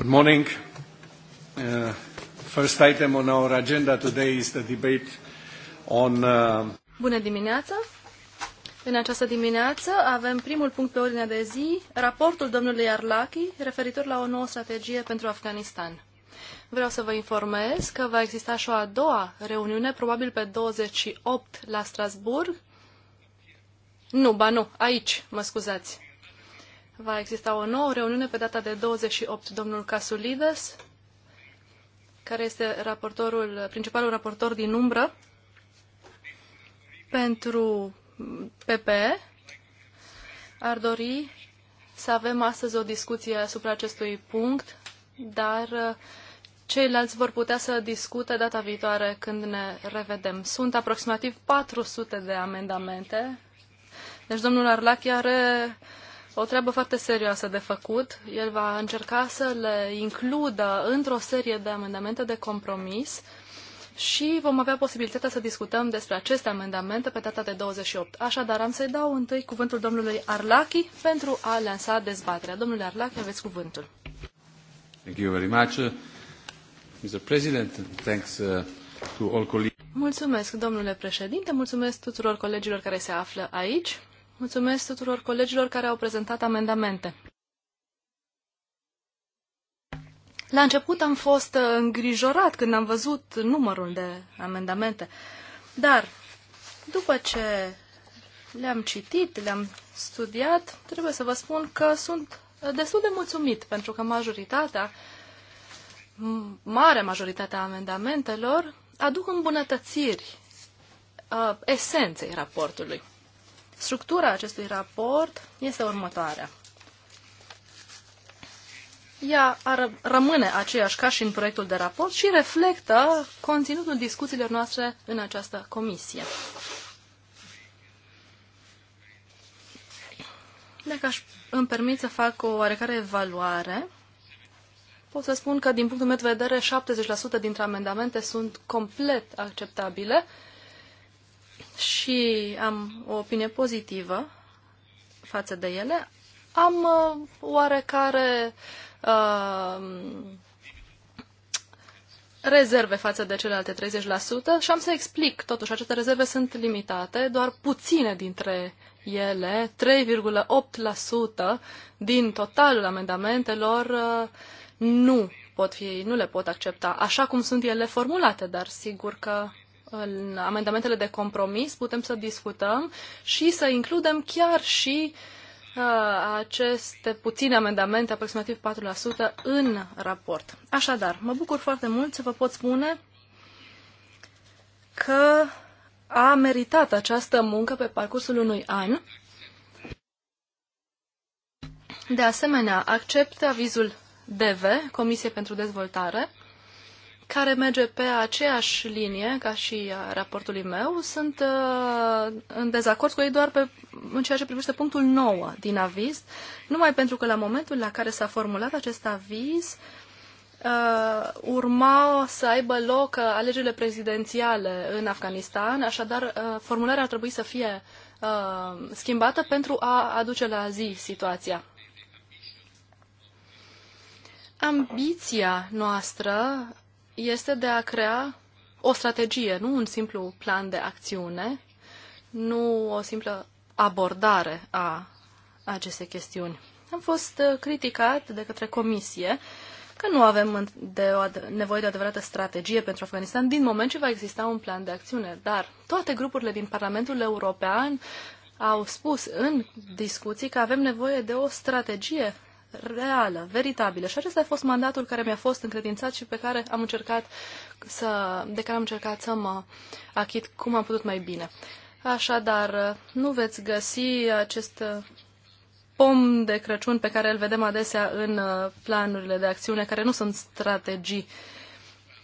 Good morning. Uh, first item on our agenda today is the debate on uh, Bună dimineața. În această dimineață avem primul punct pe ordinea de zi, raportul domnului Arlachi referitor la o nouă strategie pentru Afganistan. Vreau să vă informez că va exista și o a doua reuniune, probabil pe 28 la Strasburg. Nu, ba nu, aici, mă scuzați va exista o nouă reuniune pe data de 28. Domnul Casulides, care este raportorul, principalul raportor din umbră pentru PP, ar dori să avem astăzi o discuție asupra acestui punct, dar uh, ceilalți vor putea să discute data viitoare când ne revedem. Sunt aproximativ 400 de amendamente. Deci domnul Arlachi are o treabă foarte serioasă de făcut. El va încerca să le includă într-o serie de amendamente de compromis și vom avea posibilitatea să discutăm despre aceste amendamente pe data de 28. Așadar, am să-i dau întâi cuvântul domnului Arlachi pentru a lansa dezbaterea. Domnule Arlachi, aveți cuvântul. Thank you very much, uh, Mr. President. Thanks uh, to all colleagues. Mulțumesc, domnule președinte, mulțumesc tuturor colegilor care se află aici. Mulțumesc tuturor colegilor care au prezentat amendamente. La început am fost uh, îngrijorat când am văzut numărul de amendamente, dar după ce le-am citit, le-am studiat, trebuie să vă spun că sunt uh, destul de mulțumit, pentru că majoritatea, marea majoritate a amendamentelor, aduc îmbunătățiri uh, esenței raportului. Structura acestui raport este următoarea. Ea ar, rămâne aceeași ca și în proiectul de raport și reflectă conținutul discuțiilor noastre în această comisie. Dacă aș îmi permit să fac o oarecare evaluare, pot să spun că, din punctul meu de vedere, 70% dintre amendamente sunt complet acceptabile, și am o opinie pozitivă față de ele, am uh, oarecare uh, rezerve față de celelalte 30% și am să explic. Totuși, aceste rezerve sunt limitate, doar puține dintre ele, 3,8% din totalul amendamentelor uh, nu pot fi, nu le pot accepta, așa cum sunt ele formulate, dar sigur că în amendamentele de compromis putem să discutăm și să includem chiar și uh, aceste puține amendamente, aproximativ 4%, în raport. Așadar, mă bucur foarte mult să vă pot spune că a meritat această muncă pe parcursul unui an. De asemenea, accept avizul DV, Comisie pentru Dezvoltare, care merge pe aceeași linie ca și raportului meu. Sunt uh, în dezacord cu ei doar pe, în ceea ce privește punctul 9 din aviz, numai pentru că la momentul la care s-a formulat acest aviz, uh, urma să aibă loc uh, alegerile prezidențiale în Afganistan, așadar uh, formularea ar trebui să fie uh, schimbată pentru a aduce la zi situația. Ambiția noastră este de a crea o strategie, nu un simplu plan de acțiune, nu o simplă abordare a acestei chestiuni. Am fost criticat de către comisie că nu avem de o, nevoie de o adevărată strategie pentru Afganistan din moment ce va exista un plan de acțiune. Dar toate grupurile din Parlamentul European au spus în discuții că avem nevoie de o strategie reală, veritabilă. Și acesta a fost mandatul care mi-a fost încredințat și pe care am încercat să, de care am încercat să mă achit cum am putut mai bine. Așadar, nu veți găsi acest pom de Crăciun pe care îl vedem adesea în uh, planurile de acțiune, care nu sunt strategii uh,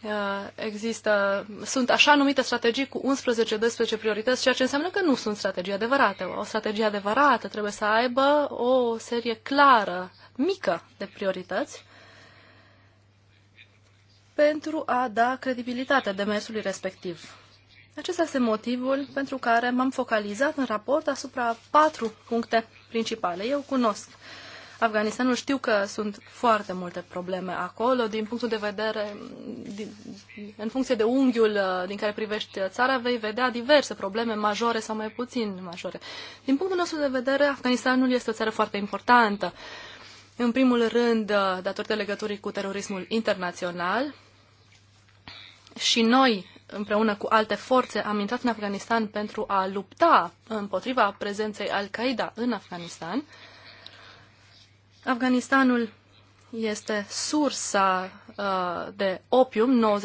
Uh, există, sunt așa numite strategii cu 11-12 priorități, ceea ce înseamnă că nu sunt strategii adevărate. O strategie adevărată trebuie să aibă o serie clară, mică de priorități pentru a da credibilitate demersului respectiv. Acesta este motivul pentru care m-am focalizat în raport asupra patru puncte principale. Eu cunosc uh, Afganistanul. Știu că sunt foarte multe probleme acolo, din punctul de vedere, din, în funcție de unghiul uh, din care privești uh, țara, vei vedea diverse probleme majore sau mai puțin majore. Din punctul nostru de vedere, Afganistanul este o țară foarte importantă. În primul rând, uh, datorită legăturii cu terorismul internațional, și noi, împreună cu alte forțe, am intrat în Afganistan pentru a lupta împotriva prezenței Al-Qaeda în Afganistan. Afganistanul este sursa uh, de opium,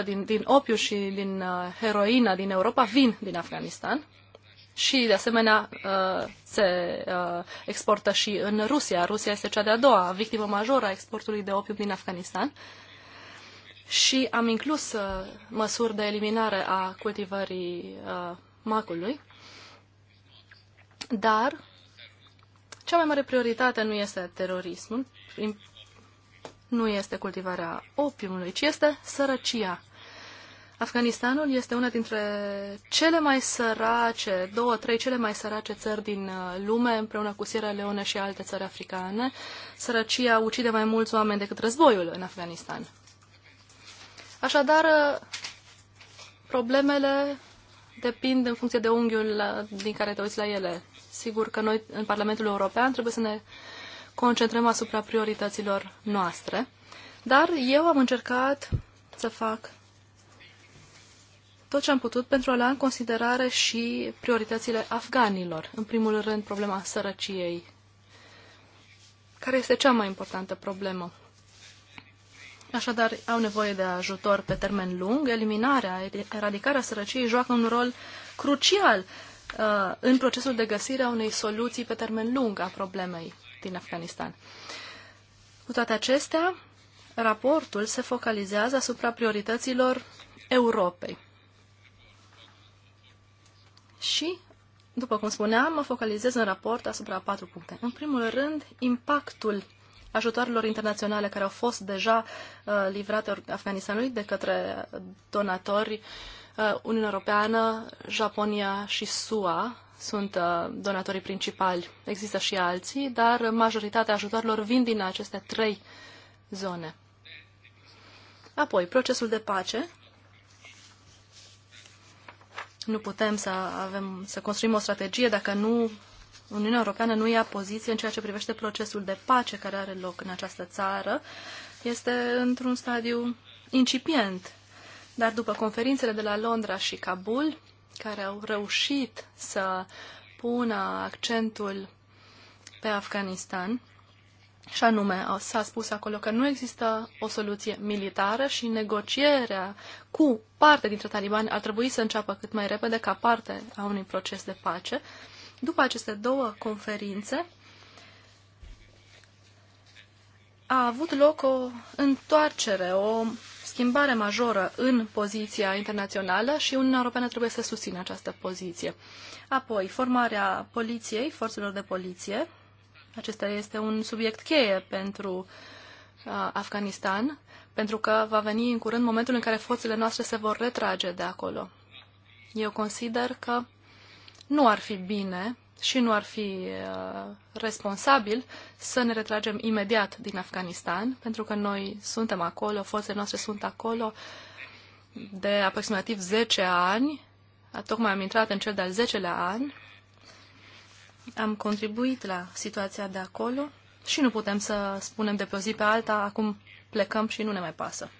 90% din, din opiu și din uh, heroina din Europa vin din Afganistan și, de asemenea, uh, se uh, exportă și în Rusia. Rusia este cea de-a doua victimă majoră a exportului de opium din Afganistan și am inclus uh, măsuri de eliminare a cultivării uh, macului, dar cea mai mare prioritate nu este terorismul, nu este cultivarea opiumului, ci este sărăcia. Afganistanul este una dintre cele mai sărace, două, trei cele mai sărace țări din uh, lume, împreună cu Sierra Leone și alte țări africane. Sărăcia ucide mai mulți oameni decât războiul în Afganistan. Așadar, uh, problemele depind în funcție de unghiul uh, din care te uiți la ele. Sigur că noi, în Parlamentul European, trebuie să ne concentrăm asupra priorităților noastre. Dar eu am încercat să fac tot ce am putut pentru a lua în considerare și prioritățile afganilor. În primul rând, problema sărăciei, care este cea mai importantă problemă. Așadar, au nevoie de ajutor pe termen lung. Eliminarea, eradicarea sărăciei joacă un rol crucial Uh, în procesul de găsire a unei soluții pe termen lung a problemei din Afganistan. Cu toate acestea, raportul se focalizează asupra priorităților Europei. Și, după cum spuneam, mă focalizez în raport asupra patru puncte. În primul rând, impactul ajutoarelor internaționale care au fost deja uh, livrate Afganistanului de către donatori uh, Uh, Uniunea Europeană, Japonia și SUA sunt uh, donatorii principali. Există și alții, dar majoritatea ajutorilor vin din aceste trei zone. Apoi, procesul de pace. Nu putem să, avem, să construim o strategie dacă nu Uniunea Europeană nu ia poziție în ceea ce privește procesul de pace care are loc în această țară. Este într-un stadiu incipient dar după conferințele de la Londra și Kabul, care au reușit să pună accentul pe Afganistan, și anume, s-a spus acolo că nu există o soluție militară și negocierea cu parte dintre talibani ar trebui să înceapă cât mai repede ca parte a unui proces de pace. După aceste două conferințe, a avut loc o întoarcere, o schimbare majoră în poziția internațională și Uniunea Europeană trebuie să susțină această poziție. Apoi, formarea poliției, forțelor de poliție. Acesta este un subiect cheie pentru uh, Afganistan, pentru că va veni în curând momentul în care forțele noastre se vor retrage de acolo. Eu consider că nu ar fi bine și nu ar fi uh, responsabil să ne retragem imediat din Afganistan, pentru că noi suntem acolo, forțele noastre sunt acolo de aproximativ 10 ani, tocmai am intrat în cel de-al 10-lea an, am contribuit la situația de acolo și nu putem să spunem de pe o zi pe alta, acum plecăm și nu ne mai pasă.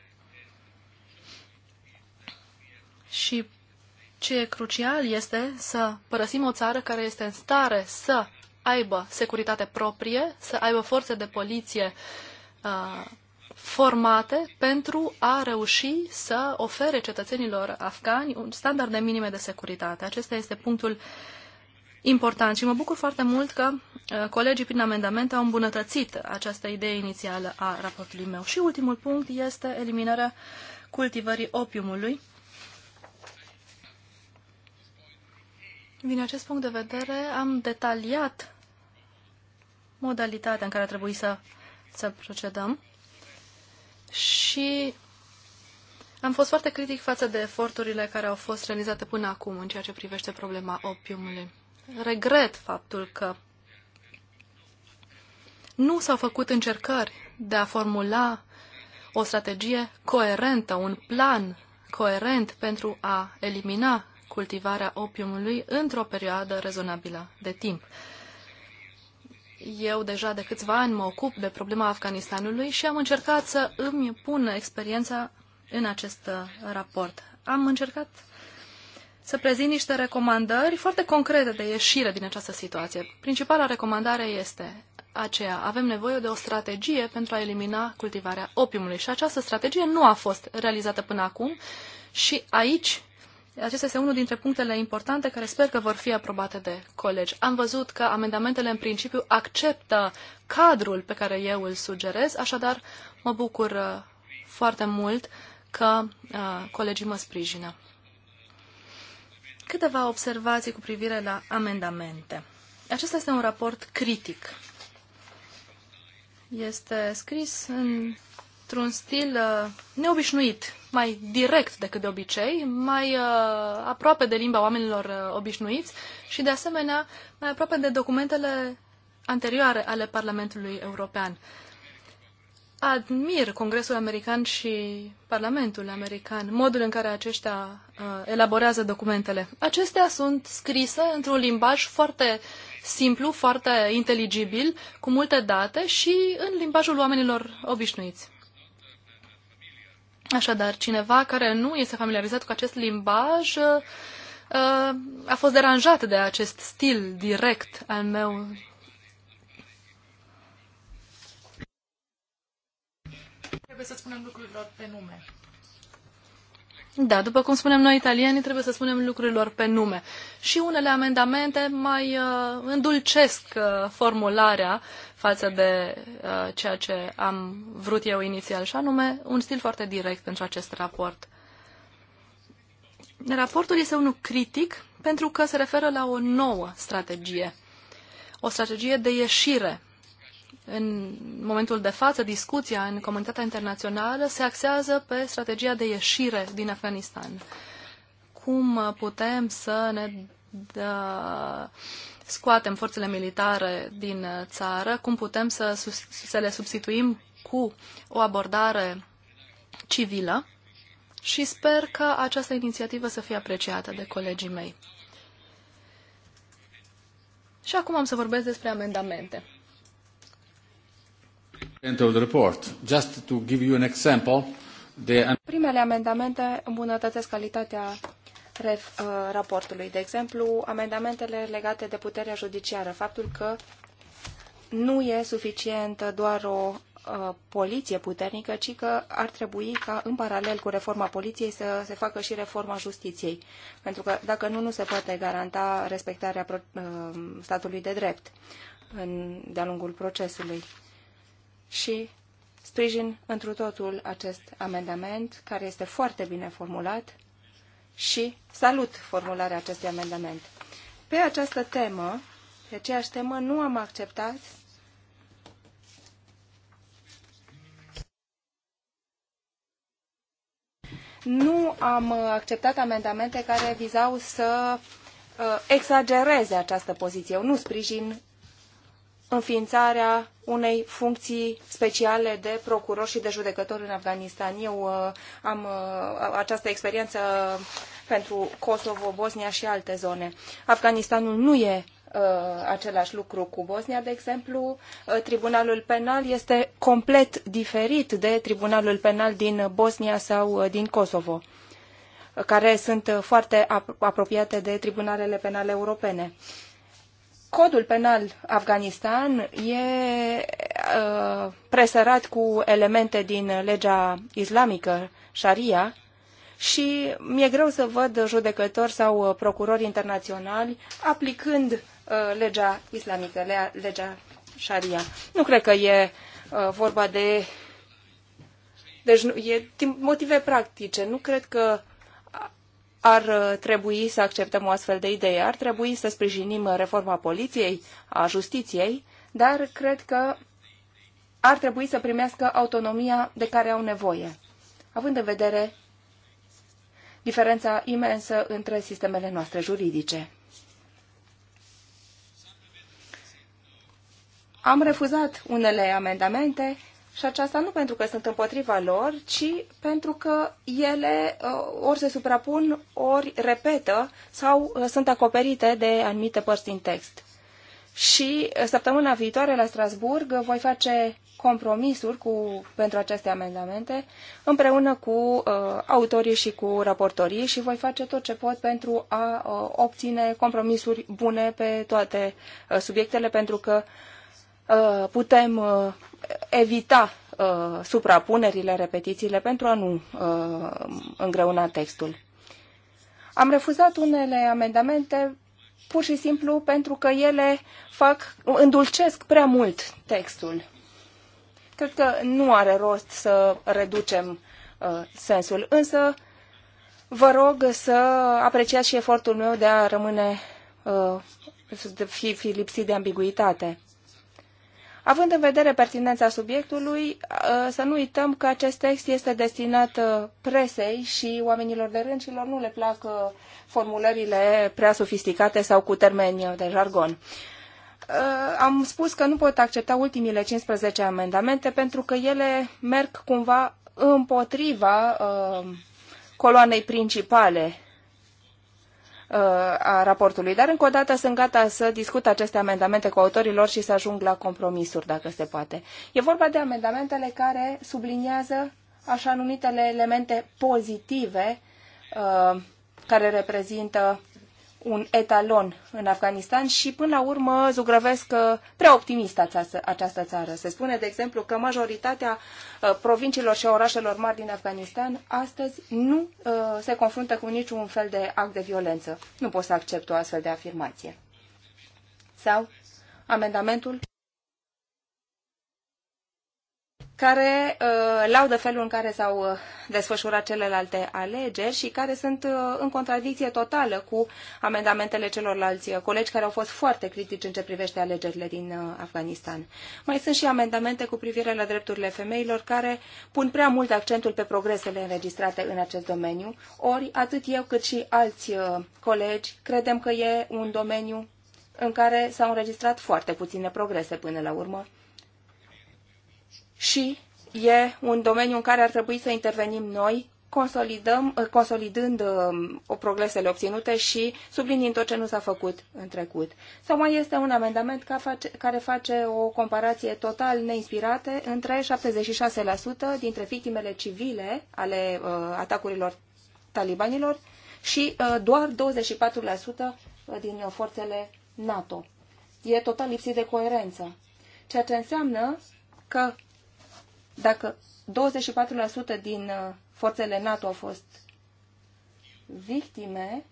Și ce e crucial este să părăsim o țară care este în stare să aibă securitate proprie, să aibă forțe de poliție uh, formate pentru a reuși să ofere cetățenilor afgani un standard de minime de securitate. Acesta este punctul important și mă bucur foarte mult că uh, colegii prin amendamente au îmbunătățit această idee inițială a raportului meu. Și ultimul punct este eliminarea cultivării opiumului Din acest punct de vedere, am detaliat modalitatea în care trebuie să, să procedăm și am fost foarte critic față de eforturile care au fost realizate până acum în ceea ce privește problema opiumului. Regret faptul că nu s-au făcut încercări de a formula o strategie coerentă, un plan coerent pentru a elimina cultivarea opiumului într-o perioadă rezonabilă de timp. Eu deja de câțiva ani mă ocup de problema Afganistanului și am încercat să îmi pun experiența în acest uh, raport. Am încercat să prezint niște recomandări foarte concrete de ieșire din această situație. Principala recomandare este aceea. Avem nevoie de o strategie pentru a elimina cultivarea opiumului și această strategie nu a fost realizată până acum și aici acesta este unul dintre punctele importante care sper că vor fi aprobate de colegi. Am văzut că amendamentele în principiu acceptă cadrul pe care eu îl sugerez, așadar mă bucur uh, foarte mult că uh, colegii mă sprijină. Câteva observații cu privire la amendamente. Acesta este un raport critic. Este scris într-un stil uh, neobișnuit mai direct decât de obicei, mai uh, aproape de limba oamenilor uh, obișnuiți și, de asemenea, mai aproape de documentele anterioare ale Parlamentului European. Admir Congresul American și Parlamentul American, modul în care aceștia uh, elaborează documentele. Acestea sunt scrise într-un limbaj foarte simplu, foarte inteligibil, cu multe date și în limbajul oamenilor obișnuiți. Așadar, cineva care nu este familiarizat cu acest limbaj uh, a fost deranjat de acest stil direct al meu. Trebuie să spunem lucrurilor pe nume. Da, după cum spunem noi italienii, trebuie să spunem lucrurilor pe nume. Și unele amendamente mai uh, îndulcesc uh, formularea față de uh, ceea ce am vrut eu inițial, și anume un stil foarte direct pentru acest raport. Raportul este unul critic pentru că se referă la o nouă strategie. O strategie de ieșire în momentul de față, discuția în comunitatea internațională se axează pe strategia de ieșire din Afganistan. Cum putem să ne dă, scoatem forțele militare din țară, cum putem să, să le substituim cu o abordare civilă și sper că această inițiativă să fie apreciată de colegii mei. Și acum am să vorbesc despre amendamente. Primele amendamente îmbunătățesc calitatea ref, uh, raportului. De exemplu, amendamentele legate de puterea judiciară, faptul că nu e suficient doar o uh, poliție puternică, ci că ar trebui ca în paralel cu reforma poliției să se facă și reforma justiției. Pentru că dacă nu, nu se poate garanta respectarea pro, uh, statului de drept de-a lungul procesului și sprijin întru totul acest amendament, care este foarte bine formulat și salut formularea acestui amendament. Pe această temă, pe aceeași temă, nu am acceptat nu am acceptat amendamente care vizau să uh, exagereze această poziție. Eu nu sprijin înființarea unei funcții speciale de procuror și de judecător în Afganistan. Eu uh, am uh, această experiență pentru Kosovo, Bosnia și alte zone. Afganistanul nu e uh, același lucru cu Bosnia, de exemplu. Uh, tribunalul penal este complet diferit de tribunalul penal din Bosnia sau uh, din Kosovo care sunt foarte apropiate de tribunalele penale europene. Uh, Codul penal Afganistan e uh, presărat cu elemente din legea islamică, Sharia, și mi-e greu să văd judecători sau uh, procurori internaționali aplicând uh, legea islamică, legea Sharia. Nu cred că e vorba de. Deci, e motive practice. Nu cred că ar uh, trebui să acceptăm o astfel de idee, ar trebui să sprijinim uh, reforma poliției, a justiției, dar cred că ar trebui să primească autonomia de care au nevoie, având în vedere diferența imensă între sistemele noastre juridice. Am refuzat unele amendamente și aceasta nu pentru că sunt împotriva lor, ci pentru că ele uh, ori se suprapun, ori repetă sau uh, sunt acoperite de anumite părți din text. Și uh, săptămâna viitoare la Strasburg voi face compromisuri cu, pentru aceste amendamente împreună cu uh, autorii și cu raportorii și voi face tot ce pot pentru a uh, obține compromisuri bune pe toate uh, subiectele pentru că uh, Uh, putem uh, evita uh, suprapunerile, repetițiile pentru a nu îngreuna textul. Am refuzat unele amendamente pur și simplu pentru că ele fac, îndulcesc prea mult textul. Cred că nu are rost să reducem uh, sensul, însă vă rog să apreciați și efortul meu de a rămâne, uh, fi, fi lipsit de ambiguitate. Având în vedere pertinența subiectului, uh, să nu uităm că acest text este destinat uh, presei și oamenilor de rând și lor nu le plac uh, formulările prea sofisticate sau cu termeni de jargon. Am spus că nu pot accepta ultimile 15 amendamente pentru că ele merg cumva împotriva coloanei principale Uh, a raportului, dar încă o dată sunt gata să discut aceste amendamente cu autorii lor și să ajung la compromisuri, dacă se poate. E vorba de amendamentele care subliniază așa numitele elemente pozitive uh, care reprezintă un etalon în Afganistan și până la urmă zugrăvesc uh, prea optimist această, țară. Se spune, de exemplu, că majoritatea uh, provinciilor și orașelor mari din Afganistan astăzi nu uh, se confruntă cu niciun fel de act de violență. Nu pot să accept o astfel de afirmație. Sau amendamentul care uh, laudă felul în care s-au uh, desfășurat celelalte alegeri și care sunt uh, în contradicție totală cu amendamentele celorlalți colegi care au fost foarte critici în ce privește alegerile din Afganistan. Mai sunt și amendamente cu privire la drepturile femeilor care pun prea mult accentul pe progresele înregistrate în acest domeniu, ori atât eu cât și alți colegi credem că e un domeniu în care s-au înregistrat foarte puține progrese până la urmă și e un domeniu în care ar trebui să intervenim noi, consolidăm, ă, consolidând ă, o progresele obținute și subliniind tot ce nu s-a făcut în trecut. Sau mai este un amendament care face o comparație total neinspirată între 76% dintre victimele civile ale ă, atacurilor talibanilor și doar 24% din forțele NATO. E total lipsit de coerență. Ceea ce înseamnă că dacă 24% din uh, forțele NATO au fost victime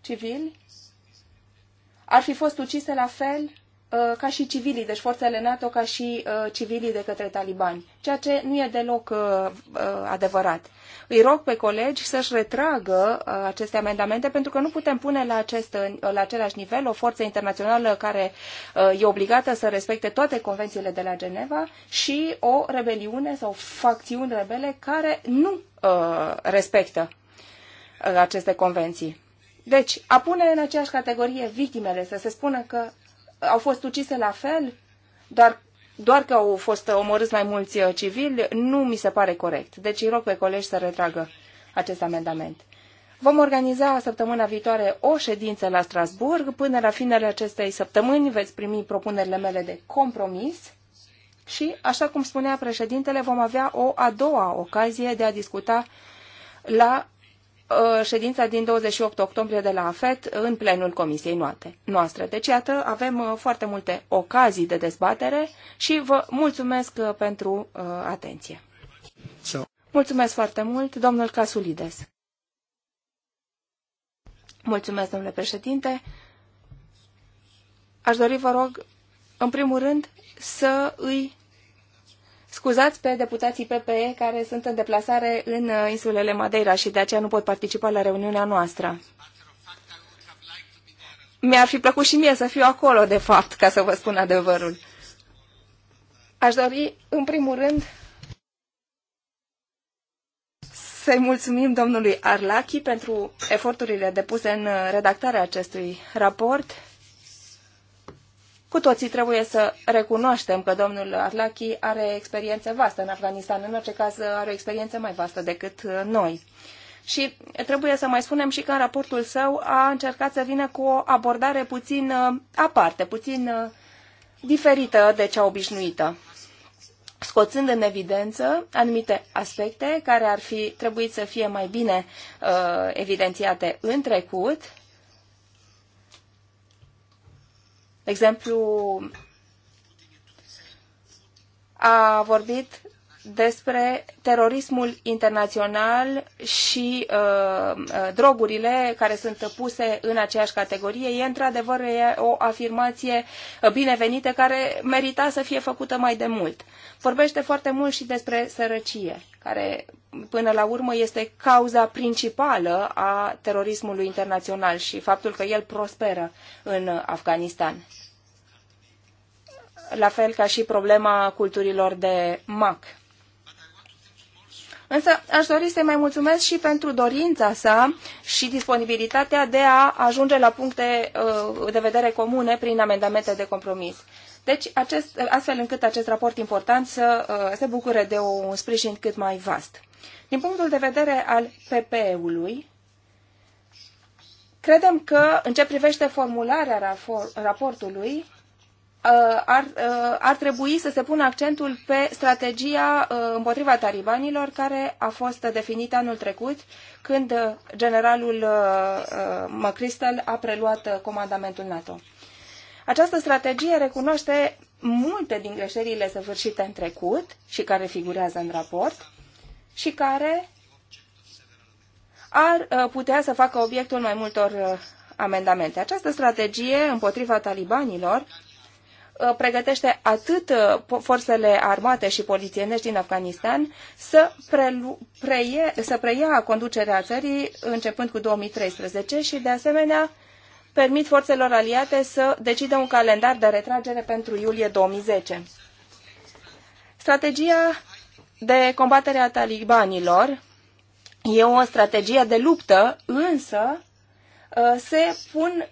civili, ar fi fost ucise la fel Uh, ca și civilii, deci forțele NATO ca și uh, civilii de către talibani, ceea ce nu e deloc uh, adevărat. Îi rog pe colegi să-și retragă aceste amendamente pentru că nu putem pune la, acest, la același nivel o forță internațională care e obligată să respecte toate convențiile de la Geneva și o rebeliune sau facțiuni rebele care nu respectă aceste convenții. Deci, a pune în aceeași categorie victimele, să se spună că au fost ucise la fel, dar doar că au fost omorâți mai mulți uh, civili, nu mi se pare corect. Deci îi rog pe colegi să retragă acest amendament. Vom organiza săptămâna viitoare o ședință la Strasburg. Până la finele acestei săptămâni veți primi propunerile mele de compromis și, așa cum spunea președintele, vom avea o a doua ocazie de a discuta la Uh, ședința din 28 octombrie de la AFET în plenul comisiei noastre. Deci, iată, avem uh, foarte multe ocazii de dezbatere și vă mulțumesc uh, pentru atenție. Mulțumesc foarte mult, domnul Casulides. Mulțumesc, domnule președinte. Aș dori, vă rog, în primul rând, să îi Scuzați pe deputații PPE care sunt în deplasare în uh, insulele Madeira și de aceea nu pot participa la reuniunea noastră. Mi-ar fi plăcut și mie să fiu acolo, de fapt, ca să vă spun adevărul. Aș dori, în primul rând, să-i mulțumim domnului Arlachi pentru eforturile depuse în uh, redactarea acestui raport cu toții trebuie să recunoaștem că domnul Arlachi are experiențe vaste în Afganistan, în orice caz are o experiență mai vastă decât noi. Și trebuie să mai spunem și că în raportul său a încercat să vină cu o abordare puțin uh, aparte, puțin uh, diferită de cea obișnuită, scoțând în evidență anumite aspecte care ar fi trebuit să fie mai bine uh, evidențiate în trecut, exemplu, a vorbit despre terorismul internațional și uh, uh, drogurile care sunt puse în aceeași categorie. E într-adevăr o afirmație uh, binevenită care merita să fie făcută mai de mult. Vorbește foarte mult și despre sărăcie, care până la urmă este cauza principală a terorismului internațional și faptul că el prosperă în Afganistan la fel ca și problema culturilor de mac. Însă aș dori să-i mai mulțumesc și pentru dorința sa și disponibilitatea de a ajunge la puncte uh, de vedere comune prin amendamente de compromis. Deci, acest, astfel încât acest raport important să uh, se bucure de un sprijin cât mai vast. Din punctul de vedere al PPE-ului, credem că, în ce privește formularea raportului, Uh, ar, uh, ar trebui să se pună accentul pe strategia uh, împotriva talibanilor care a fost definită anul trecut când generalul McChrystal a preluat comandamentul NATO. Această strategie recunoaște multe din greșelile săvârșite în trecut și care figurează în raport și care ar putea să facă obiectul mai multor amendamente. Această strategie împotriva talibanilor Uh, pregătește atât uh, forțele armate și polițienești din Afganistan să, prelu, preie, să preia conducerea țării începând cu 2013 și, de asemenea, permit forțelor aliate să decidă un calendar de retragere pentru iulie 2010. Strategia de combatere a talibanilor e o strategie de luptă, însă uh, se pun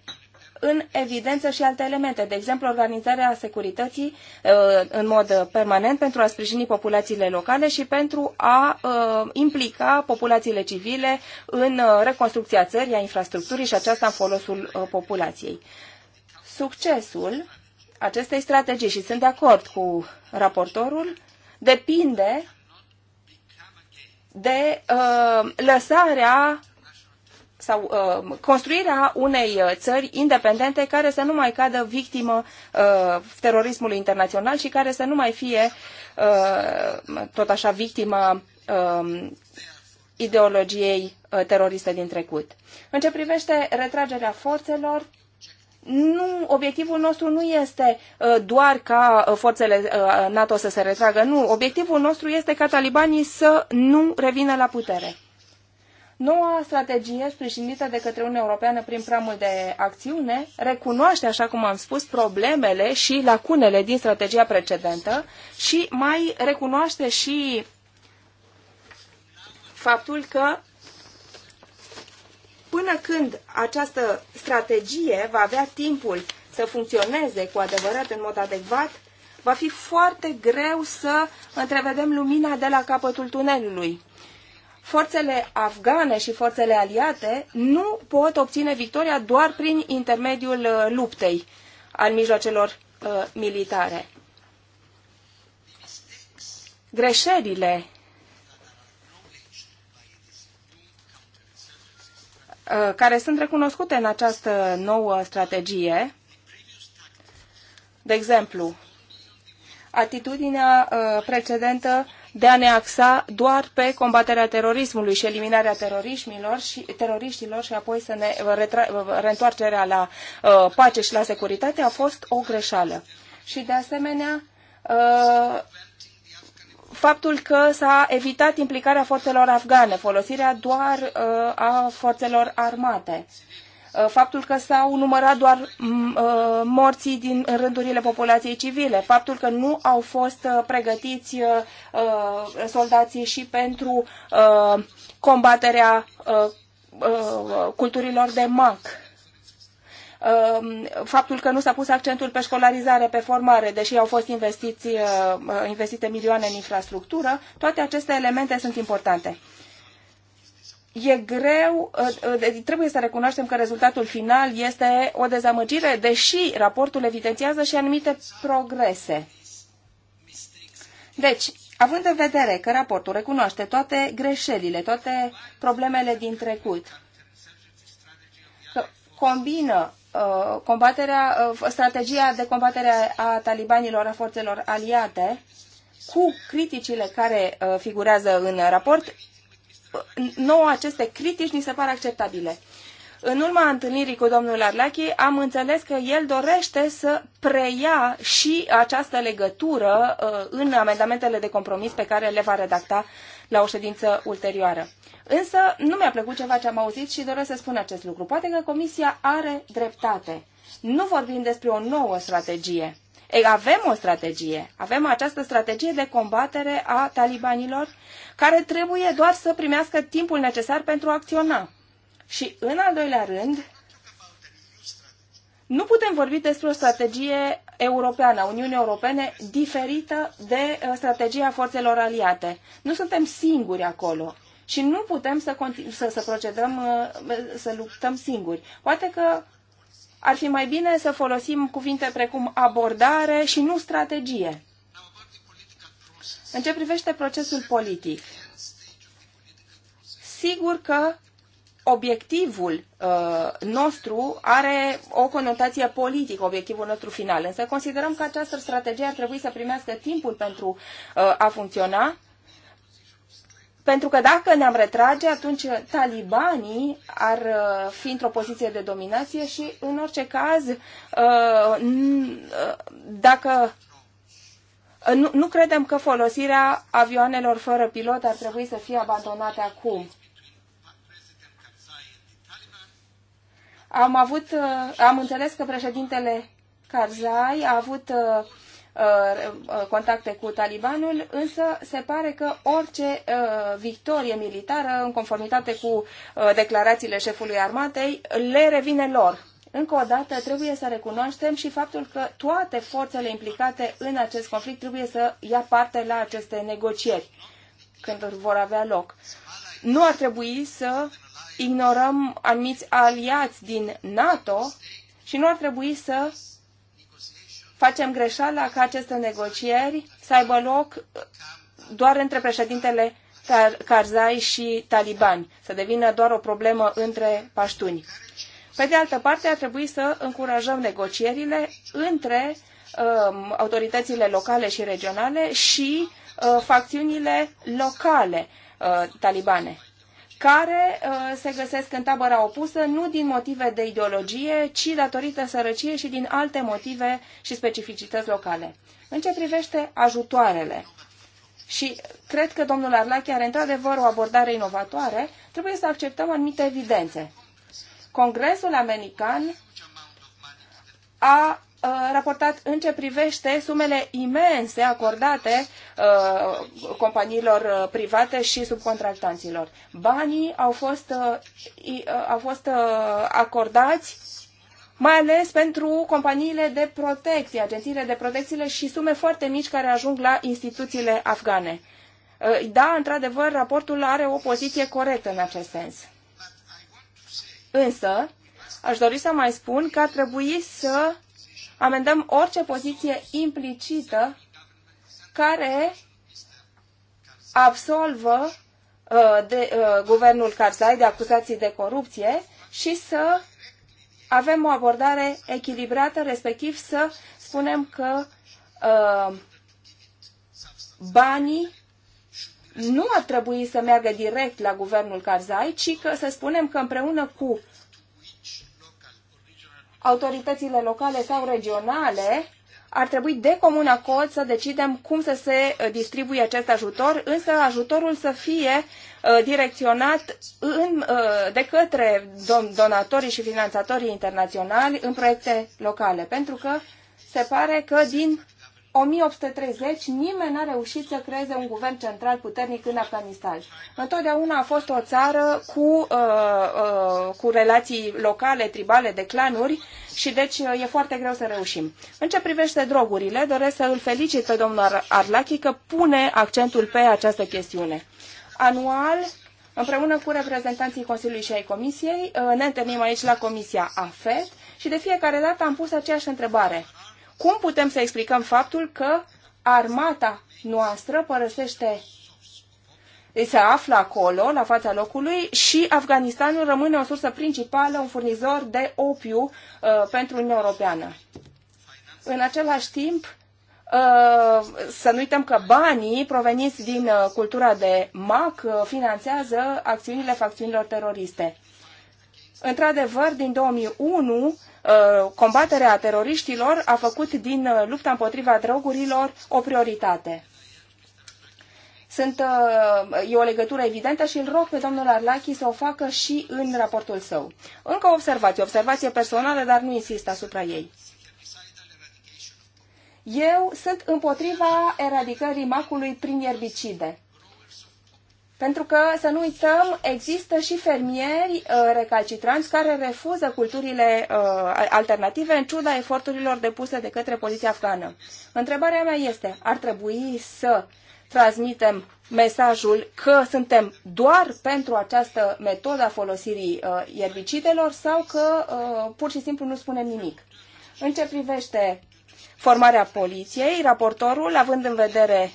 în evidență și alte elemente, de exemplu organizarea securității uh, în mod permanent pentru a sprijini populațiile locale și pentru a uh, implica populațiile civile în uh, reconstrucția țării, a infrastructurii și aceasta în folosul populației. Succesul acestei strategii, și sunt de acord cu raportorul, depinde de uh, lăsarea sau uh, construirea unei uh, țări independente care să nu mai cadă victimă uh, terorismului internațional și care să nu mai fie uh, tot așa victima uh, um, ideologiei uh, teroriste din trecut. În ce privește retragerea forțelor, nu, obiectivul nostru nu este uh, doar ca uh, forțele uh, NATO să se retragă, nu. Obiectivul nostru este ca talibanii să nu revină la putere. Noua strategie sprijinită de către Uniunea Europeană prin programul de acțiune recunoaște, așa cum am spus, problemele și lacunele din strategia precedentă și mai recunoaște și faptul că până când această strategie va avea timpul să funcționeze cu adevărat în mod adecvat, va fi foarte greu să întrevedem lumina de la capătul tunelului forțele afgane și forțele aliate nu pot obține victoria doar prin intermediul uh, luptei al mijloacelor uh, militare. Greșelile uh, care sunt recunoscute în această nouă strategie, de exemplu, atitudinea precedentă de a ne axa doar pe combaterea terorismului și eliminarea teroriștilor și, teroriștilor și apoi să ne reîntoarcerea la uh, pace și la securitate a fost o greșeală. Și de asemenea, uh, faptul că s-a evitat implicarea forțelor afgane, folosirea doar uh, a forțelor armate. Uh, faptul că s-au numărat doar mm, uh, morții din rândurile populației civile, faptul că nu au fost uh, pregătiți soldații și pentru combaterea culturilor de mac. faptul că nu s-a pus accentul pe școlarizare, pe formare, deși au fost investiți, investite milioane în infrastructură, toate aceste elemente sunt importante e greu, uh, uh, trebuie să recunoaștem că rezultatul final este o dezamăgire, deși raportul evidențiază și anumite progrese. Deci, având în vedere că raportul recunoaște toate greșelile, toate problemele din trecut, că combină uh, combaterea, strategia de combatere a talibanilor, a forțelor aliate, cu criticile care figurează în raport, nouă aceste critici ni se par acceptabile. În urma întâlnirii cu domnul Arlachi, am înțeles că el dorește să preia și această legătură uh, în amendamentele de compromis pe care le va redacta la o ședință ulterioară. Însă nu mi-a plăcut ceva ce am auzit și doresc să spun acest lucru. Poate că Comisia are dreptate. Nu vorbim despre o nouă strategie. Ei, avem o strategie. Avem această strategie de combatere a talibanilor care trebuie doar să primească timpul necesar pentru a acționa. Și în al doilea rând, nu putem vorbi despre o strategie europeană, a Uniunii Europene, diferită de uh, strategia forțelor aliate. Nu suntem singuri acolo și nu putem să, să, să procedăm, uh, să luptăm singuri. Poate că ar fi mai bine să folosim cuvinte precum abordare și nu strategie. În ce privește procesul politic, sigur că obiectivul uh, nostru are o conotație politică, obiectivul nostru final, însă considerăm că această strategie ar trebui să primească timpul pentru uh, a funcționa, pentru că dacă ne-am retrage, atunci talibanii ar uh, fi într-o poziție de dominație și, în orice caz, uh, uh dacă nu, nu credem că folosirea avioanelor fără pilot ar trebui să fie abandonată acum. Am, avut, uh, am înțeles că președintele Karzai a avut uh, uh, contacte cu talibanul, însă se pare că orice uh, victorie militară, în conformitate cu uh, declarațiile șefului armatei, le revine lor. Încă o dată, trebuie să recunoaștem și faptul că toate forțele implicate în acest conflict trebuie să ia parte la aceste negocieri când vor avea loc. Nu ar trebui să ignorăm anumiți aliați din NATO și nu ar trebui să facem greșeala ca aceste negocieri să aibă loc doar între președintele Karzai și talibani, să devină doar o problemă între paștuni. Pe de altă parte, ar trebui să încurajăm negocierile între um, autoritățile locale și regionale și uh, facțiunile locale uh, talibane care uh, se găsesc în tabăra opusă nu din motive de ideologie, ci datorită sărăciei și din alte motive și specificități locale. În ce privește ajutoarele, și cred că domnul Arlache are într-adevăr o abordare inovatoare, trebuie să acceptăm anumite evidențe. Congresul american a uh, raportat în ce privește sumele imense acordate uh, companiilor uh, private și subcontractanților. Banii au fost, au fost acordați mai ales pentru companiile de protecție, agențiile de protecție și sume foarte mici care ajung la instituțiile afgane. Da, într-adevăr, raportul are o poziție corectă în acest sens. Însă, aș dori să mai spun că ar trebui să amendăm orice poziție implicită care absolvă uh, de, uh, guvernul Karzai de acuzații de corupție și să avem o abordare echilibrată, respectiv să spunem că uh, banii nu ar trebui să meargă direct la guvernul Karzai, ci că să spunem că împreună cu autoritățile locale sau regionale ar trebui de comun acord să decidem cum să se uh, distribuie acest ajutor, însă ajutorul să fie uh, direcționat în, uh, de către donatorii și finanțatorii internaționali în proiecte locale, pentru că se pare că din 1830 nimeni n-a reușit să creeze un guvern central puternic în Afganistan. Întotdeauna a fost o țară cu, uh, uh, cu relații locale, tribale, de clanuri și deci uh, e foarte greu să reușim. În ce privește drogurile, doresc să îl felicit pe domnul Arlachi că pune accentul pe această chestiune. Anual, împreună cu reprezentanții Consiliului și ai Comisiei, uh, ne întâlnim aici la Comisia AFET și de fiecare dată am pus aceeași întrebare cum putem să explicăm faptul că armata noastră părăsește se află acolo, la fața locului, și Afganistanul rămâne o sursă principală, un furnizor de opiu uh, pentru Uniunea Europeană. În același timp, uh, să nu uităm că banii proveniți din uh, cultura de MAC uh, finanțează acțiunile facțiunilor teroriste. Într-adevăr, din 2001, Uh, combaterea teroriștilor a făcut din uh, lupta împotriva drogurilor o prioritate. Sunt, uh, e o legătură evidentă și îl rog pe domnul Arlachi să o facă și în raportul său. Încă o observație, observație personală, dar nu insist asupra ei. Eu sunt împotriva eradicării macului prin ierbicide. Pentru că, să nu uităm, există și fermieri uh, recalcitranți care refuză culturile uh, alternative în ciuda eforturilor depuse de către poliția afgană. Întrebarea mea este, ar trebui să transmitem mesajul că suntem doar pentru această metodă a folosirii uh, erbicidelor sau că uh, pur și simplu nu spunem nimic. În ce privește formarea poliției, raportorul, având în vedere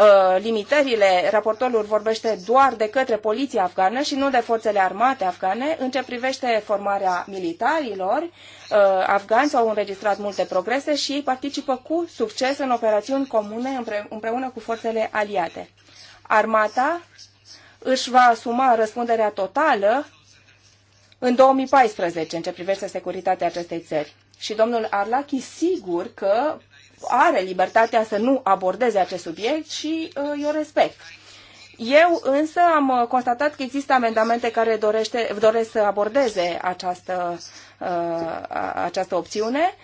Uh, limitările, raportorul vorbește doar de către poliția afgană și nu de forțele armate afgane. În ce privește formarea militarilor, uh, afgani, s au înregistrat multe progrese și ei participă cu succes în operațiuni comune împreună cu forțele aliate. Armata își va asuma răspunderea totală în 2014 în ce privește securitatea acestei țări. Și domnul Arlachi sigur că are libertatea să nu abordeze acest subiect și uh, eu respect. Eu însă am uh, constatat că există amendamente care dorește, doresc să abordeze această, uh, această opțiune.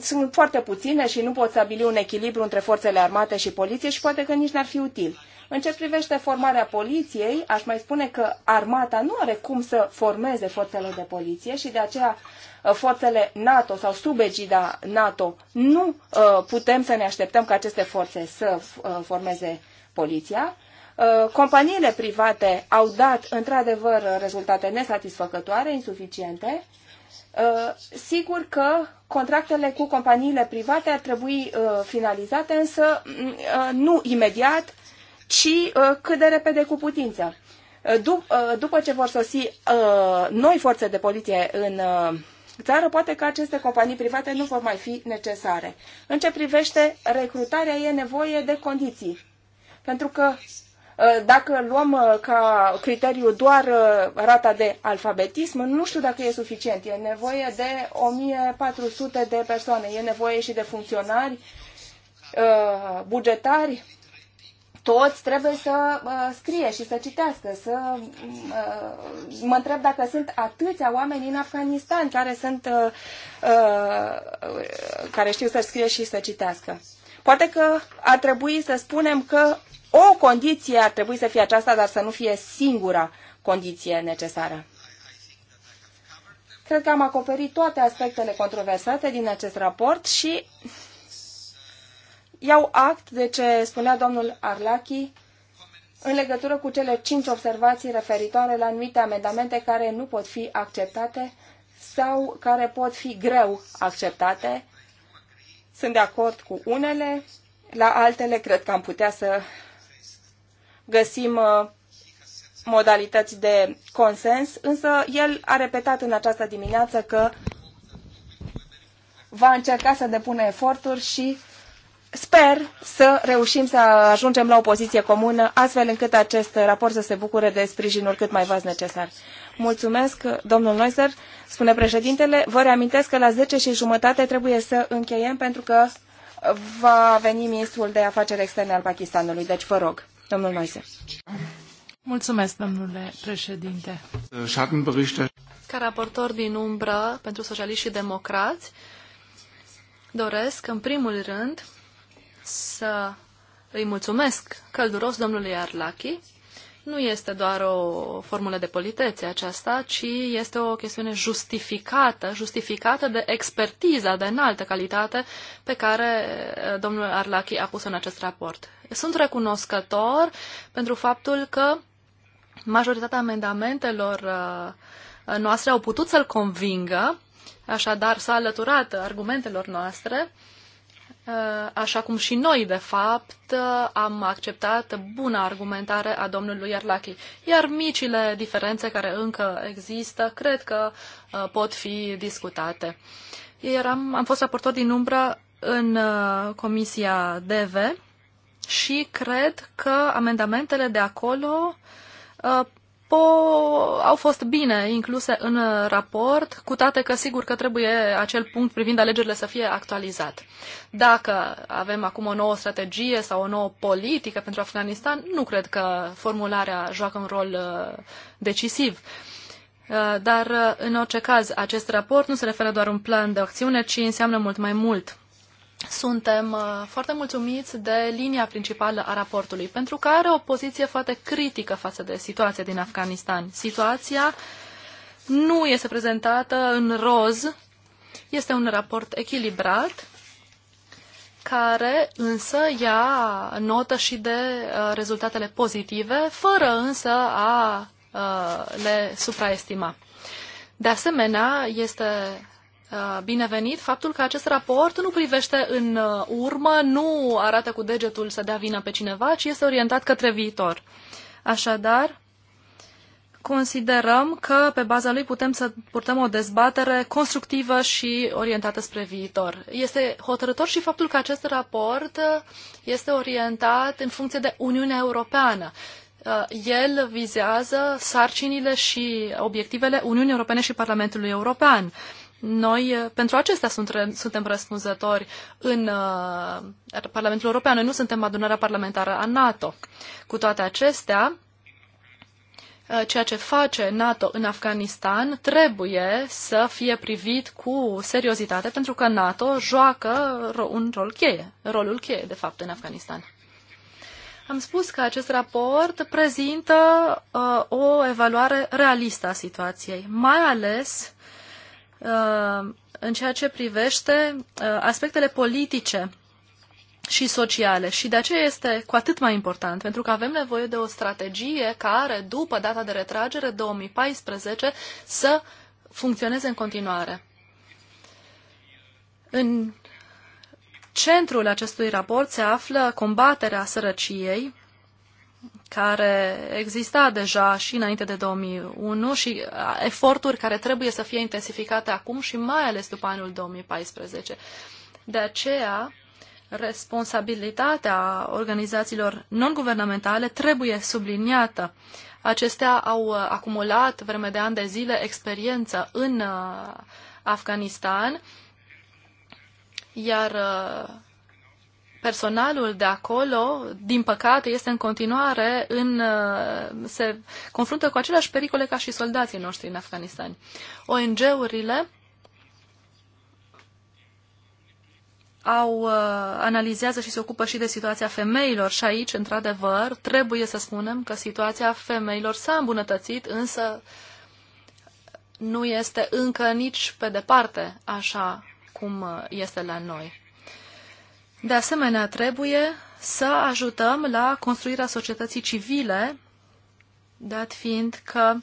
Sunt foarte puține și nu pot stabili un echilibru între forțele armate și poliție și poate că nici n-ar fi util. În ce privește formarea poliției, aș mai spune că armata nu are cum să formeze forțele de poliție și de aceea uh, forțele NATO sau sub egida NATO nu uh, putem să ne așteptăm ca aceste forțe să uh, formeze poliția. Companiile private au dat într-adevăr rezultate nesatisfăcătoare, insuficiente, Sigur că contractele cu companiile private ar trebui finalizate, însă mm, nu imediat, ci uh, cât de repede cu putință. Uh, uh, după ce vor sosi noi forțe de poliție în țară, poate că aceste companii private nu vor mai fi necesare. În ce privește recrutarea, e nevoie de condiții. Pentru că dacă luăm ca criteriu doar rata de alfabetism, nu știu dacă e suficient. E nevoie de 1400 de persoane, e nevoie și de funcționari, bugetari, toți trebuie să uh, scrie și să citească, să uh, mă întreb dacă sunt atâția oameni în Afganistan care sunt uh, uh, care știu să scrie și să citească. Poate că ar trebui să spunem că o condiție ar trebui să fie aceasta, dar să nu fie singura condiție necesară. Cred că am acoperit toate aspectele controversate din acest raport și iau act de ce spunea domnul Arlachi în legătură cu cele cinci observații referitoare la anumite amendamente care nu pot fi acceptate sau care pot fi greu acceptate. Sunt de acord cu unele, la altele cred că am putea să găsim uh, modalități de consens, însă el a repetat în această dimineață că va încerca să depună eforturi și Sper să reușim să ajungem la o poziție comună, astfel încât acest raport să se bucure de sprijinul cât mai vast necesar. Mulțumesc, domnul Neuser. spune președintele. Vă reamintesc că la 10 și jumătate trebuie să încheiem, pentru că va veni ministrul de afaceri externe al Pakistanului. Deci vă rog, domnul Neuser. Mulțumesc, domnule președinte. Ca raportor din umbră pentru socialiști și democrați, doresc, în primul rând, să îi mulțumesc călduros domnului Arlachi. Nu este doar o formulă de politețe aceasta, ci este o chestiune justificată, justificată de expertiza de înaltă calitate pe care eh, domnul Arlachi a pus în acest raport. Sunt recunoscător pentru faptul că majoritatea amendamentelor eh, noastre au putut să-l convingă, așadar s-a alăturat argumentelor noastre Uh, așa cum și noi, de fapt, uh, am acceptat buna argumentare a domnului Iarlachi. Iar micile diferențe care încă există, cred că uh, pot fi discutate. Eram, am fost raportor din umbră în Comisia DV și cred că amendamentele de acolo po- au fost bine incluse în raport, cu toate că sigur că trebuie acel punct privind alegerile să fie actualizat. Dacă avem acum o nouă strategie sau o nouă politică pentru Afganistan, nu cred că formularea joacă un rol uh, decisiv. Uh, dar, uh, în orice caz, acest raport nu se referă doar un plan de acțiune, ci înseamnă mult mai mult suntem uh, foarte mulțumiți de linia principală a raportului, pentru că are o poziție foarte critică față de situația din Afganistan. Situația nu este prezentată în roz, este un raport echilibrat, care însă ia notă și de uh, rezultatele pozitive, fără însă a uh, le supraestima. De asemenea, este Uh, binevenit faptul că acest raport nu privește în uh, urmă, nu arată cu degetul să dea vina pe cineva, ci este orientat către viitor. Așadar, considerăm că pe baza lui putem să purtăm o dezbatere constructivă și orientată spre viitor. Este hotărător și faptul că acest raport uh, este orientat în funcție de Uniunea Europeană. El vizează sarcinile și obiectivele Uniunii Europene și Parlamentului European. Noi, eh, pentru acestea sunt, suntem răspunzători în uh, Parlamentul European. Noi nu suntem adunarea parlamentară a NATO. Cu toate acestea, eh, ceea ce face NATO în Afganistan trebuie să fie privit cu seriozitate, pentru că NATO joacă un rol cheie, rolul cheie, de fapt, în Afganistan. Am spus că acest raport prezintă uh, o evaluare realistă a situației, mai ales Uh, în ceea ce privește uh, aspectele politice și sociale. Și de aceea este cu atât mai important, pentru că avem nevoie de o strategie care, după data de retragere 2014, să funcționeze în continuare. În centrul acestui raport se află combaterea sărăciei, care exista deja și înainte de 2001 și uh, eforturi care trebuie să fie intensificate acum și mai ales după anul 2014. De aceea, responsabilitatea organizațiilor non-guvernamentale trebuie subliniată. Acestea au uh, acumulat vreme de ani de zile experiență în uh, Afganistan, iar personalul de acolo, din păcate, este în continuare în, uh, se confruntă cu aceleași pericole ca și soldații noștri în Afganistan. ONG-urile au, uh, analizează și se ocupă și de situația femeilor și aici, într-adevăr, trebuie să spunem că situația femeilor s-a îmbunătățit, însă nu este încă nici pe departe așa cum uh, este la noi. De asemenea, trebuie să ajutăm la construirea societății civile, dat fiind că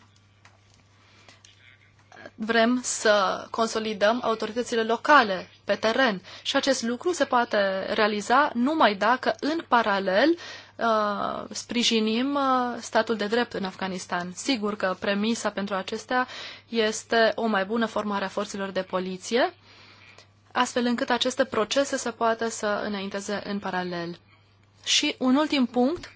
vrem să consolidăm autoritățile locale pe teren. Și acest lucru se poate realiza numai dacă, în paralel, uh, sprijinim uh, statul de drept în Afganistan. Sigur că premisa pentru acestea este o mai bună formare a forțelor de poliție, astfel încât aceste procese să poată să înainteze în paralel. Și un ultim punct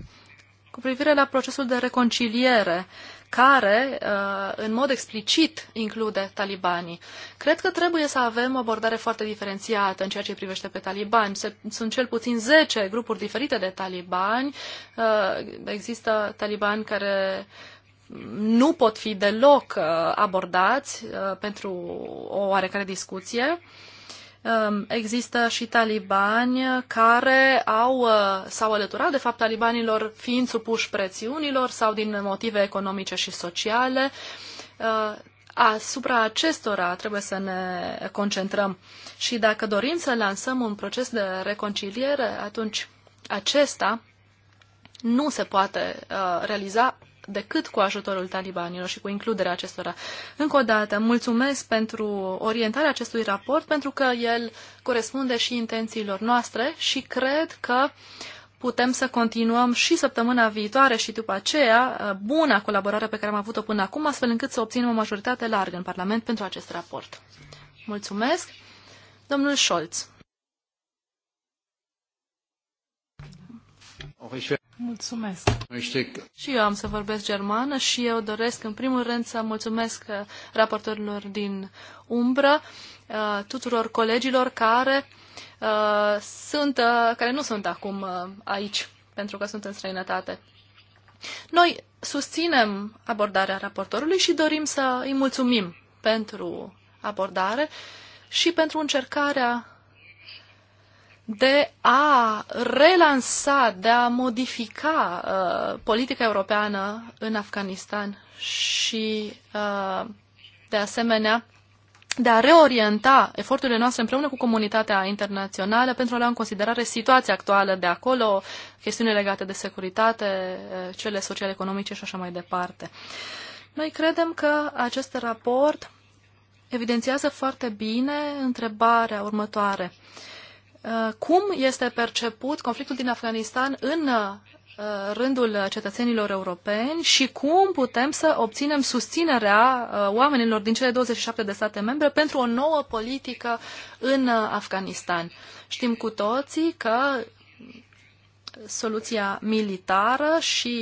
cu privire la procesul de reconciliere, care uh, în mod explicit include talibanii. Cred că trebuie să avem o abordare foarte diferențiată în ceea ce privește pe talibani. Sunt cel puțin 10 grupuri diferite de talibani. Uh, există talibani care nu pot fi deloc uh, abordați pentru o oarecare discuție. Um, există și talibani care au, uh, s-au alăturat, de fapt, talibanilor fiind supuși prețiunilor sau din motive economice și sociale. Uh, asupra acestora trebuie să ne concentrăm și dacă dorim să lansăm un proces de reconciliere, atunci acesta nu se poate uh, realiza decât cu ajutorul talibanilor și cu includerea acestora. Încă o dată, mulțumesc pentru orientarea acestui raport, pentru că el corespunde și intențiilor noastre și cred că putem să continuăm și săptămâna viitoare și după aceea uh, buna colaborare pe care am avut-o până acum, astfel încât să obținem o majoritate largă în Parlament pentru acest raport. Mulțumesc. Domnul Scholz. Mulțumesc. Și eu am să vorbesc germană și eu doresc în primul rând să mulțumesc uh, raportorilor din umbră, uh, tuturor colegilor care uh, sunt, care nu sunt acum aici, pentru că sunt în străinătate. Noi susținem abordarea raportorului și dorim să îi mulțumim pentru abordare și pentru încercarea de a relansa, de a modifica uh, politica europeană în Afganistan și, uh, de asemenea, de a reorienta eforturile noastre împreună cu comunitatea internațională pentru a lua în considerare situația actuală de acolo, chestiuni legate de securitate, uh, cele sociale, economice și așa mai departe. Noi credem că acest raport evidențiază foarte bine întrebarea următoare. Uh, Uh, cum este perceput conflictul din Afganistan în uh, rândul cetățenilor europeni și cum putem să obținem susținerea uh, oamenilor din cele 27 de state membre pentru o nouă politică în Afganistan. Știm cu toții că soluția militară și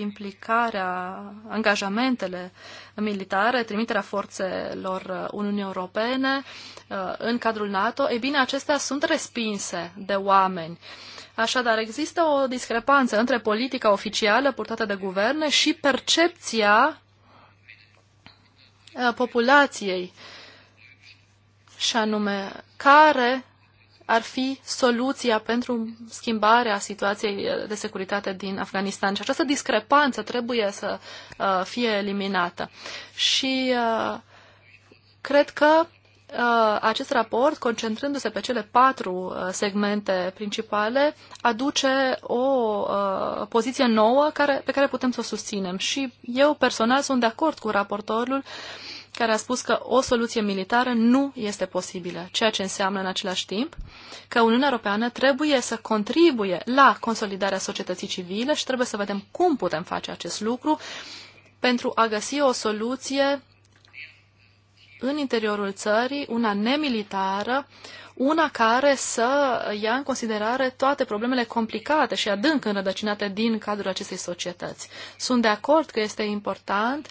implicarea, angajamentele militare, trimiterea forțelor Uniunii Europene uh, Uh, în cadrul NATO, e bine, acestea sunt respinse de oameni. Așadar, există o discrepanță între politica oficială purtată de guverne și percepția uh, populației, și anume, care ar fi soluția pentru schimbarea situației uh, de securitate din Afganistan. Și această discrepanță trebuie să fie eliminată. Și cred că Uh, acest raport, concentrându-se pe cele patru uh, segmente principale, aduce o uh, poziție nouă care, pe care putem să o susținem. Și eu personal sunt de acord cu raportorul care a spus că o soluție militară nu este posibilă, ceea ce înseamnă în același timp că Uniunea Europeană trebuie să contribuie la consolidarea societății civile și trebuie să vedem cum putem face acest lucru pentru a găsi o soluție în interiorul țării, una nemilitară, una care să ia în considerare toate problemele complicate și adânc înrădăcinate din cadrul acestei societăți. Sunt de acord că este important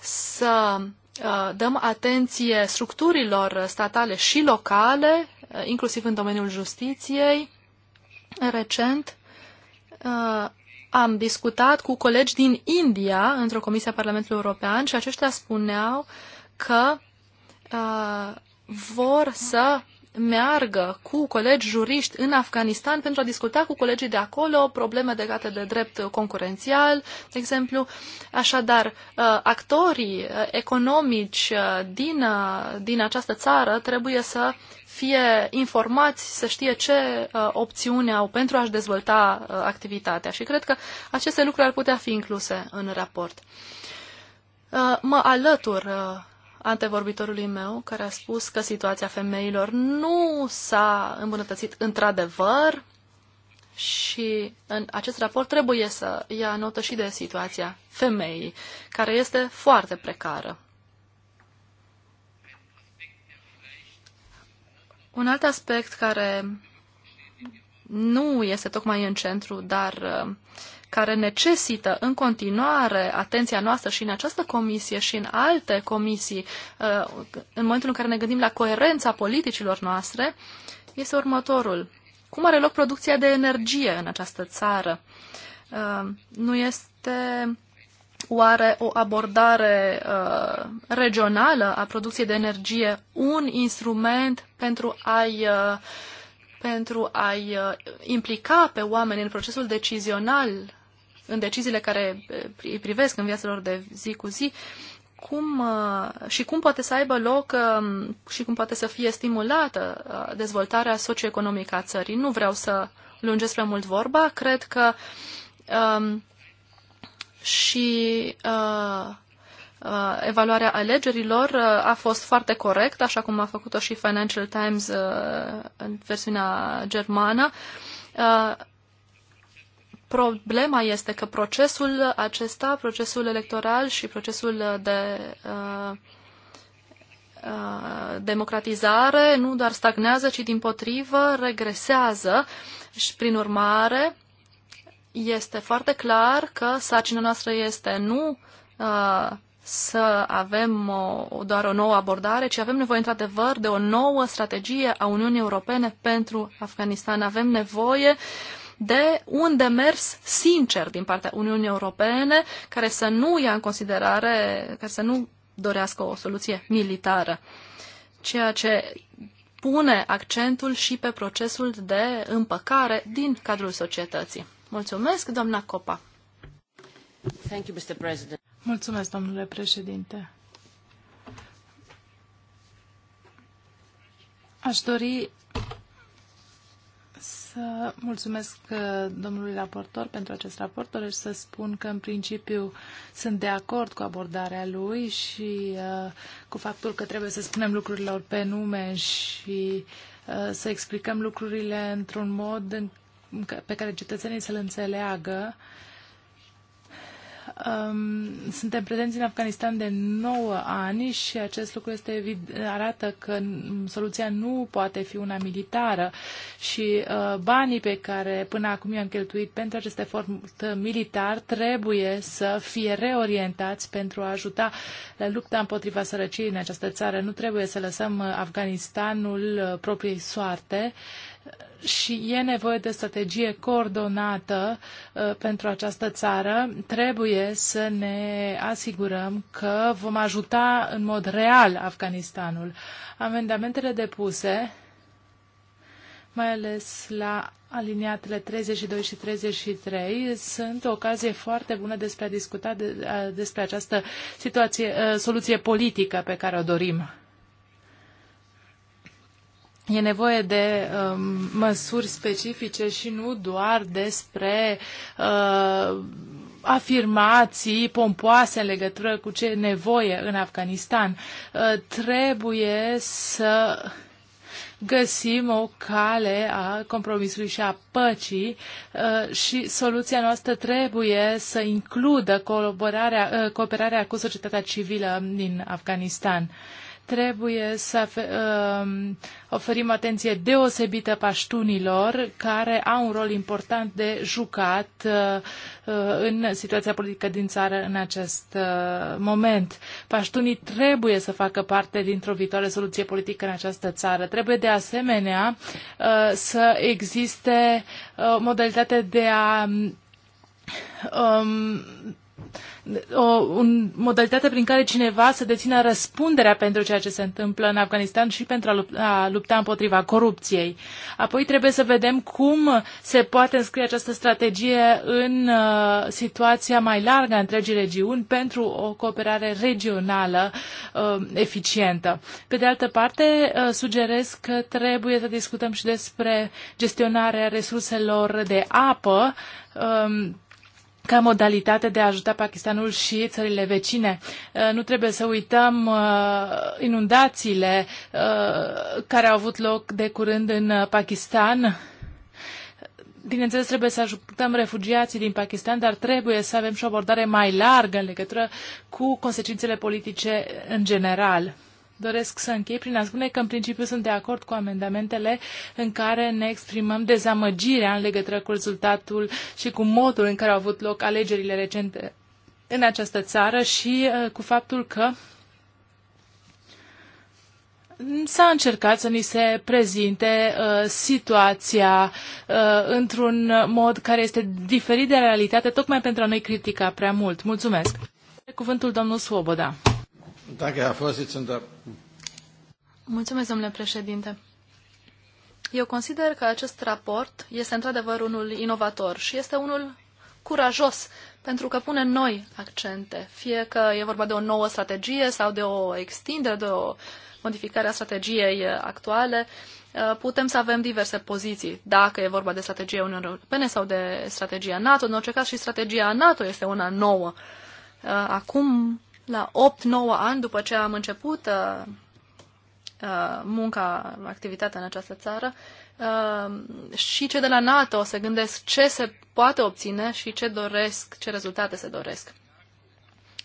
să uh, dăm atenție structurilor statale și locale, uh, inclusiv în domeniul justiției. Recent uh, am discutat cu colegi din India într-o comisie a Parlamentului European și aceștia spuneau uh, că uh, vor să meargă cu colegi juriști în Afganistan pentru a discuta cu colegii de acolo probleme legate de drept concurențial, de exemplu. Așadar, uh, actorii uh, economici uh, din, din această țară trebuie să fie informați, să știe ce opțiuni au pentru a-și dezvolta activitatea și cred că aceste lucruri ar putea fi incluse în raport. Mă alătur antevorbitorului meu care a spus că situația femeilor nu s-a îmbunătățit într-adevăr și în acest raport trebuie să ia notă și de situația femeii, care este foarte precară. Un alt aspect care nu este tocmai în centru, dar care necesită în continuare atenția noastră și în această comisie și în alte comisii, uh, în momentul în care ne gândim la coerența politicilor noastre, este următorul. Cum are loc producția de energie în această țară? Uh, nu este oare o abordare uh, regională a producției de energie un instrument pentru a-i pentru a implica pe oameni în procesul decizional în deciziile care eh, îi privesc în viața lor de zi cu zi, cum, eh, și cum poate să aibă loc eh, și cum poate să fie stimulată dezvoltarea socioeconomică a țării. Nu vreau să lungesc prea mult vorba, cred că um, și uh, uh, evaluarea alegerilor a fost foarte corectă, așa cum a făcut-o și Financial Times uh, în versiunea germană. Uh, Problema este că procesul acesta, procesul electoral și procesul de uh, uh, democratizare nu doar stagnează, ci din potrivă regresează și prin urmare este foarte clar că sarcina noastră este nu uh, să avem o, doar o nouă abordare, ci avem nevoie într-adevăr de o nouă strategie a Uniunii Europene pentru Afganistan. Avem nevoie uh, de un demers sincer din partea Uniunii Europene, care să nu ia în considerare, care să nu dorească o soluție militară, ceea ce pune accentul și pe procesul de împăcare din cadrul societății. Mulțumesc, doamna Copa. Thank you, Mr. President. Mulțumesc, domnule președinte. Aș dori să mulțumesc uh, domnului raportor pentru acest raport. Doresc să spun că, în principiu, sunt de acord cu abordarea lui și uh, cu faptul că trebuie să spunem lucrurile pe nume și uh, să explicăm lucrurile într-un mod în, pe care cetățenii să-l înțeleagă. Uh, Um, suntem prezenți în Afganistan de 9 ani și acest lucru este evident, arată că soluția nu poate fi una militară și uh, banii pe care până acum i-am cheltuit pentru acest efort militar trebuie să fie reorientați pentru a ajuta la lupta împotriva sărăciei în această țară. Nu trebuie să lăsăm uh, Afganistanul uh, propriei soarte. Uh, și e nevoie de strategie coordonată uh, pentru această țară. Trebuie să ne asigurăm că vom ajuta în mod real Afganistanul. Amendamentele depuse, mai ales la aliniatele 32 și 33 sunt o ocazie foarte bună despre a discuta de, a, despre această situație, uh, soluție politică pe care o dorim. E nevoie de um, măsuri specifice și nu doar despre uh, afirmații pompoase în legătură cu ce e nevoie în Afganistan. Uh, trebuie să găsim o cale a compromisului și a păcii uh, și soluția noastră trebuie să includă colaborarea, uh, cooperarea cu societatea civilă din Afganistan. Trebuie să uh, oferim atenție deosebită paștunilor care au un rol important de jucat uh, uh, în situația politică din țară în acest moment. Paștunii trebuie să facă parte dintr-o viitoare soluție politică în această țară. Trebuie de asemenea să existe modalitate de a um, o un, modalitate prin care cineva să dețină răspunderea pentru ceea ce se întâmplă în Afganistan și pentru a lupta, a lupta împotriva corupției. Apoi trebuie să vedem cum se poate înscrie această strategie în uh, situația mai largă a întregii regiuni pentru o cooperare regională uh, eficientă. Pe de altă parte, uh, sugerez că trebuie să discutăm și despre gestionarea resurselor de apă, um, ca modalitate de a ajuta Pakistanul și țările vecine. Uh, nu trebuie să uităm uh, inundațiile uh, care au avut loc de curând în Pakistan. Bineînțeles, trebuie să ajutăm refugiații din Pakistan, dar trebuie să avem și o abordare mai largă în legătură cu consecințele politice în general doresc să închei prin a spune că în principiu sunt de acord cu amendamentele în care ne exprimăm dezamăgirea în legătură cu rezultatul și cu modul în care au avut loc alegerile recente în această țară și uh, cu faptul că s-a încercat să ni se prezinte uh, situația uh, într-un mod care este diferit de realitate, tocmai pentru a nu-i critica prea mult. Mulțumesc! Cuvântul domnul Svoboda. Mulțumesc, domnule președinte. Eu consider că acest raport este într-adevăr unul inovator și este unul curajos, pentru că pune noi accente, fie că e vorba de o nouă strategie sau de o extindere, de o modificare a strategiei actuale, uh, putem să avem diverse poziții, dacă e vorba de strategia Uniunii Europene sau de strategia NATO. În orice caz și strategia NATO este una nouă. Uh, acum la 8-9 ani după ce am început uh, uh, munca, activitatea în această țară, uh, și cei de la NATO se gândesc ce se poate obține și ce doresc, ce rezultate se doresc.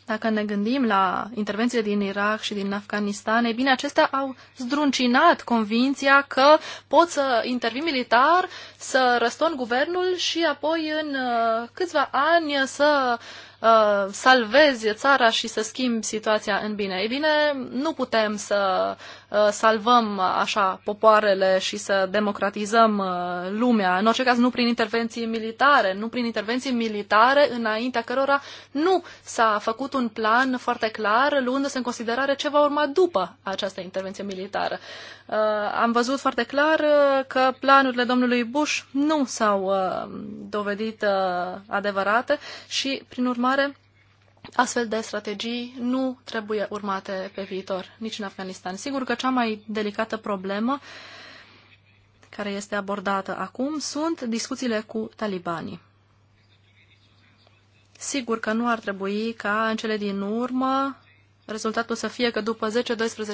Dacă ne gândim la intervențiile din Irak și din Afganistan, e bine, acestea au zdruncinat convinția că pot să intervii militar, să răstorn guvernul și apoi în uh, câțiva ani să uh, Uh, salvezi țara și să schimbi situația în bine. Ei bine, nu putem să Uh, salvăm așa popoarele și să democratizăm uh, lumea. În orice caz, nu prin intervenții militare, nu prin intervenții militare înaintea cărora nu s-a făcut un plan foarte clar, luându-se în considerare ce va urma după această intervenție militară. Uh, am văzut foarte clar că planurile domnului Bush nu s-au dovedit adevărate și, prin urmare, astfel de strategii nu trebuie urmate pe viitor, nici în Afganistan. Sigur că cea mai delicată problemă care este abordată acum sunt discuțiile cu talibanii. Sigur că nu ar trebui ca în cele din urmă rezultatul să fie că după 10-12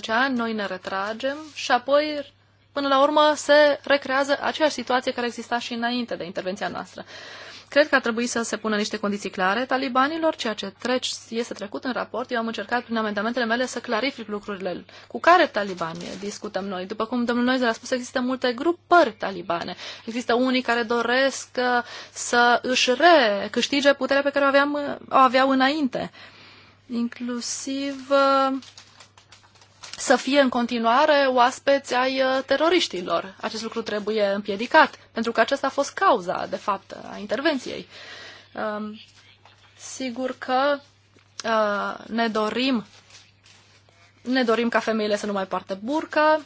ani noi ne retragem și apoi până la urmă se recrează aceeași situație care exista și înainte de intervenția noastră. Cred că ar trebui să se pună niște condiții clare talibanilor, ceea ce treci, este trecut în raport. Eu am încercat prin amendamentele mele să clarific lucrurile cu care talibani discutăm noi. După cum domnul Noizer a spus, există multe grupări talibane. Există unii care doresc uh, să își recâștige puterea pe care o, aveam, o aveau înainte. Inclusiv uh, să fie în continuare oaspeți ai uh, teroriștilor. Acest lucru trebuie împiedicat, pentru că acesta a fost cauza, de fapt, a intervenției. Um, sigur că uh, ne dorim ne dorim ca femeile să nu mai poartă burcă,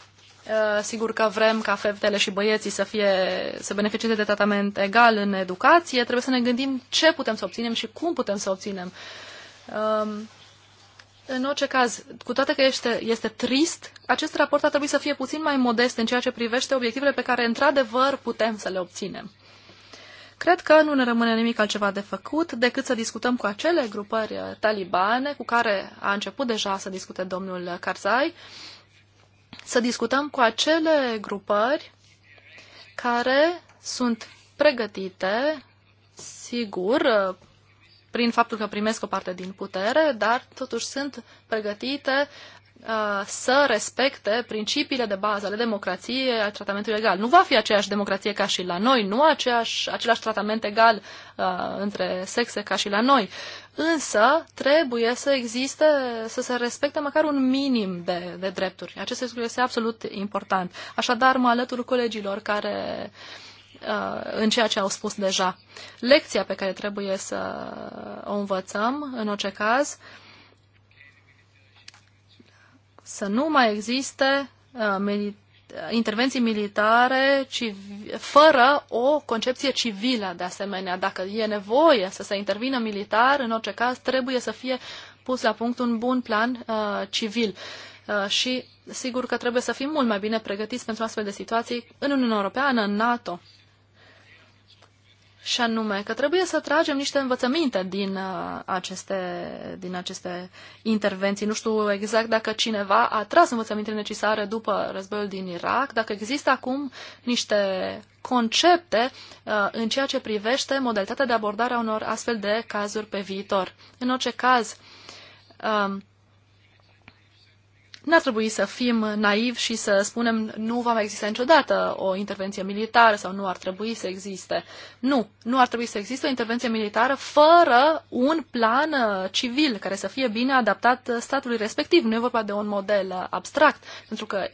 uh, sigur că vrem ca fetele și băieții să, fie, să beneficieze de tratament egal în educație, trebuie să ne gândim ce putem să obținem și cum putem să obținem. Um, în orice caz, cu toate că este, este trist, acest raport ar trebui să fie puțin mai modest în ceea ce privește obiectivele pe care, într-adevăr, putem să le obținem. Cred că nu ne rămâne nimic altceva de făcut decât să discutăm cu acele grupări uh, talibane cu care a început deja să discute domnul Karzai, să discutăm cu acele grupări care sunt pregătite, sigur, uh, prin faptul că primesc o parte din putere, dar totuși sunt pregătite uh, să respecte principiile de bază ale democrației, al tratamentului egal. Nu va fi aceeași democrație ca și la noi, nu aceeași, același tratament egal uh, între sexe ca și la noi, însă trebuie să existe, să se respecte măcar un minim de, de drepturi. Acest lucru este absolut important. Așadar, mă alătur colegilor care uh, Uh, în ceea ce au spus deja. Lecția pe care trebuie să o învățăm, în orice caz, să nu mai existe uh, intervenții militare ci fără o concepție civilă de asemenea. Dacă e nevoie să se intervină militar, în orice caz trebuie să fie pus la punct un bun plan uh, civil. Uh, și sigur că trebuie să fim mult mai bine pregătiți pentru astfel de situații în Uniunea Europeană, în NATO și anume că trebuie să tragem niște învățăminte din uh, aceste, din aceste intervenții. Nu știu exact dacă cineva a tras învățămintele necesare după războiul din Irak, dacă există acum niște concepte uh, în ceea ce privește modalitatea de abordare a unor astfel de cazuri pe viitor. În orice caz, um, n-ar trebui să fim naivi și să spunem nu va mai exista niciodată o intervenție militară sau nu ar trebui să existe. Nu, nu ar trebui să existe o intervenție militară fără un plan uh, civil care să fie bine adaptat uh, statului respectiv. Nu e vorba de un model uh, abstract, pentru că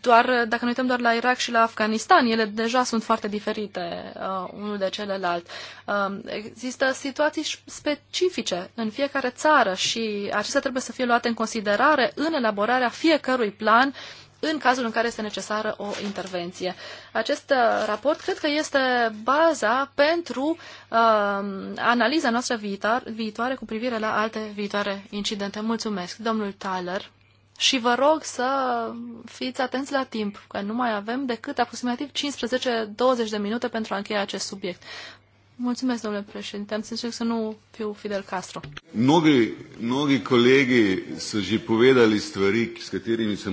doar, dacă ne uităm doar la Irak și la Afganistan, ele deja sunt foarte diferite uh, unul de celălalt. Uh, există situații specifice în fiecare țară și acestea trebuie să fie luate în considerare în elaborarea fiecărui plan în cazul în care este necesară o intervenție. Acest uh, raport cred că este baza pentru uh, analiza noastră viitoare cu privire la alte viitoare incidente. Mulțumesc, domnul Tyler și vă rog să fiți atenți la timp, că nu mai avem decât aproximativ 15-20 de minute pentru a încheia acest subiect. Mulțumesc, domnule președinte. Am simțit să nu fiu Fidel Castro. Mnogi, mnogi colegi să și povedali stvari, s mi se...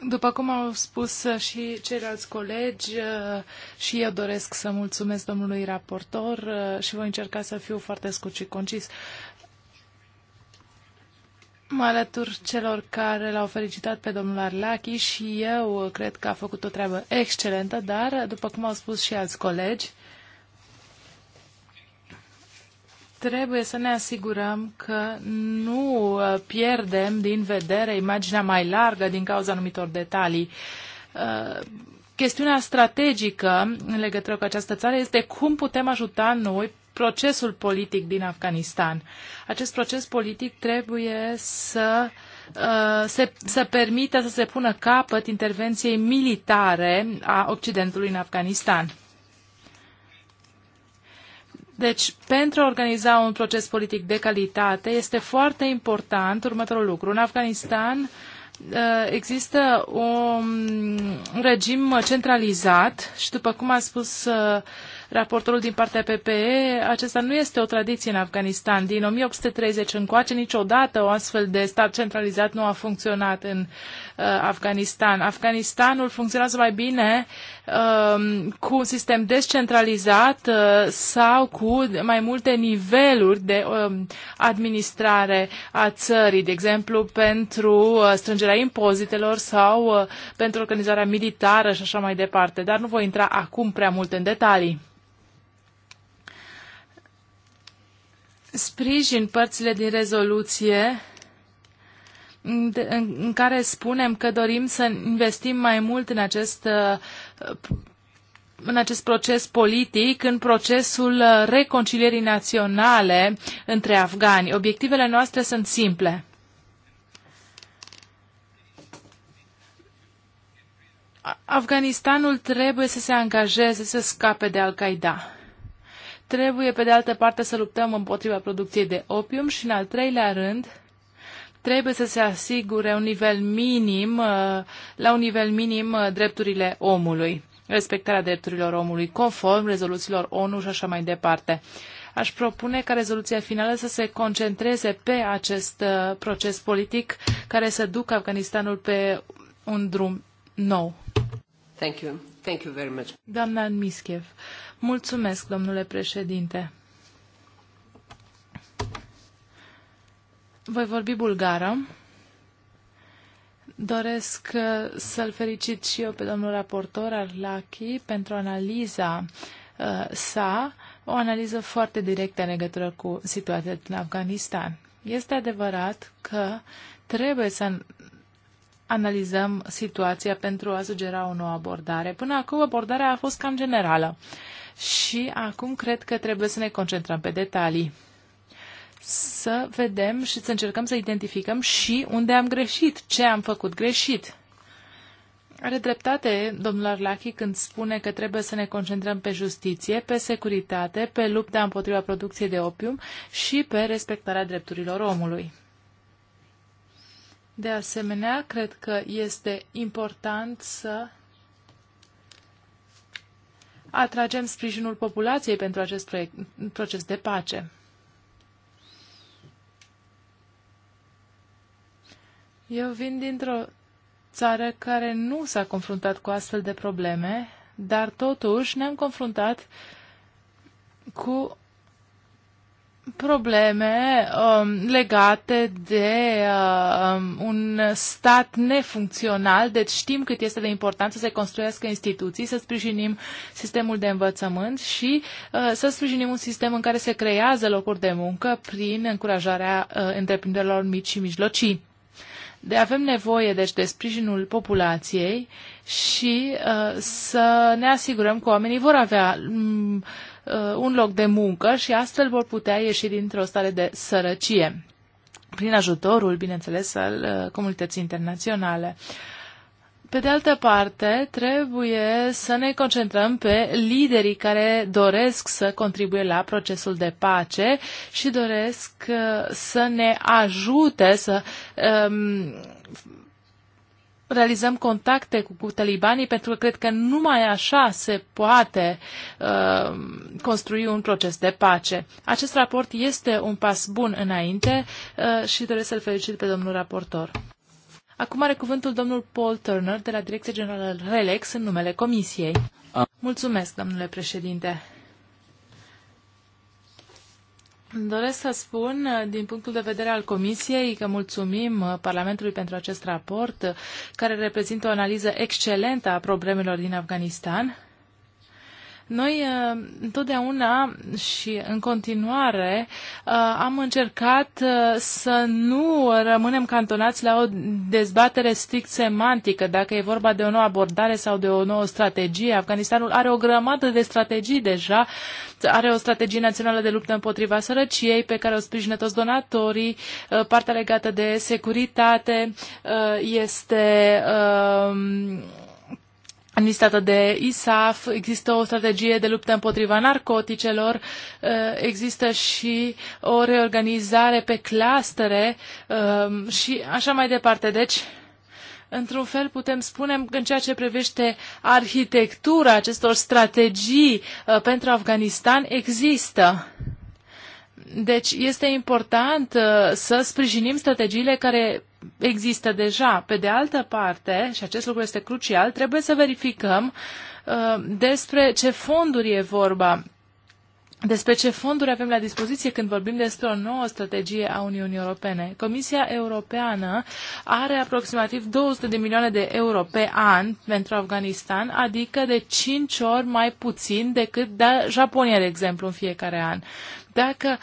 După cum au spus și ceilalți colegi, și eu doresc să mulțumesc domnului raportor și voi încerca să fiu foarte scurt și concis. Mă alătur celor care l-au felicitat pe domnul Arlachi și eu cred că a făcut o treabă excelentă, dar, după cum au spus și alți colegi, trebuie să ne asigurăm că nu pierdem din vedere imaginea mai largă din cauza anumitor detalii. Uh, chestiunea strategică în legătură cu această țară este cum putem ajuta noi procesul politic din Afganistan. Acest proces politic trebuie să, uh, se, să permită să se pună capăt intervenției militare a Occidentului în Afganistan. Deci, pentru a organiza un proces politic de calitate, este foarte important următorul lucru. În Afganistan uh, există un regim centralizat și, după cum a spus uh, raportorul din partea PPE, acesta nu este o tradiție în Afganistan. Din 1830 încoace niciodată o astfel de stat centralizat nu a funcționat în uh, Uh, Afganistan. Afganistanul funcționează mai bine um, cu un sistem descentralizat uh, sau cu mai multe niveluri de um, administrare a țării, de exemplu pentru uh, strângerea impozitelor sau pentru organizarea militară și așa mai departe. Dar nu voi intra acum prea mult în detalii. Sprijin părțile din rezoluție în care spunem că dorim să investim mai mult în acest uh, în acest proces politic, în procesul uh, reconcilierii naționale între afgani. Obiectivele noastre sunt simple. Afganistanul trebuie să se angajeze, să scape de Al-Qaeda. Trebuie, pe de altă parte, să luptăm împotriva producției de opium și, în al treilea rând, trebuie să se asigure un nivel minim, uh, la un nivel minim uh, drepturile omului, respectarea drepturilor omului, conform rezoluțiilor ONU și așa mai departe. Aș propune ca rezoluția finală să se concentreze pe acest uh, proces politic care să ducă Afganistanul pe un drum nou. Thank you. Thank you very much. Doamna Mischev, mulțumesc, domnule președinte. Voi vorbi bulgară. Doresc uh, să-l felicit și eu pe domnul raportor Arlachi pentru analiza uh, sa, o analiză foarte directă în legătură cu situația din Afganistan. Este adevărat că trebuie să analizăm situația pentru a sugera o nouă abordare. Până acum abordarea a fost cam generală și acum cred că trebuie să ne concentrăm pe detalii să vedem și să încercăm să identificăm și unde am greșit, ce am făcut greșit. Are dreptate domnul Arlachi când spune că trebuie să ne concentrăm pe justiție, pe securitate, pe lupta împotriva producției de opium și pe respectarea drepturilor omului. De asemenea, cred că este important să atragem sprijinul populației pentru acest proiect, proces de pace. Eu vin dintr-o țară care nu s-a confruntat cu astfel de probleme, dar totuși ne-am confruntat cu probleme um, legate de um, un stat nefuncțional, deci știm cât este de important să se construiască instituții, să sprijinim sistemul de învățământ și uh, să sprijinim un sistem în care se creează locuri de muncă prin încurajarea uh, întreprinderilor mici și mijlocii. De avem nevoie, deci, de sprijinul populației și uh, să ne asigurăm că oamenii vor avea um, uh, un loc de muncă și astfel vor putea ieși dintr-o stare de sărăcie prin ajutorul, bineînțeles, al uh, comunității internaționale. Uh, pe de altă parte, trebuie să ne concentrăm pe liderii care doresc să contribuie la procesul de pace și doresc uh, să ne ajute să um, realizăm contacte cu, cu talibanii, pentru că cred că numai așa se poate um, construi un proces de pace. Acest raport este un pas bun înainte uh, și doresc să-l felicit pe domnul raportor. Acum are cuvântul domnul Paul Turner de la Direcția Generală Relex în numele Comisiei. Mulțumesc, domnule președinte. Îmi doresc să spun, din punctul de vedere al Comisiei, că mulțumim Parlamentului pentru acest raport, care reprezintă o analiză excelentă a problemelor din Afganistan noi uh, întotdeauna și în continuare uh, am încercat uh, să nu rămânem cantonați la o dezbatere strict semantică, dacă e vorba de o nouă abordare sau de o nouă strategie. Afganistanul are o grămadă de strategii deja, are o strategie națională de luptă împotriva sărăciei pe care o sprijină toți donatorii, partea legată de securitate este administrată de ISAF, există o strategie de luptă împotriva narcoticelor, uh, există și o reorganizare pe clastere um, și așa mai departe. Deci, într-un fel putem spune că în ceea ce privește arhitectura acestor strategii uh, pentru Afganistan există. Deci este important uh, să sprijinim strategiile care există deja. Pe de altă parte, și acest lucru este crucial, trebuie să verificăm uh, despre ce fonduri e vorba. Despre ce fonduri avem la dispoziție când vorbim despre o nouă strategie a Uniunii Europene? Comisia Europeană are aproximativ 200 de milioane de euro pe an pentru Afganistan, adică de 5 ori mai puțin decât de da, Japonia, de exemplu, în fiecare an. Dacă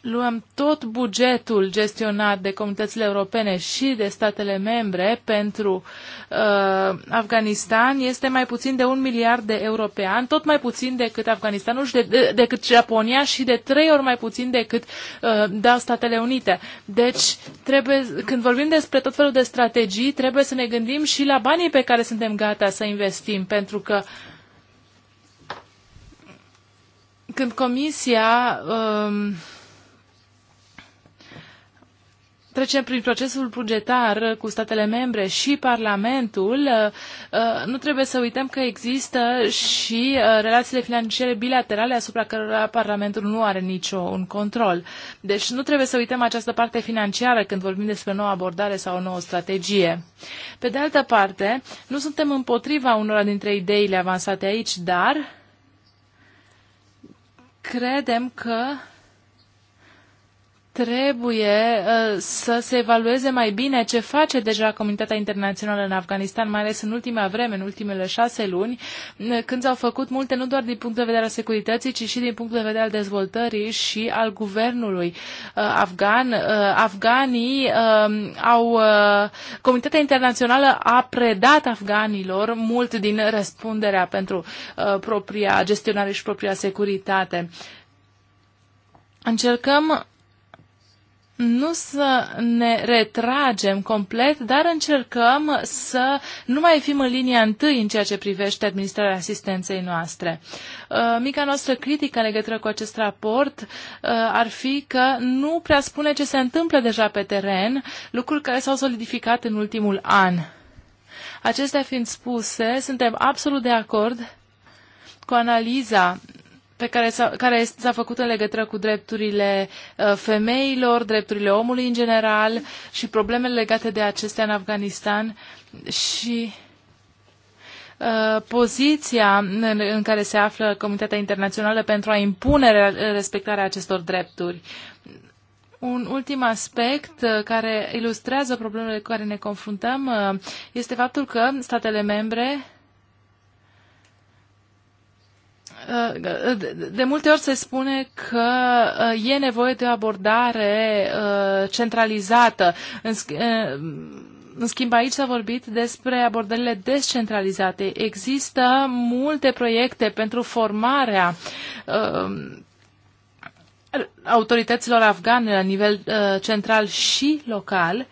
luăm tot bugetul gestionat de comunitățile europene și de statele membre pentru uh, Afganistan, este mai puțin de un miliard de euro pe an, tot mai puțin decât Afganistanul și de, de, decât Japonia și de trei ori mai puțin decât uh, da Statele Unite. Deci, trebuie, când vorbim despre tot felul de strategii, trebuie să ne gândim și la banii pe care suntem gata să investim, pentru că când Comisia uh, trecem prin procesul bugetar cu statele membre și Parlamentul, uh, uh, nu trebuie să uităm că există și uh, relațiile financiare bilaterale asupra cărora Parlamentul nu are niciun control. Deci nu trebuie să uităm această parte financiară când vorbim despre nouă abordare sau o nouă strategie. Pe de altă parte, nu suntem împotriva unora dintre ideile avansate aici, dar credem că trebuie uh, să se evalueze mai bine ce face deja comunitatea internațională în Afganistan, mai ales în ultima vreme, în ultimele șase luni, uh, când s-au făcut multe nu doar din punct de vedere al securității, ci și din punct de vedere al dezvoltării și al guvernului uh, afgan. Uh, afganii um, au... Uh, comunitatea internațională a predat afganilor mult din răspunderea pentru uh, propria gestionare și propria securitate. Încercăm nu să ne retragem complet, dar încercăm să nu mai fim în linia întâi în ceea ce privește administrarea asistenței noastre. Uh, mica noastră critică în legătură cu acest raport uh, ar fi că nu prea spune ce se întâmplă deja pe teren, lucruri care s-au solidificat în ultimul an. Acestea fiind spuse, suntem absolut de acord cu analiza pe care s-a, care s-a făcut în legătură cu drepturile uh, femeilor, drepturile omului în general și problemele legate de acestea în Afganistan și uh, poziția în care se află comunitatea internațională pentru a impune respectarea acestor drepturi. Un ultim aspect uh, care ilustrează problemele cu care ne confruntăm este faptul că statele membre Uh, de multe ori se spune că uh, e nevoie de o abordare uh, centralizată. În schimb, aici s-a vorbit despre abordările descentralizate. Există multe proiecte pentru formarea autorităților afgane la nivel central și local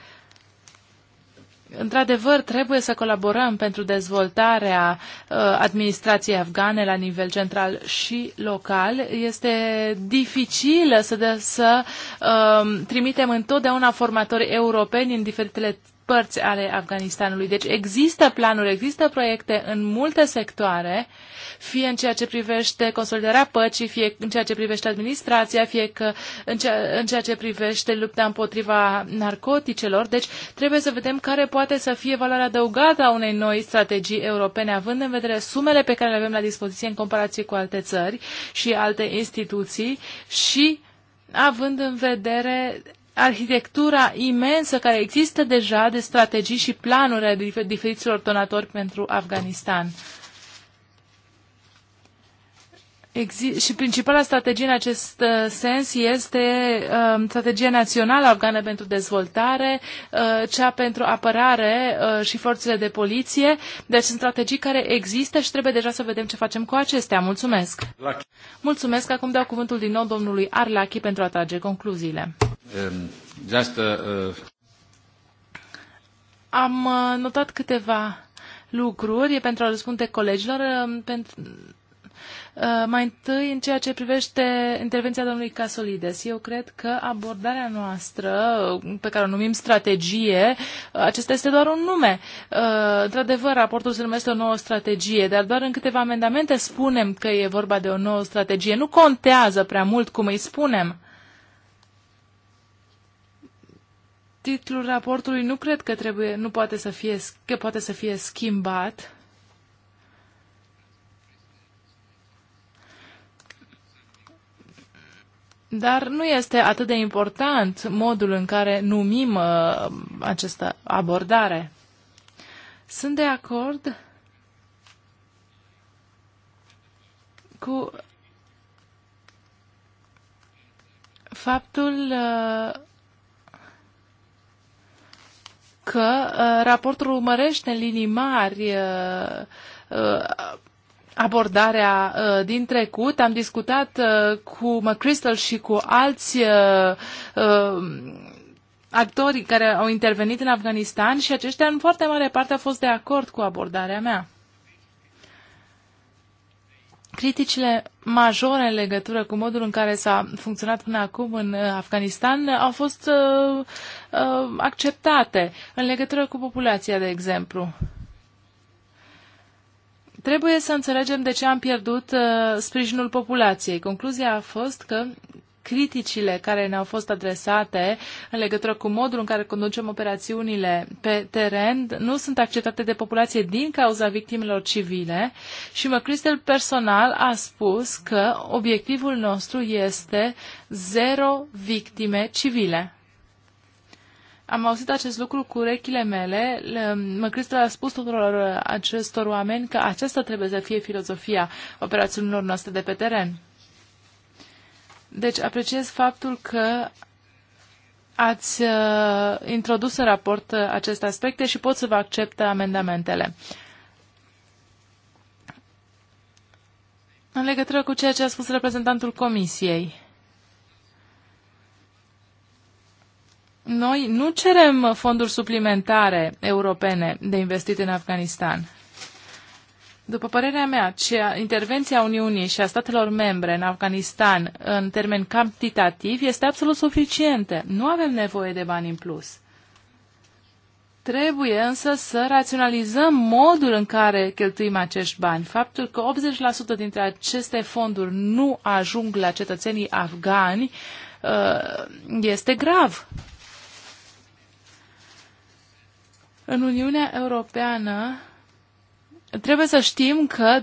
Într-adevăr, trebuie să colaborăm pentru dezvoltarea uh, administrației afgane la nivel central și local. Este dificil să, de, să uh, trimitem întotdeauna formatori europeni în diferitele părți ale Afganistanului. Deci există planuri, există proiecte în multe sectoare, fie în ceea ce privește consolidarea păcii, fie în ceea ce privește administrația, fie că în, ceea, în ceea ce privește lupta împotriva narcoticelor. Deci trebuie să vedem care poate să fie valoarea adăugată a unei noi strategii europene, având în vedere sumele pe care le avem la dispoziție în comparație cu alte țări și alte instituții și având în vedere arhitectura imensă care există deja de strategii și planuri ale diferiților donatori pentru Afganistan. Exi- și principala strategie în acest uh, sens este uh, strategia națională afgană pentru dezvoltare, uh, cea pentru apărare uh, și forțele de poliție. Deci sunt strategii care există și trebuie deja să vedem ce facem cu acestea. Mulțumesc! Mulțumesc! Acum dau cuvântul din nou domnului Arlachi pentru a trage concluziile. Um, just, uh, uh Am uh, notat câteva lucruri pentru a răspunde colegilor. Um, pentru, uh, mai întâi, în ceea ce privește intervenția domnului Casolides, eu cred că abordarea noastră, pe care o numim strategie, acesta este doar un nume. într-adevăr, raportul se numește o nouă strategie, dar doar în câteva amendamente spunem că e vorba de o nouă strategie. Nu contează prea mult cum îi spunem titlul raportului nu cred că trebuie, nu poate să fie, că poate să fie schimbat. Dar nu este atât de important modul în care numim uh, această abordare. Sunt de acord cu faptul uh, că uh, raportul urmărește în linii mari uh, uh, abordarea uh, din trecut. Am discutat uh, cu McChrystal și cu alți uh, uh, actorii care au intervenit în Afganistan și aceștia în foarte mare parte au fost de acord cu abordarea mea. Criticile majore în legătură cu modul în care s-a funcționat până acum în uh, Afganistan au fost uh, uh, acceptate în legătură cu populația, de exemplu. Trebuie să înțelegem de ce am pierdut uh, sprijinul populației. Concluzia a fost că criticile care ne-au fost adresate în legătură cu modul în care conducem operațiunile pe teren nu sunt acceptate de populație din cauza victimelor civile și McChrystal personal a spus că obiectivul nostru este zero victime civile. Am auzit acest lucru cu urechile mele. McChrystal a spus tuturor acestor oameni că aceasta trebuie să fie filozofia operațiunilor noastre de pe teren. Deci apreciez faptul că ați uh, introdus în raport uh, aceste aspecte și pot să vă accept amendamentele. În legătură cu ceea ce a spus reprezentantul Comisiei, noi nu cerem fonduri suplimentare europene de investit în Afganistan. După părerea mea, cea, intervenția Uniunii și a statelor membre în Afganistan în termeni cantitativ este absolut suficientă. Nu avem nevoie de bani în plus. Trebuie însă să raționalizăm modul în care cheltuim acești bani. Faptul că 80% dintre aceste fonduri nu ajung la cetățenii afgani uh, este grav. În Uniunea Europeană trebuie să știm că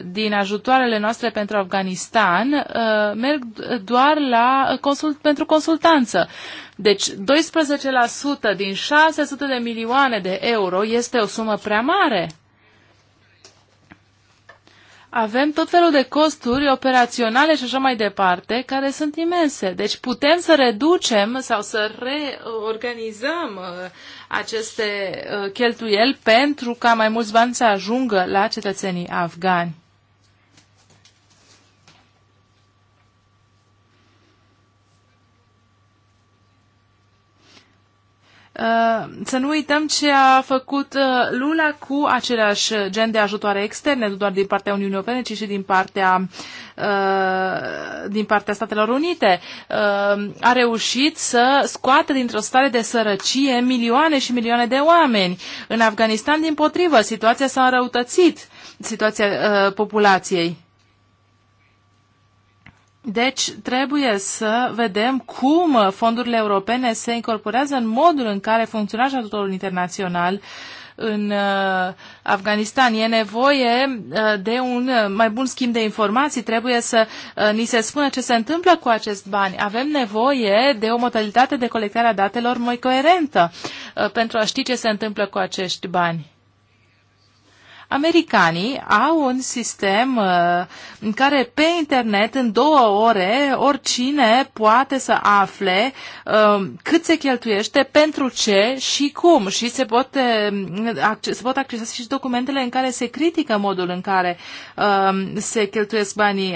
12% din ajutoarele noastre pentru Afganistan uh, merg doar la consult, pentru consultanță. Deci 12% din 600 de milioane de euro este o sumă prea mare avem tot felul de costuri operaționale și așa mai departe, care sunt imense. Deci putem să reducem sau să reorganizăm uh, aceste uh, cheltuieli pentru ca mai mulți bani să ajungă la cetățenii afgani. Uh, să nu uităm ce a făcut uh, Lula cu același uh, gen de ajutoare externe, nu doar din partea Uniunii Europene, ci și din partea, din partea Statelor Unite. A reușit să scoată dintr-o stare de sărăcie milioane și milioane de oameni. În Afganistan, din potrivă, situația s-a înrăutățit, situația populației. Deci trebuie să vedem cum fondurile europene se incorporează în modul în care funcționează ajutorul internațional în uh, Afganistan. E nevoie uh, de un uh, mai bun schimb de informații, trebuie să uh, ni se spună ce se întâmplă cu acest bani. Avem nevoie de o modalitate de colectare a datelor mai coerentă uh, pentru a ști ce se întâmplă cu acești bani. Americanii au un sistem uh, în care pe internet în două ore oricine poate să afle uh, cât se cheltuiește, pentru ce și cum și se pot, uh, se pot accesa și documentele în care se critică modul în care se cheltuiesc banii,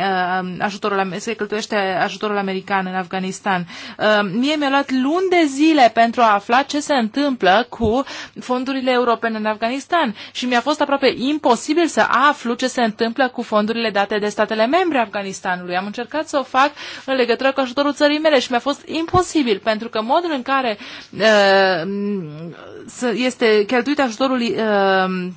ajutorul, se cheltuiește ajutorul american în Afganistan. Mie mi-a luat luni de zile pentru a afla ce se întâmplă cu fondurile europene în Afganistan și mi-a fost aproape imposibil să aflu ce se întâmplă cu fondurile date de statele membre Afganistanului. Am încercat să o fac în legătură cu ajutorul țării mele și mi-a fost imposibil, pentru că modul în care uh, este cheltuit ajutorul uh,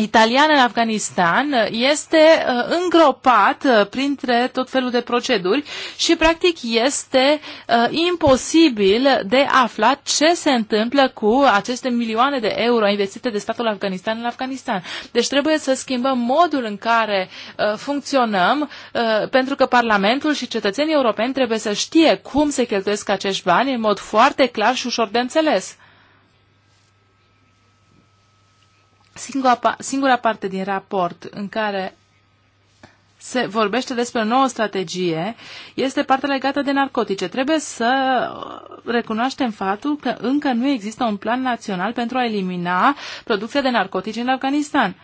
italian în Afganistan este uh, îngropat uh, printre tot felul de proceduri și practic este uh, imposibil de aflat ce se întâmplă cu aceste milioane de euro investite de statul Afganistan în Afganistan. Deci trebuie să schimbăm modul în care funcționăm pentru că Parlamentul și cetățenii europeni trebuie să știe cum se cheltuiesc acești bani în mod foarte clar și ușor de înțeles. Singura, singura parte din raport în care se vorbește despre o nouă strategie este partea legată de narcotice. Trebuie să recunoaștem faptul că încă nu există un plan național pentru a elimina producția de narcotice în Afganistan.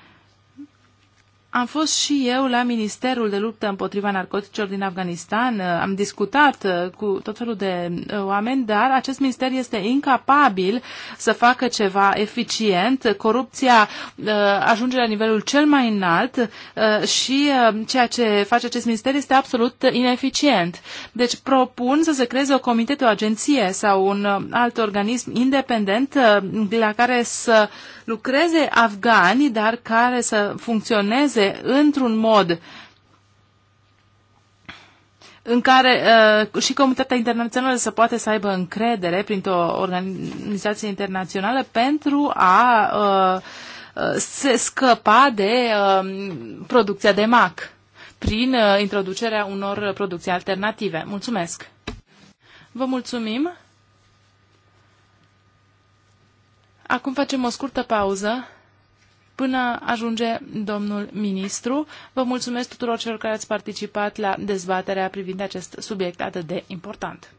Am fost și eu la Ministerul de Luptă împotriva Narcoticilor din Afganistan. Am discutat uh, cu tot felul de uh, oameni, dar acest minister este incapabil să facă ceva eficient. Corupția uh, ajunge la nivelul cel mai înalt și ceea ce face acest minister este absolut ineficient. Deci propun să se creeze o comitet, o agenție sau un alt organism independent la care să uh, lucreze afgani, dar care să funcționeze într-un mod în care uh, și comunitatea internațională să poate să aibă încredere printr-o organizație internațională pentru a uh, uh se scăpa de uh, producția de mac prin uh, introducerea unor producții alternative. Mulțumesc! Vă mulțumim! Acum facem o scurtă pauză până ajunge domnul ministru. Vă mulțumesc tuturor celor care ați participat la dezbaterea privind acest subiect atât de important.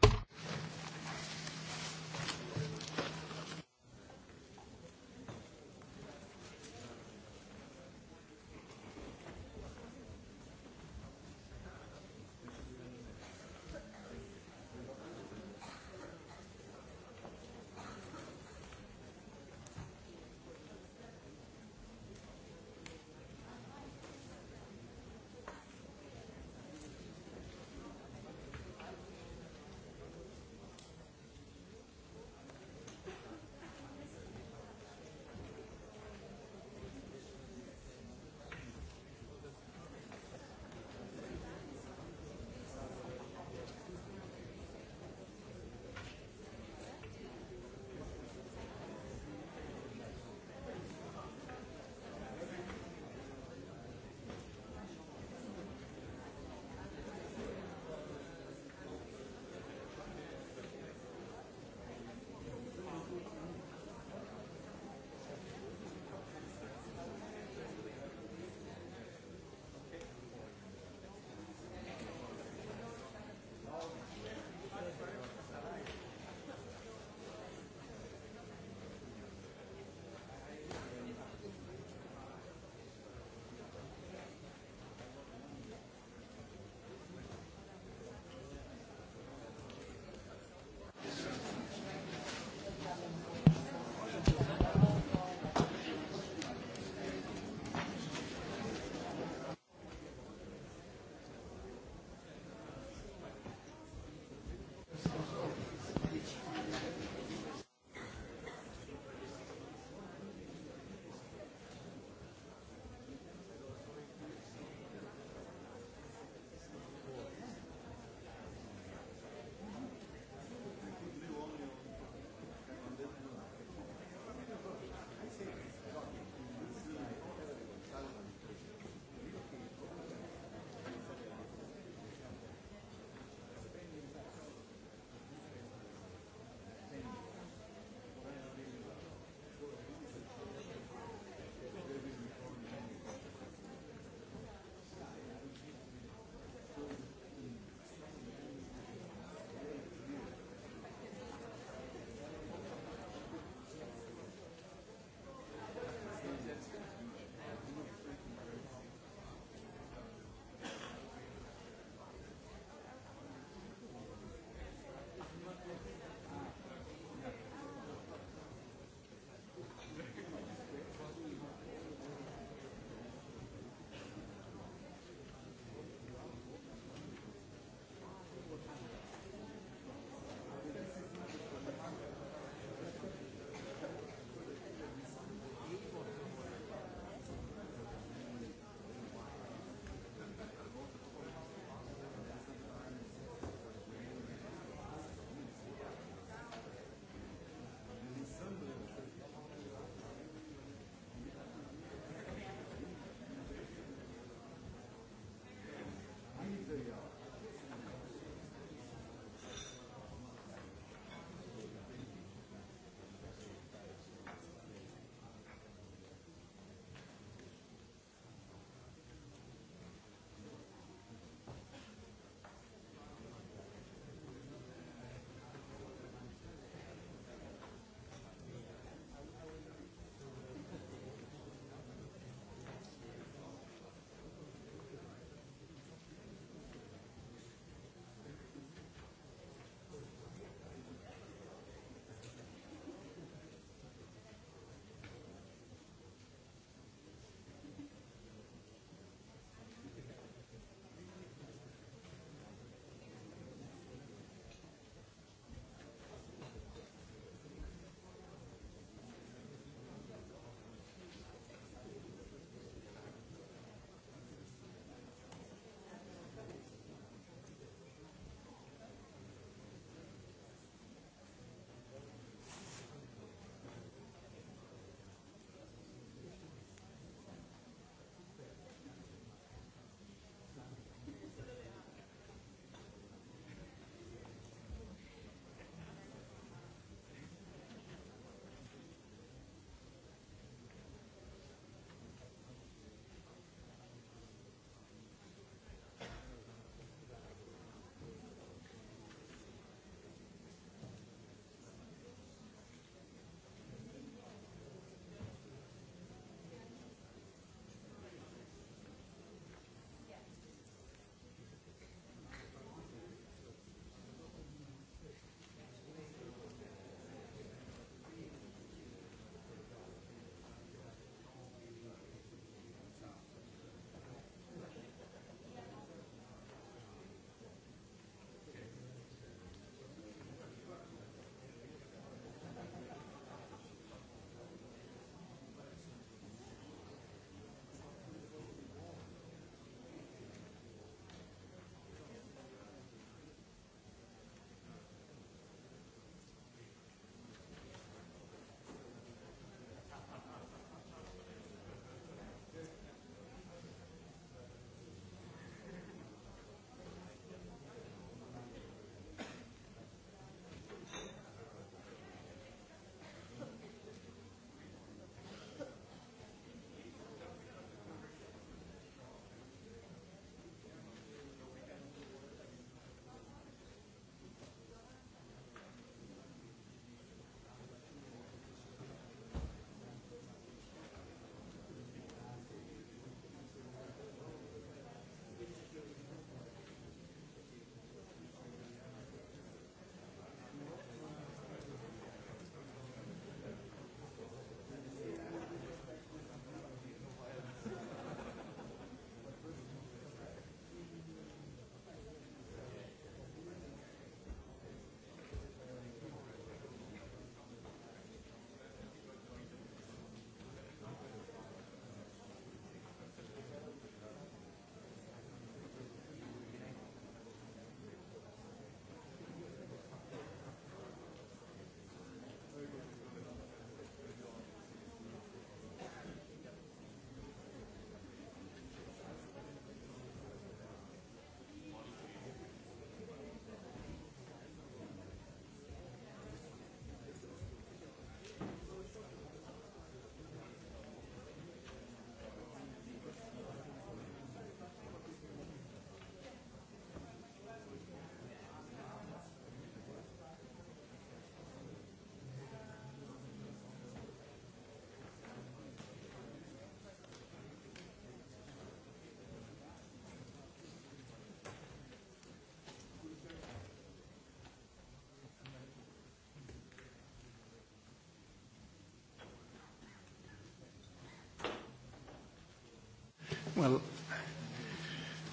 Well,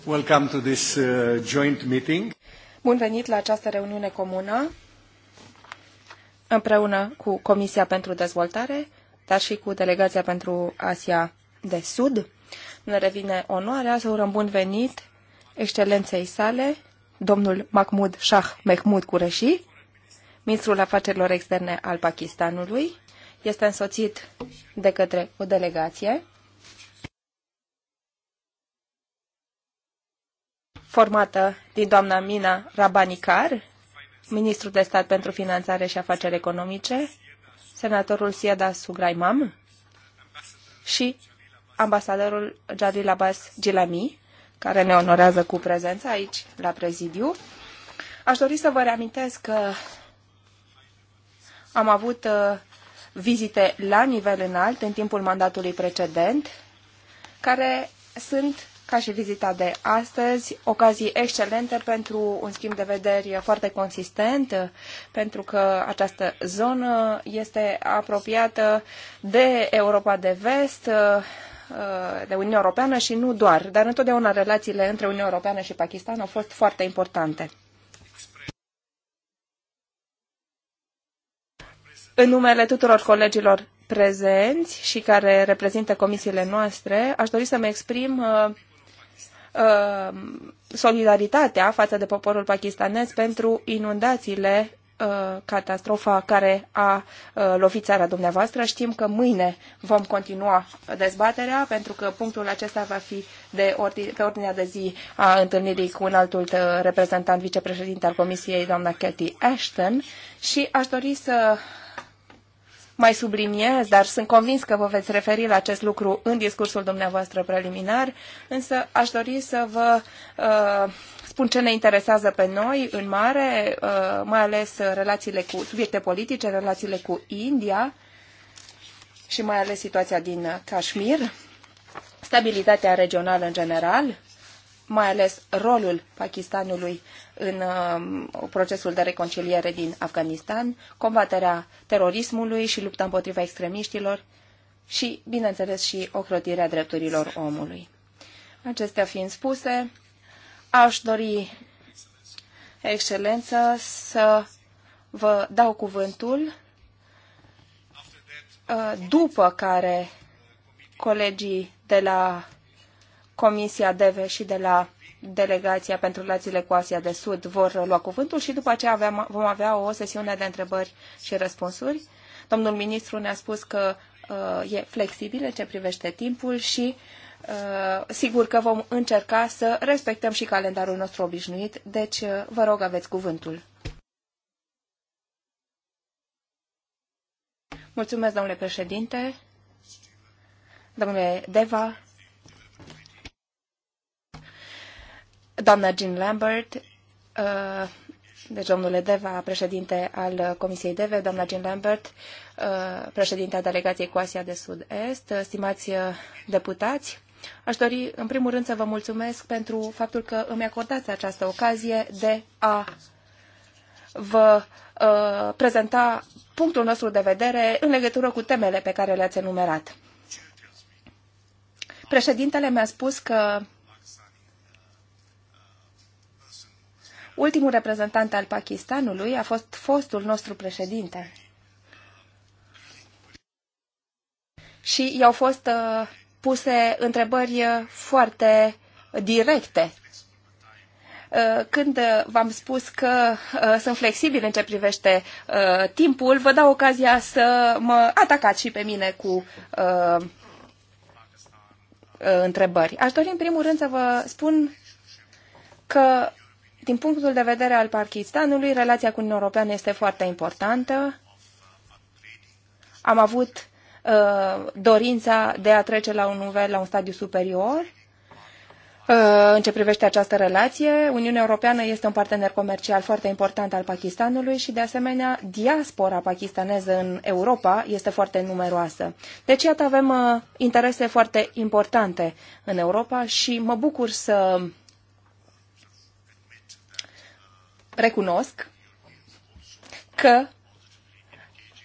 welcome to this uh, joint meeting. Bun venit la această reuniune comună împreună cu Comisia pentru Dezvoltare, dar și cu Delegația pentru Asia de Sud. Ne revine onoarea să urăm bun venit excelenței sale, domnul Mahmud Shah Mehmud Kureshi, ministrul afacerilor externe al Pakistanului. Este însoțit de către o delegație formată din doamna Mina Rabanicar, ministru de stat pentru finanțare și afaceri economice, senatorul Sieda Sugraimam și ambasadorul Jadil Abbas Gilami, care ne onorează cu prezența aici, la prezidiu. Aș dori să vă reamintesc că am avut uh, vizite la nivel înalt în timpul mandatului precedent, care sunt ca și vizita de astăzi, ocazii excelente pentru un schimb de vederi foarte consistent, pentru că această zonă este apropiată de Europa de Vest, uh, de Uniunea Europeană și nu doar, dar întotdeauna relațiile între Uniunea Europeană și Pakistan au fost foarte importante. În numele tuturor colegilor prezenți și care reprezintă comisiile noastre, aș dori să-mi exprim uh, Uh, solidaritatea față de poporul pakistanez pentru inundațiile uh, catastrofa care a uh, lovit țara dumneavoastră. Știm că mâine vom continua dezbaterea pentru că punctul acesta va fi de ordi, pe ordinea de zi a întâlnirii cu un altul reprezentant vicepreședinte al Comisiei, doamna Cathy Ashton și aș dori să mai subliniez, dar sunt convins că vă veți referi la acest lucru în discursul dumneavoastră preliminar, însă aș dori să vă uh, spun ce ne interesează pe noi în mare, uh, mai ales relațiile cu subiecte politice, relațiile cu India și mai ales situația din Kashmir, stabilitatea regională în general, mai ales rolul Pakistanului în um, procesul de reconciliere din Afganistan, combaterea terorismului și lupta împotriva extremiștilor și, bineînțeles, și ocrotirea drepturilor omului. Acestea fiind spuse, aș dori, excelență, să vă dau cuvântul, uh, după care colegii de la Comisia DEVE și de la Delegația pentru Relațiile cu Asia de Sud vor lua cuvântul și după aceea aveam, vom avea o sesiune de întrebări și răspunsuri. Domnul ministru ne-a spus că uh, e flexibil în ce privește timpul și uh, sigur că vom încerca să respectăm și calendarul nostru obișnuit, deci uh, vă rog aveți cuvântul. Mulțumesc, domnule președinte. Domnule Deva, Doamna Jean Lambert, uh, deci domnule Deva, președinte al Comisiei DEVE, doamna Jean Lambert, uh, a delegației cu Asia de Sud-Est, stimați uh, deputați, aș dori în primul rând să vă mulțumesc pentru faptul că îmi acordați această ocazie de a vă uh, prezenta punctul nostru de vedere în legătură cu temele pe care le-ați enumerat. Președintele mi-a spus că Ultimul reprezentant al Pakistanului a fost fostul nostru președinte. Și i-au fost uh, puse întrebări uh, foarte directe uh, când v-am spus că sunt flexibil în ce privește timpul, vă dau ocazia să mă atacați și pe mine cu întrebări. Aș dori în primul rând să vă spun că din punctul de vedere al Pakistanului, relația cu Uniunea Europeană este foarte importantă. Am avut uh, dorința de a trece la un nivel, la un stadiu superior. Uh, în ce privește această relație, Uniunea Europeană este un partener comercial foarte important al Pakistanului și, de asemenea, diaspora pakistaneză în Europa este foarte numeroasă. Deci, iată, avem uh, interese foarte importante în Europa și mă bucur să uh, recunosc că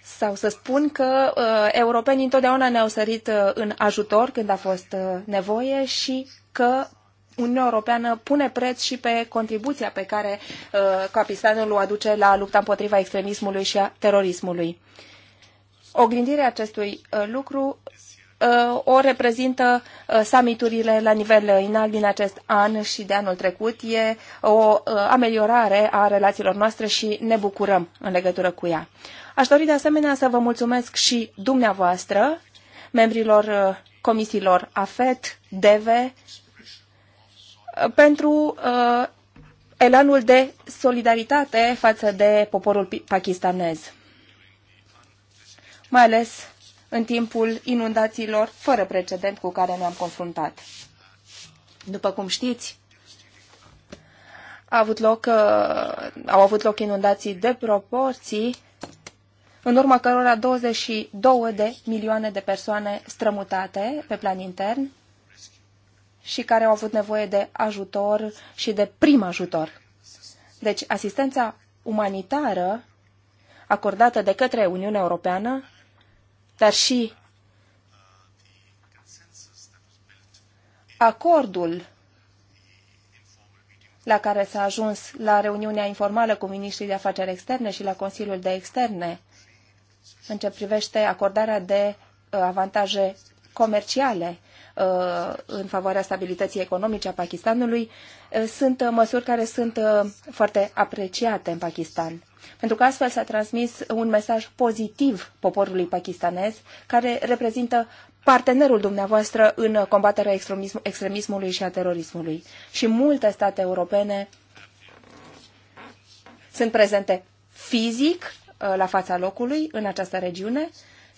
sau să spun că uh, europenii întotdeauna ne-au sărit uh, în ajutor când a fost uh, nevoie și că Uniunea Europeană pune preț și pe contribuția pe care uh, capistanul o aduce la lupta împotriva extremismului și a terorismului. Oglindirea acestui uh, lucru Uh, o reprezintă uh, summiturile la nivel înalt din acest an și de anul trecut. E o uh, ameliorare a relațiilor noastre și ne bucurăm în legătură cu ea. Aș dori de asemenea să vă mulțumesc și dumneavoastră, membrilor comisiilor AFET, DEVE, pentru uh, elanul de solidaritate față de poporul pakistanez, mai ales în timpul inundațiilor fără precedent cu care ne-am confruntat. După cum știți, a avut loc, uh, au avut loc inundații de proporții, în urma cărora 22 de milioane de persoane strămutate pe plan intern și care au avut nevoie de ajutor și de prim ajutor. Deci asistența umanitară acordată de către Uniunea Europeană dar și acordul la care s-a ajuns la reuniunea informală cu ministrii de afaceri externe și la Consiliul de Externe în ce privește acordarea de uh, avantaje comerciale Uh, în favoarea stabilității economice a Pakistanului uh, sunt uh, măsuri care sunt foarte apreciate în Pakistan. Pentru că astfel s-a transmis un mesaj pozitiv poporului pakistanez, care reprezintă partenerul dumneavoastră în combaterea extremism extremismului și a terorismului. Și multe state europene sunt prezente fizic la fața locului în această regiune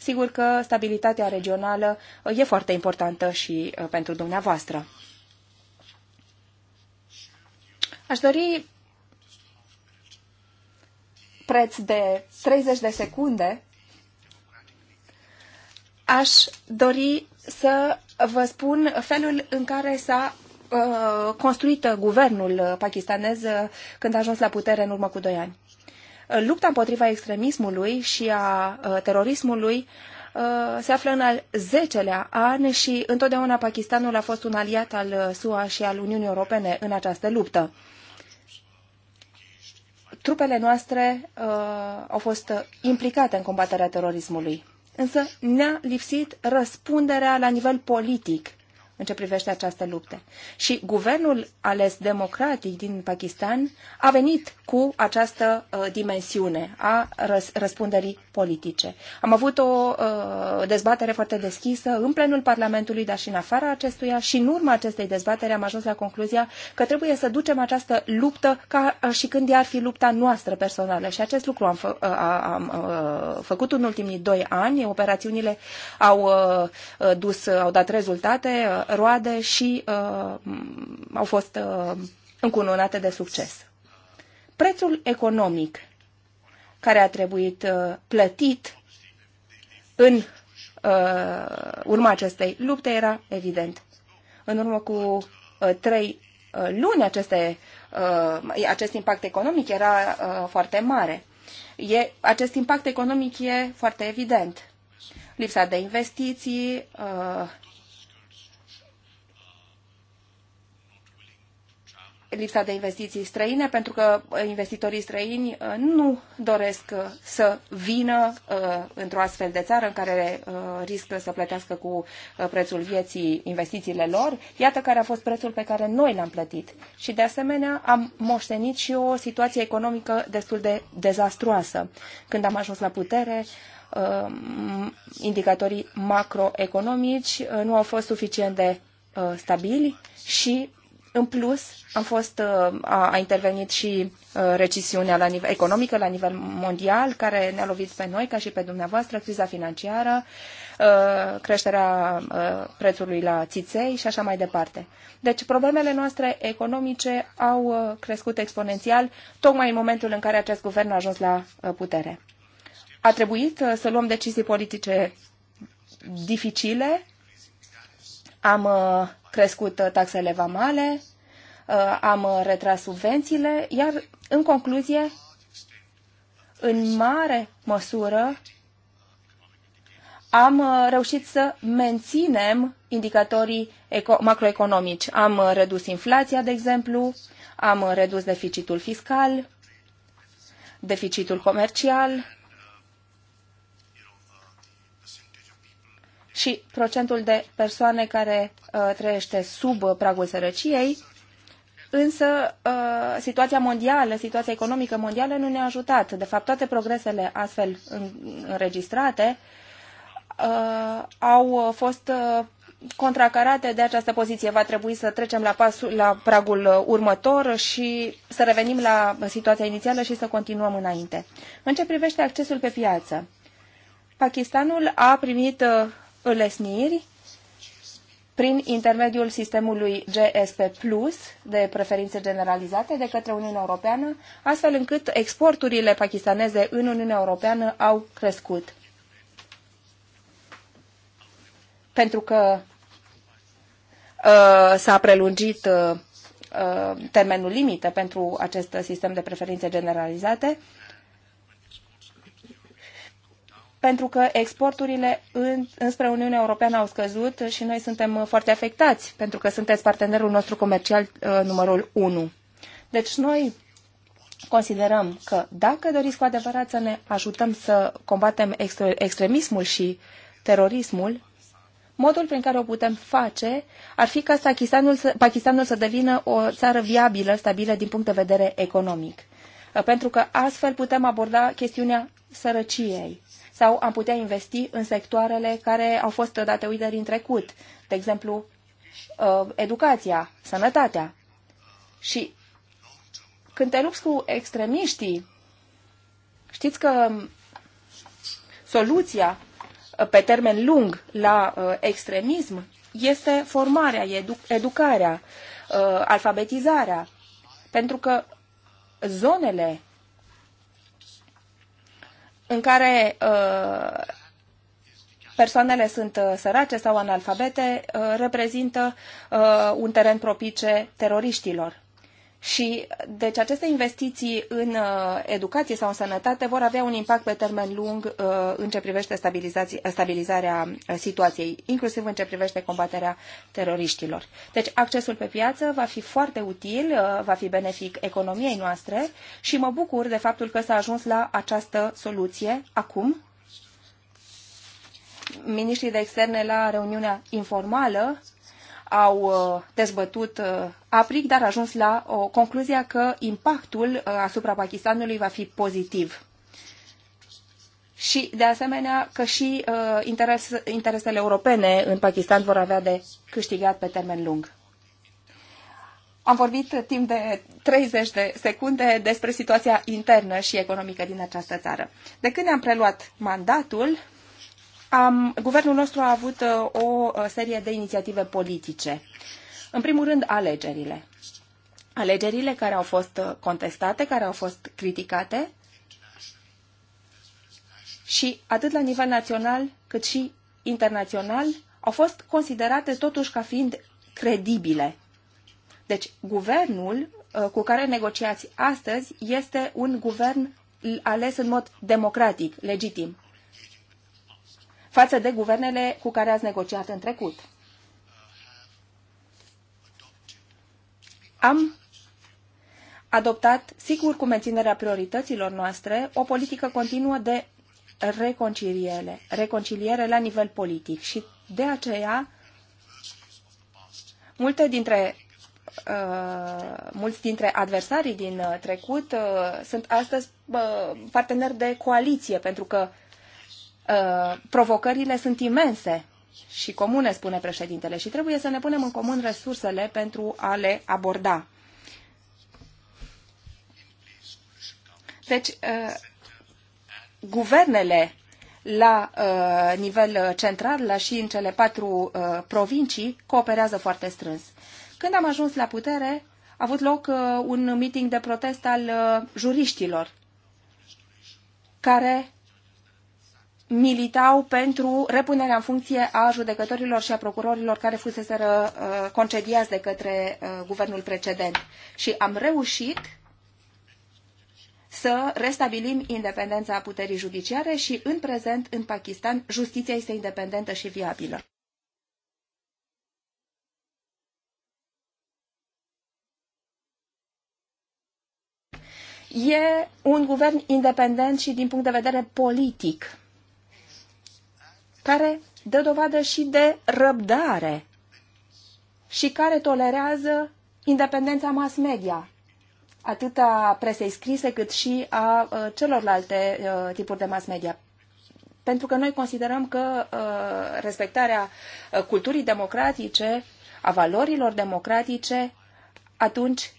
Sigur că stabilitatea regională uh, e foarte importantă și uh, pentru dumneavoastră. Aș dori preț de 30 de secunde, aș dori să vă spun felul în care s-a uh, construit guvernul pakistanez când a ajuns la putere în urmă cu doi ani lupta împotriva extremismului și a uh, terorismului uh, se află în al 10-lea an și întotdeauna Pakistanul a fost un aliat al uh, SUA și al Uniunii Europene în această luptă. Trupele noastre uh, au fost implicate în combaterea terorismului, însă ne-a lipsit răspunderea la nivel politic în ce privește această luptă. Și guvernul ales democratic din Pakistan a venit cu această uh, dimensiune a răs- răspunderii politice. Am avut o uh, dezbatere foarte deschisă în plenul Parlamentului, dar și în afara acestuia și în urma acestei dezbatere am ajuns la concluzia că trebuie să ducem această luptă ca uh, și când ar fi lupta noastră personală. Și acest lucru am, fă- uh, am uh, făcut în ultimii doi ani. Operațiunile au uh, dus, au dat rezultate Uh, roade și uh, au fost uh, încununate de succes. Prețul economic care a trebuit uh, plătit în uh, urma acestei lupte era evident. În urmă cu uh, trei uh, luni aceste, uh, acest impact economic era uh, foarte mare. E, acest impact economic e foarte evident. Lipsa de investiții, uh, lipsa de investiții străine, pentru că uh, investitorii străini uh, nu doresc uh, să vină într-o astfel de țară în care riscă să plătească cu prețul vieții investițiile lor. Iată care a fost prețul pe care noi l-am plătit. Și de asemenea am moștenit și o situație economică destul de dezastruoasă. Când am ajuns la putere, indicatorii macroeconomici nu au fost suficient de stabili și în plus, am fost, uh, a, a intervenit și uh, recesiunea la nivel, economică la nivel mondial, care ne-a lovit pe noi, ca și pe dumneavoastră, criza financiară, uh, creșterea prețului la țiței și așa mai departe. Deci problemele noastre economice au crescut exponențial tocmai în momentul în care acest guvern a ajuns la putere. A trebuit să luăm decizii politice dificile, am crescut uh, taxele vamale, uh, am uh, retras subvențiile, iar în concluzie, în mare măsură, am reușit să menținem indicatorii macroeconomici. Am redus inflația, de exemplu, am redus deficitul fiscal, deficitul comercial, și procentul de persoane care uh, trăiește sub uh, pragul sărăciei, însă uh, situația mondială, situația economică mondială nu ne-a ajutat. De fapt, toate progresele astfel înregistrate uh, au uh, fost uh, contracarate de această poziție. Va trebui să trecem la, pasul, la pragul uh, următor și să revenim la situația inițială și să continuăm înainte. În ce privește accesul pe piață, Pakistanul a primit înlesniri prin intermediul sistemului GSP Plus de preferințe generalizate de către Uniunea Europeană, astfel încât exporturile pakistaneze în Uniunea Europeană au crescut. Pentru că uh, s-a prelungit uh, uh termenul limită pentru acest sistem de preferințe generalizate, uh, pentru că exporturile în, înspre Uniunea Europeană au scăzut și noi suntem foarte afectați, pentru că sunteți partenerul nostru comercial uh, numărul 1. Deci noi considerăm că dacă doriți cu adevărat să ne ajutăm să combatem extremismul și terorismul, modul prin care o putem face ar fi ca Pakistanul să, Pakistanul să devină o țară viabilă, stabilă din punct de vedere economic. Uh, pentru că astfel putem aborda chestiunea sărăciei sau am putea investi în sectoarele care au fost date uitării în trecut, de exemplu, uh, educația, sănătatea. Și când te lupți cu extremiștii, știți că um, soluția uh, pe termen lung la uh, extremism este formarea, edu educarea, alfabetizarea, pentru că zonele în care uh, persoanele sunt uh, sărace sau analfabete uh, reprezintă un teren propice teroriștilor. Și deci aceste investiții în uh, educație sau în sănătate vor avea un impact pe termen lung uh, în ce privește stabilizarea uh, situației, inclusiv în ce privește combaterea teroriștilor. Deci accesul pe piață va fi foarte util, va fi benefic economiei noastre și mă bucur de faptul că s-a ajuns la această soluție acum. Ministrii de externe la reuniunea informală au uh, dezbătut uh, aplic, dar a ajuns la o concluzia că impactul uh, asupra Pakistanului va fi pozitiv și, de asemenea, că și interes, interesele europene în Pakistan vor avea de câștigat pe termen lung. Am vorbit timp de 30 de secunde despre situația internă și economică din această țară. De când am preluat mandatul, am, guvernul nostru a avut uh, o uh, serie de inițiative politice. În primul rând, alegerile. Alegerile care au fost uh, contestate, care au fost criticate și atât la nivel național cât și internațional au fost considerate totuși ca fiind credibile. Deci, guvernul cu care negociați astăzi este un guvern ales în mod democratic, legitim față de guvernele cu care ați negociat în trecut. Am adoptat, sigur cu menținerea priorităților noastre, o politică continuă de reconciliere, reconciliere la nivel politic și de aceea multe dintre Uh, mulți dintre adversarii din trecut uh, sunt astăzi uh, parteneri de coaliție, pentru că Uh, provocările sunt imense și comune, spune președintele, și trebuie să ne punem în comun resursele pentru a le aborda. Deci, uh, guvernele la uh, nivel central, la și în cele patru provincii, cooperează foarte strâns. Când am ajuns la putere, a avut loc un meeting de protest al juriștilor, care militau pentru repunerea în funcție a judecătorilor și a procurorilor care fusese uh, concediați de către uh, guvernul precedent. Și am reușit să restabilim independența puterii judiciare și, în prezent, în Pakistan, justiția este independentă și viabilă. E un guvern independent și din punct de vedere politic care dă dovadă și de răbdare și care tolerează independența mass media, atât a presei scrise cât și a celorlalte tipuri de mass media. Pentru că noi considerăm că respectarea culturii democratice, a valorilor democratice, atunci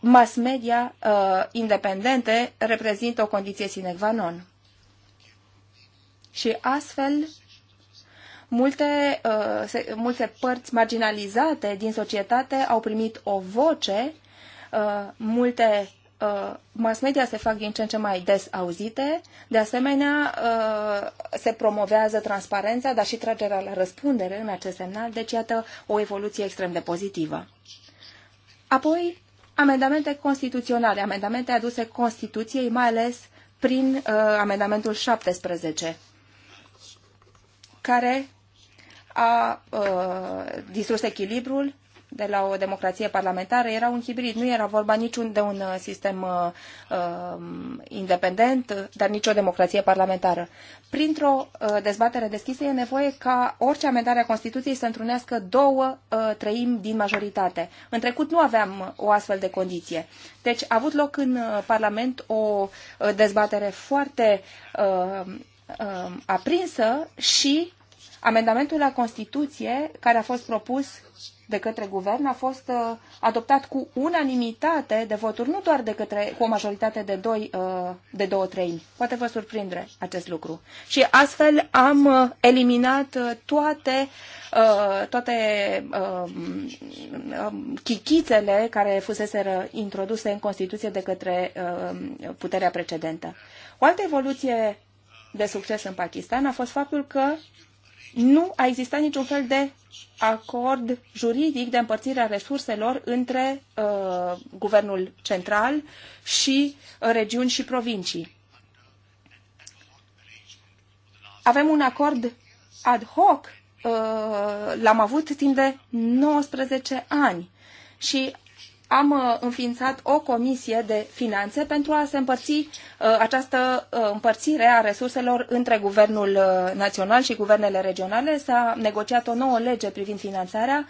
mass media independente reprezintă o condiție sine qua non. Și astfel, multe, uh, se, multe părți marginalizate din societate au primit o voce, uh, multe uh, mass media se fac din ce în ce mai des auzite, de asemenea uh, se promovează transparența, dar și tragerea la răspundere în acest semnal, deci iată o evoluție extrem de pozitivă. Apoi, amendamente constituționale, amendamente aduse Constituției, mai ales prin uh, amendamentul 17 care a uh, distrus echilibrul de la o democrație parlamentară. Era un hibrid, nu era vorba niciun de un uh, sistem uh, um, independent, dar nici o democrație parlamentară. Printr-o uh, dezbatere deschisă e nevoie ca orice amendare a Constituției să întrunească două uh, treimi din majoritate. În trecut nu aveam o astfel de condiție. Deci a avut loc în uh, Parlament o uh, dezbatere foarte uh, uh, aprinsă și Amendamentul la Constituție care a fost propus de către guvern a fost uh, adoptat cu unanimitate de voturi, nu doar de către, cu o majoritate de, doi, uh, de două treimi. Poate vă surprinde acest lucru. Și astfel am uh, eliminat uh, toate, uh, toate uh, chichițele care fusese introduse în Constituție de către uh, puterea precedentă. O altă evoluție de succes în Pakistan a fost faptul că nu a existat niciun fel de acord juridic de împărțire a resurselor între uh, guvernul central și uh, regiuni și provincii. Avem un acord ad hoc, uh, l-am avut timp de 19 ani și am uh, înființat o comisie de finanțe pentru a se împărți uh, această uh, împărțire a resurselor între guvernul național și guvernele regionale. S-a negociat o nouă lege privind finanțarea,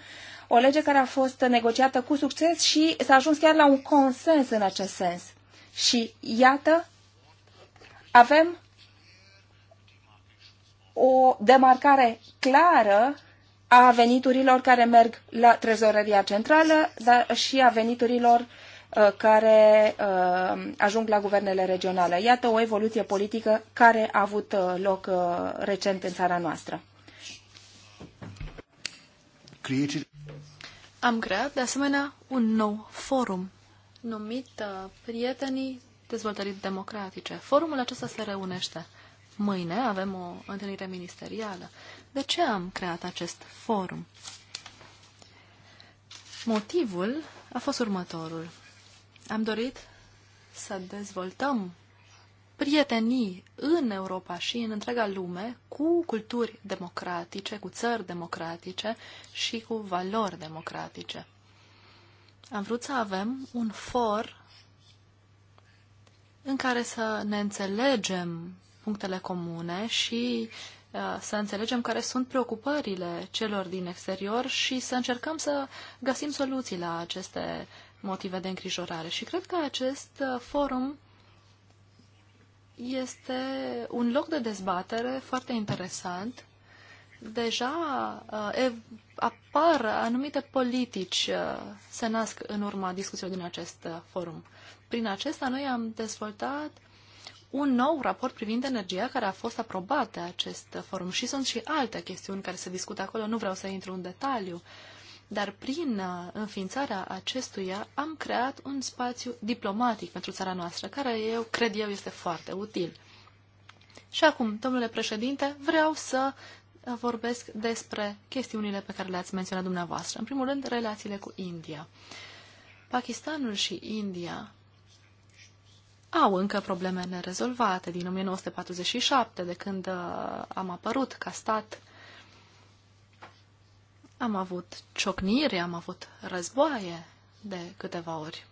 o lege care a fost negociată cu succes și s-a ajuns chiar la un consens în acest sens. Și iată, avem o demarcare clară a veniturilor care merg la trezoreria centrală, dar și a veniturilor uh, care uh, ajung la guvernele regionale. Iată o evoluție politică care a avut uh, loc recent în țara noastră. Am creat, de asemenea, un nou forum numit Prietenii Dezvoltării Democratice. Forumul acesta se reunește. Mâine avem o întâlnire ministerială de ce am creat acest forum. Motivul a fost următorul. Am dorit să dezvoltăm prietenii în Europa și în întreaga lume cu culturi democratice, cu țări democratice și cu valori democratice. Am vrut să avem un for în care să ne înțelegem punctele comune și Uh, să înțelegem care sunt preocupările celor din exterior și să încercăm să găsim soluții la aceste motive de îngrijorare. Și cred că acest uh, forum este un loc de dezbatere foarte interesant. Deja uh, apar anumite politici, se nasc în urma discuțiilor din acest forum. Prin acesta noi am dezvoltat un nou raport privind energia care a fost aprobat de acest forum și sunt și alte chestiuni care se discută acolo, nu vreau să intru în detaliu, dar prin uh, înființarea acestuia am creat un spațiu diplomatic pentru țara noastră, care eu cred eu este foarte util. Și acum, domnule președinte, vreau să uh, vorbesc despre chestiunile pe care le-ați menționat dumneavoastră. În primul rând, relațiile cu India. Pakistanul și India au încă probleme nerezolvate din 1947, de când uh, am apărut ca stat. Am avut ciocniri, am avut războaie de câteva ori.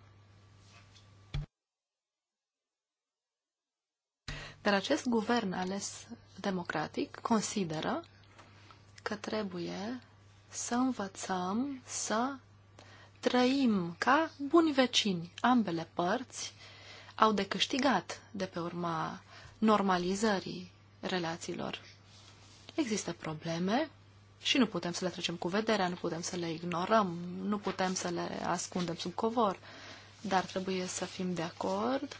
Dar acest guvern ales democratic consideră că trebuie să învățăm să trăim ca buni vecini ambele părți au de câștigat de pe urma normalizării relațiilor. Există probleme și nu putem să le trecem cu vederea, nu putem să le ignorăm, nu putem să le ascundem sub covor, dar trebuie să fim de acord,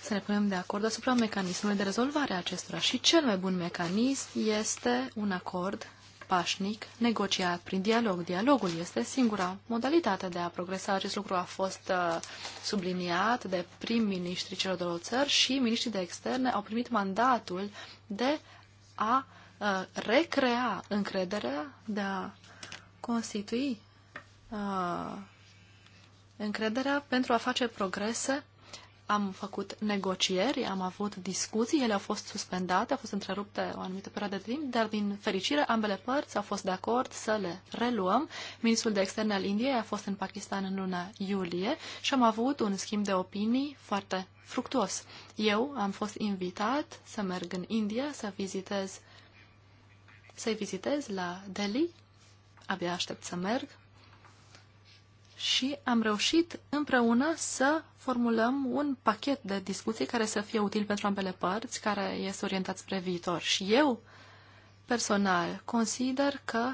să ne punem de acord asupra mecanismului de rezolvare a acestora. Și cel mai bun mecanism este un acord pașnic, negociat prin dialog. Dialogul este singura modalitate de a progresa. Acest lucru a fost uh, subliniat de prim-ministrii celor două țări și ministrii de externe au primit mandatul de a uh, recrea încrederea, de a constitui uh, încrederea pentru a face progrese am făcut negocieri, am avut discuții, ele au fost suspendate, au fost întrerupte o anumită perioadă de timp, dar din fericire ambele părți au fost de acord să le reluăm. Ministrul de Externe al Indiei a fost în Pakistan în luna iulie și am avut un schimb de opinii foarte fructuos. Eu am fost invitat să merg în India, să vizitez, să-i vizitez la Delhi. Abia aștept să merg și am reușit împreună să formulăm un pachet de discuții care să fie util pentru ambele părți, care este orientat spre viitor. Și eu, personal, consider că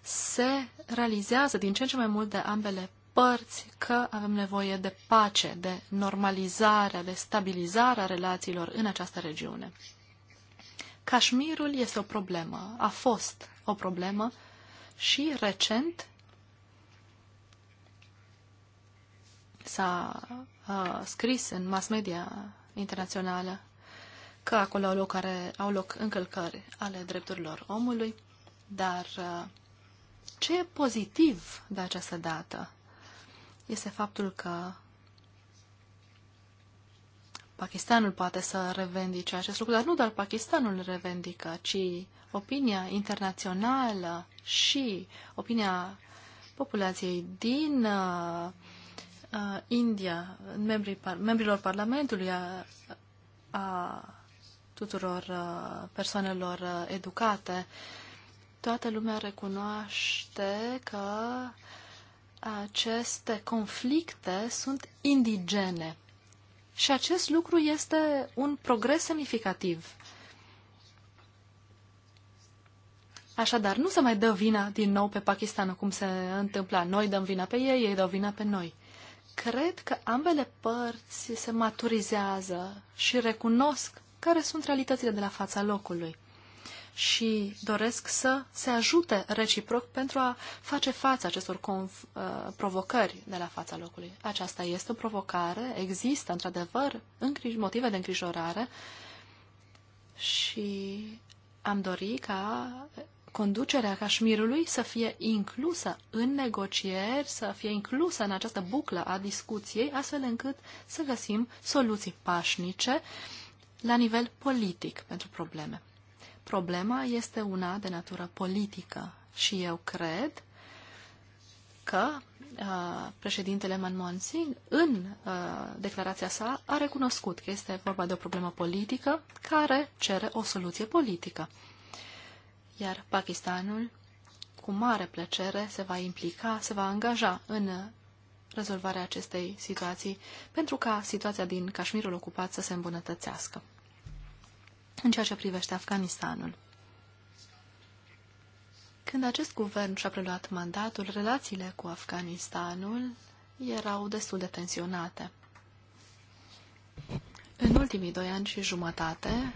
se realizează din ce în ce mai mult de ambele părți că avem nevoie de pace, de normalizare, de stabilizare a relațiilor în această regiune. Cașmirul este o problemă, a fost o problemă și recent s-a uh, scris în mass media internațională că acolo au loc, are au loc încălcări ale drepturilor omului, dar uh, ce e pozitiv de această dată este faptul că Pakistanul poate să revendice acest lucru, dar nu doar Pakistanul revendică, ci opinia internațională și opinia populației din uh, uh, India, membrii par membrilor Parlamentului, a, a tuturor uh, persoanelor uh, educate, toată lumea recunoaște că aceste conflicte sunt indigene. Și acest lucru este un progres semnificativ. Așadar, nu se mai dă vina din nou pe Pakistan, cum se întâmpla. Noi dăm vina pe ei, ei dau vina pe noi. Cred că ambele părți se maturizează și recunosc care sunt realitățile de la fața locului și doresc să se ajute reciproc pentru a face față acestor conf- uh, provocări de la fața locului. Aceasta este o provocare, există într-adevăr motive de îngrijorare și am dori ca conducerea Cașmirului să fie inclusă în negocieri, să fie inclusă în această buclă a discuției, astfel încât să găsim soluții pașnice la nivel politic pentru probleme. Problema este una de natură politică și eu cred că uh, președintele Manmohan Singh în uh, declarația sa a recunoscut că este vorba de o problemă politică care cere o soluție politică iar Pakistanul, cu mare plăcere, se va implica, se va angaja în rezolvarea acestei situații pentru ca situația din Cașmirul ocupat să se îmbunătățească. În ceea ce privește Afganistanul. Când acest guvern și-a preluat mandatul, relațiile cu Afganistanul erau destul de tensionate. În ultimii doi ani și jumătate,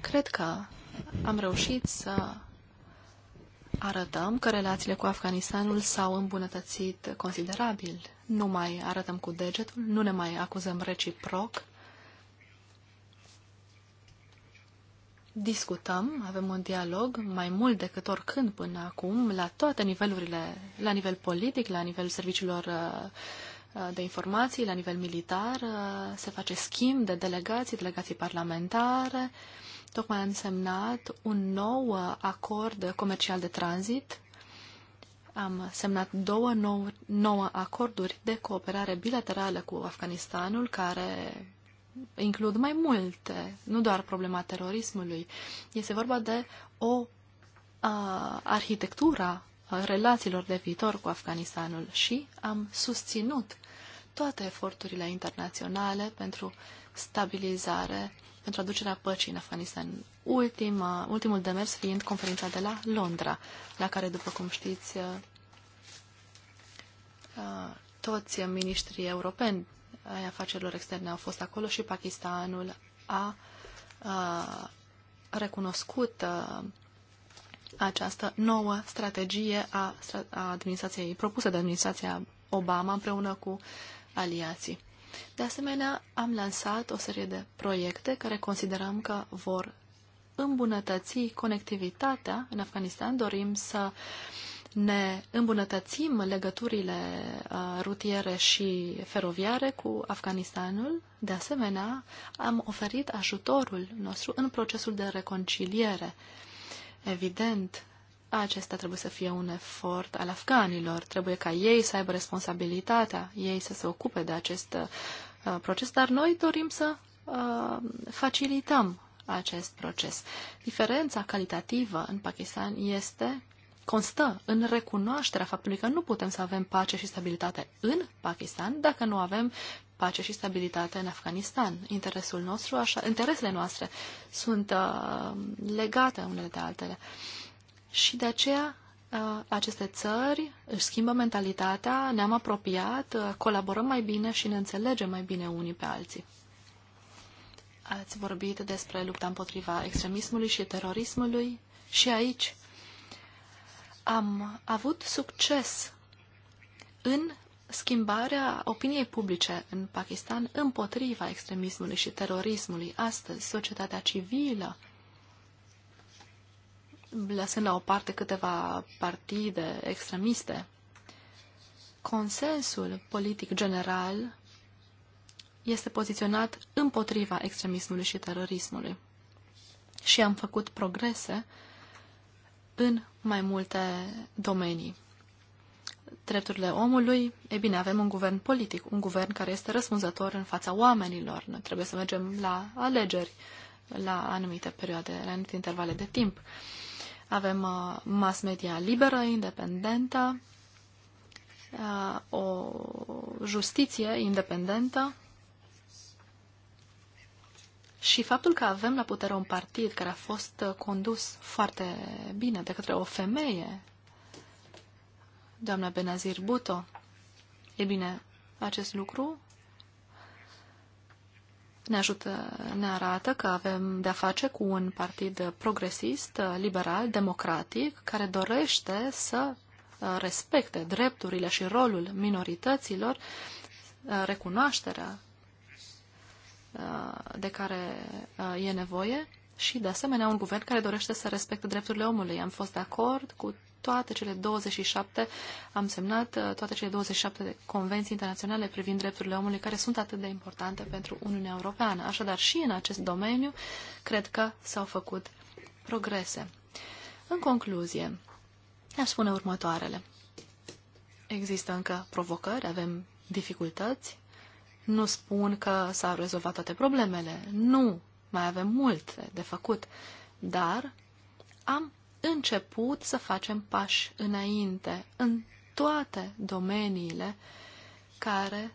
Cred că am reușit să arătăm că relațiile cu Afganistanul s-au îmbunătățit considerabil. Nu mai arătăm cu degetul, nu ne mai acuzăm reciproc. Discutăm, avem un dialog mai mult decât oricând până acum, la toate nivelurile, la nivel politic, la nivel serviciilor uh, de informații la nivel militar, uh, se face schimb de delegații, delegații parlamentare, Tocmai am semnat un nou acord comercial de tranzit. Am semnat două nou, nouă acorduri de cooperare bilaterală cu Afganistanul, care includ mai multe, nu doar problema terorismului. Este vorba de o a, arhitectura a relațiilor de viitor cu Afganistanul și am susținut toate eforturile internaționale pentru stabilizare pentru aducerea păcii în Afganistan. Ultima, uh, ultimul demers fiind conferința de la Londra, la care, după cum știți, uh, uh, toți miniștrii europeni ai afacerilor externe au fost acolo și Pakistanul a, a recunoscut a, această nouă strategie a, a administrației propusă de administrația Obama împreună cu aliații. De asemenea, am lansat o serie de proiecte care considerăm că vor îmbunătăți conectivitatea în Afganistan. Dorim să ne îmbunătățim legăturile uh, rutiere și feroviare cu Afganistanul. De asemenea, am oferit ajutorul nostru în procesul de reconciliere. Evident, acesta trebuie să fie un efort al afganilor. Trebuie ca ei să aibă responsabilitatea, ei să se ocupe de acest uh, proces, dar noi dorim să uh, facilităm acest proces. Diferența calitativă în Pakistan este constă în recunoașterea faptului că nu putem să avem pace și stabilitate în Pakistan dacă nu avem pace și stabilitate în Afganistan. Interesul nostru, așa, interesele noastre sunt uh, legate unele de altele. Uh, și de aceea aceste țări își schimbă mentalitatea, ne-am apropiat, colaborăm mai bine și ne înțelegem mai bine unii pe alții. Ați vorbit despre lupta împotriva extremismului și terorismului și aici am avut succes în schimbarea opiniei publice în Pakistan împotriva extremismului și terorismului. Astăzi, societatea civilă lăsând la o parte câteva partide extremiste, consensul politic general este poziționat împotriva extremismului și terorismului. Și am făcut progrese în mai multe domenii. Drepturile omului, e bine, avem un guvern politic, un guvern care este răspunzător în fața oamenilor. Noi trebuie să mergem la alegeri la anumite perioade, la anumite intervale de timp. Uh, avem uh, mass media liberă, independentă, uh, o justiție independentă și faptul că avem la putere un partid care a fost uh, condus foarte bine de către o femeie, doamna Benazir Buto, e bine, acest lucru ne, ajută, ne arată că avem de-a face cu un partid progresist, liberal, democratic, care dorește să uh, respecte drepturile și rolul minorităților, uh, recunoașterea uh, de care e nevoie și, de asemenea, un guvern care dorește să respecte drepturile omului. Am fost de acord cu toate cele 27, am semnat uh, toate cele 27 de convenții internaționale privind drepturile omului care sunt atât de importante pentru Uniunea Europeană. Așadar, și în acest domeniu, cred că s-au făcut progrese. În concluzie, aș spune următoarele. Există încă provocări, avem dificultăți. Nu spun că s-au rezolvat toate problemele. Nu, mai avem multe de făcut. Dar am început să facem pași înainte în toate domeniile care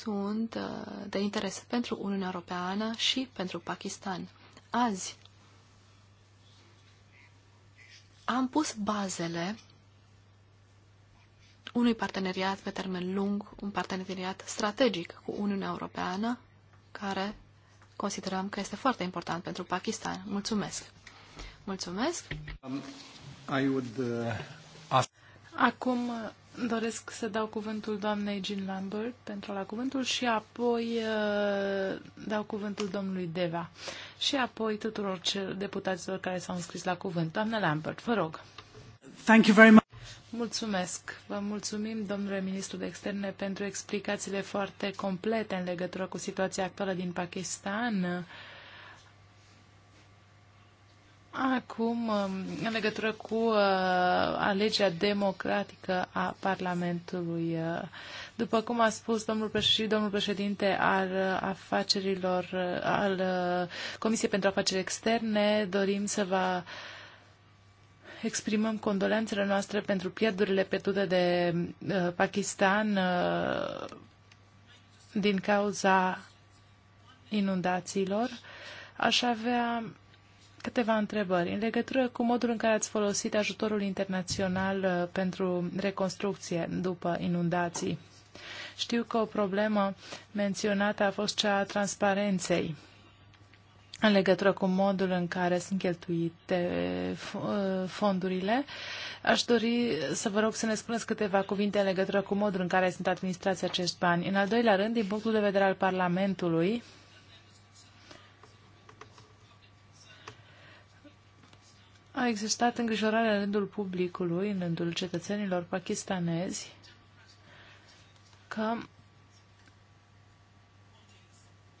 sunt uh, de interes pentru Uniunea Europeană și pentru Pakistan. Azi am pus bazele unui parteneriat pe termen lung, un parteneriat strategic cu Uniunea Europeană, care considerăm că este foarte important pentru Pakistan. Mulțumesc! Mulțumesc. Um, I would, uh, ask... Acum uh, doresc să dau cuvântul doamnei Jean Lambert pentru la cuvântul și apoi uh, dau cuvântul domnului Deva și apoi tuturor deputaților care s-au înscris la cuvânt. Doamna Lambert, vă rog. Thank you very much. Mulțumesc. Vă mulțumim, domnule ministru de externe, pentru explicațiile foarte complete în legătură cu situația actuală din Pakistan Acum, um, în legătură cu uh, alegea democratică a Parlamentului, uh, după cum a spus domnul președinte, domnul președinte al uh, afacerilor, al Comisiei pentru Afaceri Externe, dorim să vă exprimăm condolențele noastre pentru pierdurile pierdute de Pakistan din cauza inundațiilor. Aș avea Câteva întrebări. În legătură cu modul în care ați folosit ajutorul internațional uh, pentru reconstrucție după inundații, știu că o problemă menționată a fost cea a transparenței în legătură cu modul în care sunt cheltuite uh, fondurile. Aș dori să vă rog să ne spuneți câteva cuvinte în legătură cu modul în care sunt administrați acești bani. În al doilea rând, din punctul de vedere al Parlamentului, A existat îngrijorarea în rândul publicului, în rândul cetățenilor pakistanezi, că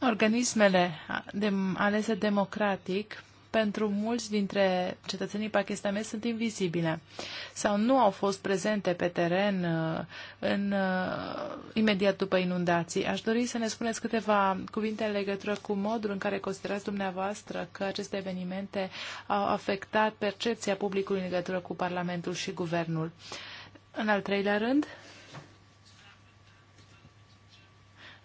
organismele de, alese democratic pentru mulți dintre cetățenii pakistanezi sunt invizibile sau nu au fost prezente pe teren uh, în, uh, imediat după inundații. Aș dori să ne spuneți câteva cuvinte în legătură cu modul în care considerați dumneavoastră că aceste evenimente au afectat percepția publicului în legătură cu Parlamentul și Guvernul. În al treilea rând,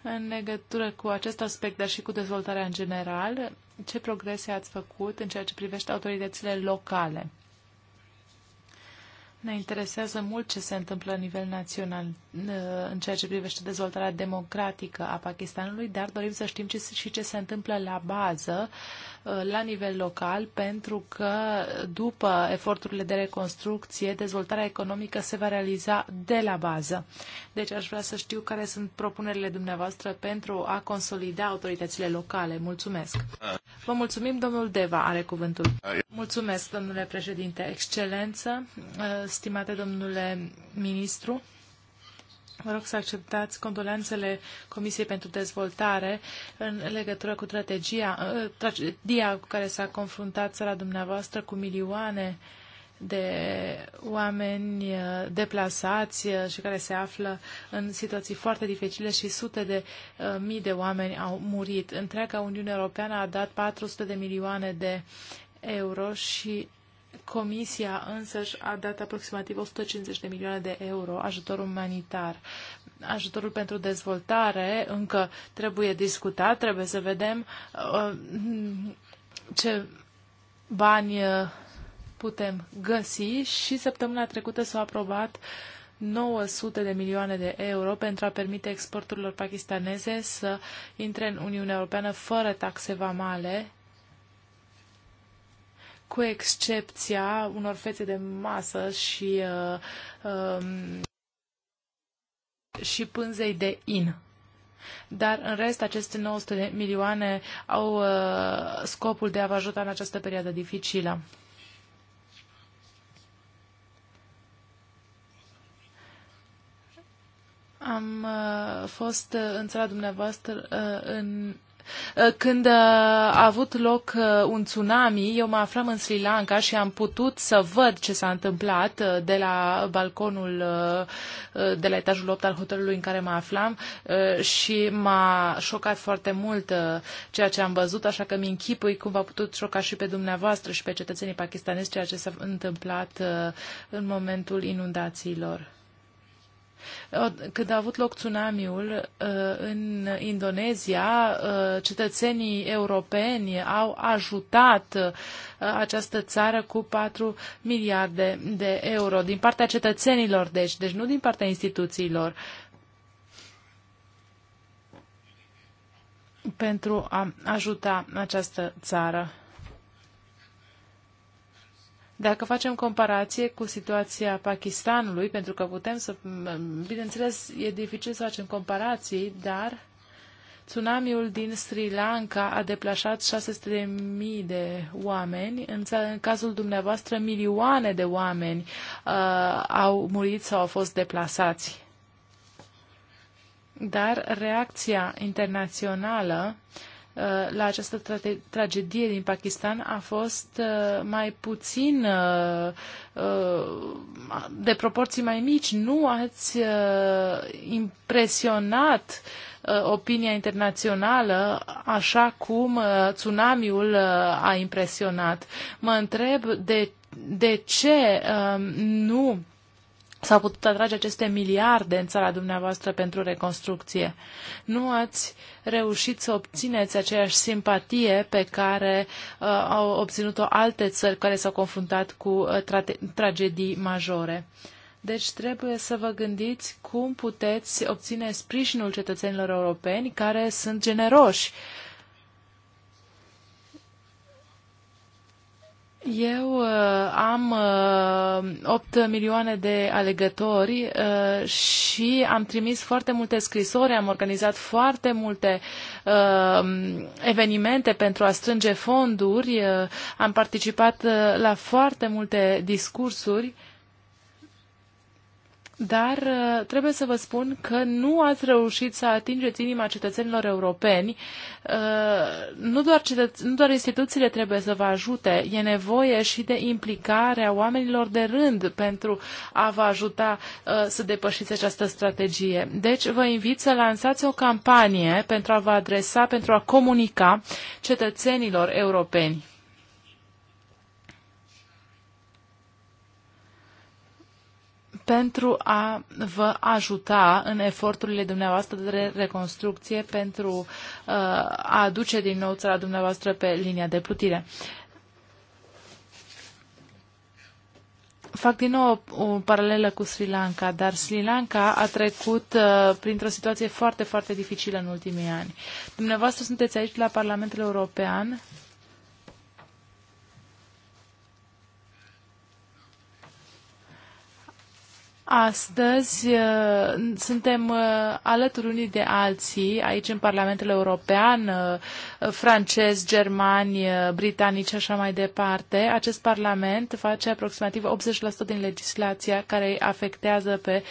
în legătură cu acest aspect, dar și cu dezvoltarea în general, ce progrese ați făcut în ceea ce privește autoritățile locale. Ne interesează mult ce se întâmplă la nivel național uh, în ceea ce privește dezvoltarea democratică a Pakistanului, dar dorim să știm și ce se întâmplă la bază Uh, la nivel local, pentru că după eforturile de reconstrucție, dezvoltarea economică se va realiza de la bază. Deci aș vrea să știu care sunt propunerile dumneavoastră pentru a consolida autoritățile locale. Mulțumesc! Vă mulțumim, domnul Deva are cuvântul. Mulțumesc, domnule președinte. Excelență, uh, stimate domnule ministru. Vă rog să acceptați condolențele Comisiei pentru Dezvoltare în legătură cu strategia, ă, tragedia cu care s-a confruntat țara dumneavoastră cu milioane de oameni ă, deplasați ă, și care se află în situații foarte dificile și sute de uh, mii de oameni au murit. Întreaga Uniune Europeană a dat 400 de milioane de euro și Comisia însăși a dat aproximativ 150 de milioane de euro ajutor umanitar. Ajutorul pentru dezvoltare încă trebuie discutat, trebuie să vedem uh, ce bani uh, putem găsi și săptămâna trecută s-au aprobat 900 de milioane de euro pentru a permite exporturilor pakistaneze să intre în Uniunea Europeană fără taxe vamale cu excepția unor fețe de masă și, uh, um, și pânzei de in. Dar, în rest, aceste 900 de milioane au uh, scopul de a vă ajuta în această perioadă dificilă. Am uh, fost uh, în țara dumneavoastră uh, în Uh, când uh, a avut loc uh, un tsunami, eu mă aflam în Sri Lanka și am putut să văd ce s-a întâmplat de la balconul de la etajul 8 al hotelului în care mă aflam și m-a șocat foarte mult ceea ce am văzut, așa că mi închipui cum v-a putut șoca și pe dumneavoastră și pe cetățenii pakistanezi ceea ce s-a întâmplat în momentul inundațiilor. Când a avut loc tsunamiul uh, în Indonezia, uh, cetățenii europeni au ajutat uh, această țară cu 4 miliarde de euro din partea cetățenilor, deci, deci nu din partea instituțiilor. pentru a ajuta această țară. Dacă facem comparație cu situația Pakistanului, pentru că putem să, bineînțeles, e dificil să facem comparații, dar tsunamiul din Sri Lanka a deplasat 600.000 de oameni. În, în cazul dumneavoastră, milioane de oameni uh, au murit sau au fost deplasați. Dar reacția internațională uh, la această tra tragedie din Pakistan a fost uh, mai puțin uh, uh, de proporții mai mici. Nu ați impresionat opinia internațională așa cum tsunamiul a impresionat. Mă întreb de, de ce nu s-au putut atrage aceste miliarde în țara dumneavoastră pentru reconstrucție. Nu ați reușit să obțineți aceeași simpatie pe care uh, au obținut-o alte țări care s-au confruntat cu uh, tra- tragedii majore. Deci trebuie să vă gândiți cum puteți obține sprijinul cetățenilor europeni care sunt generoși uh, Eu uh, am uh, 8 milioane de alegători uh, și am trimis foarte multe scrisori, am organizat foarte multe uh, evenimente pentru a strânge fonduri, uh, am participat uh, la foarte multe discursuri dar uh, trebuie să vă spun că nu ați reușit să atingeți inima cetățenilor europeni. Uh, nu doar, cetăț- nu doar instituțiile trebuie să vă ajute, e nevoie și de implicarea oamenilor de rând pentru a vă ajuta uh, să depășiți această strategie. Deci vă invit să lansați o campanie pentru a vă adresa, pentru a comunica cetățenilor europeni. pentru a vă ajuta în eforturile dumneavoastră de reconstrucție pentru uh, a aduce din nou țara dumneavoastră pe linia de plutire. fac din nou o, o paralelă cu Sri Lanka, dar Sri Lanka a trecut uh, printr-o situație foarte, foarte dificilă în ultimii ani. Dumneavoastră sunteți aici la Parlamentul European Astăzi uh, suntem uh, alături unii de alții, aici în Parlamentul European, uh, francez, germani, britanici și așa mai departe. Acest Parlament face aproximativ 80% din legislația care îi afectează pe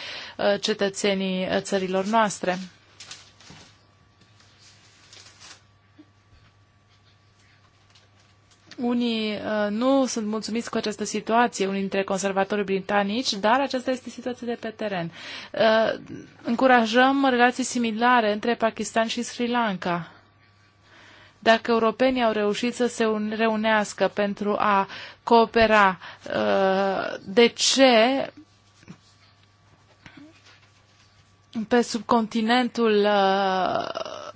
cetățenii țărilor noastre. Unii uh, nu sunt mulțumiți cu această situație, unii dintre conservatorii britanici, dar aceasta este situația de pe teren. Uh, încurajăm relații similare între Pakistan și Sri Lanka. Dacă europenii au reușit să se reunească pentru a coopera, uh, de ce pe subcontinentul uh,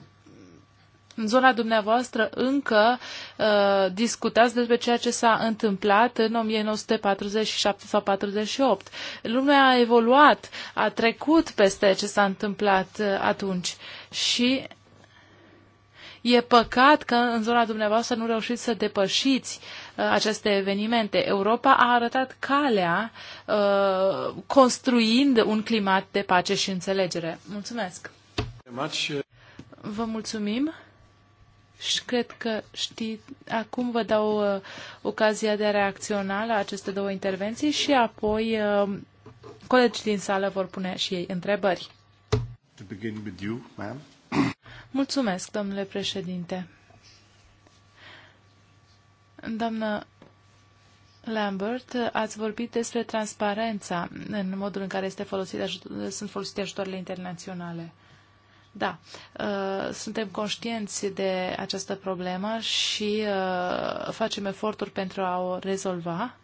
în zona dumneavoastră încă uh, discutați despre ceea ce s-a întâmplat în 1947 sau 48. Lumea a evoluat, a trecut peste ce s-a întâmplat uh, atunci și E păcat că în zona dumneavoastră nu reușiți să depășiți uh, aceste evenimente. Europa a arătat calea uh, construind un climat de pace și înțelegere. Mulțumesc! Vă mulțumim! și cred că știi, acum vă dau uh, ocazia de a reacționa la aceste două intervenții și apoi uh, colegii din sală vor pune și ei întrebări. To begin with you, ma'am. Mulțumesc, domnule președinte. Doamnă Lambert, ați vorbit despre transparența în modul în care este folosit, sunt folosite ajutoarele internaționale. Da, uh, suntem conștienți de această problemă și uh, facem eforturi pentru a o rezolva.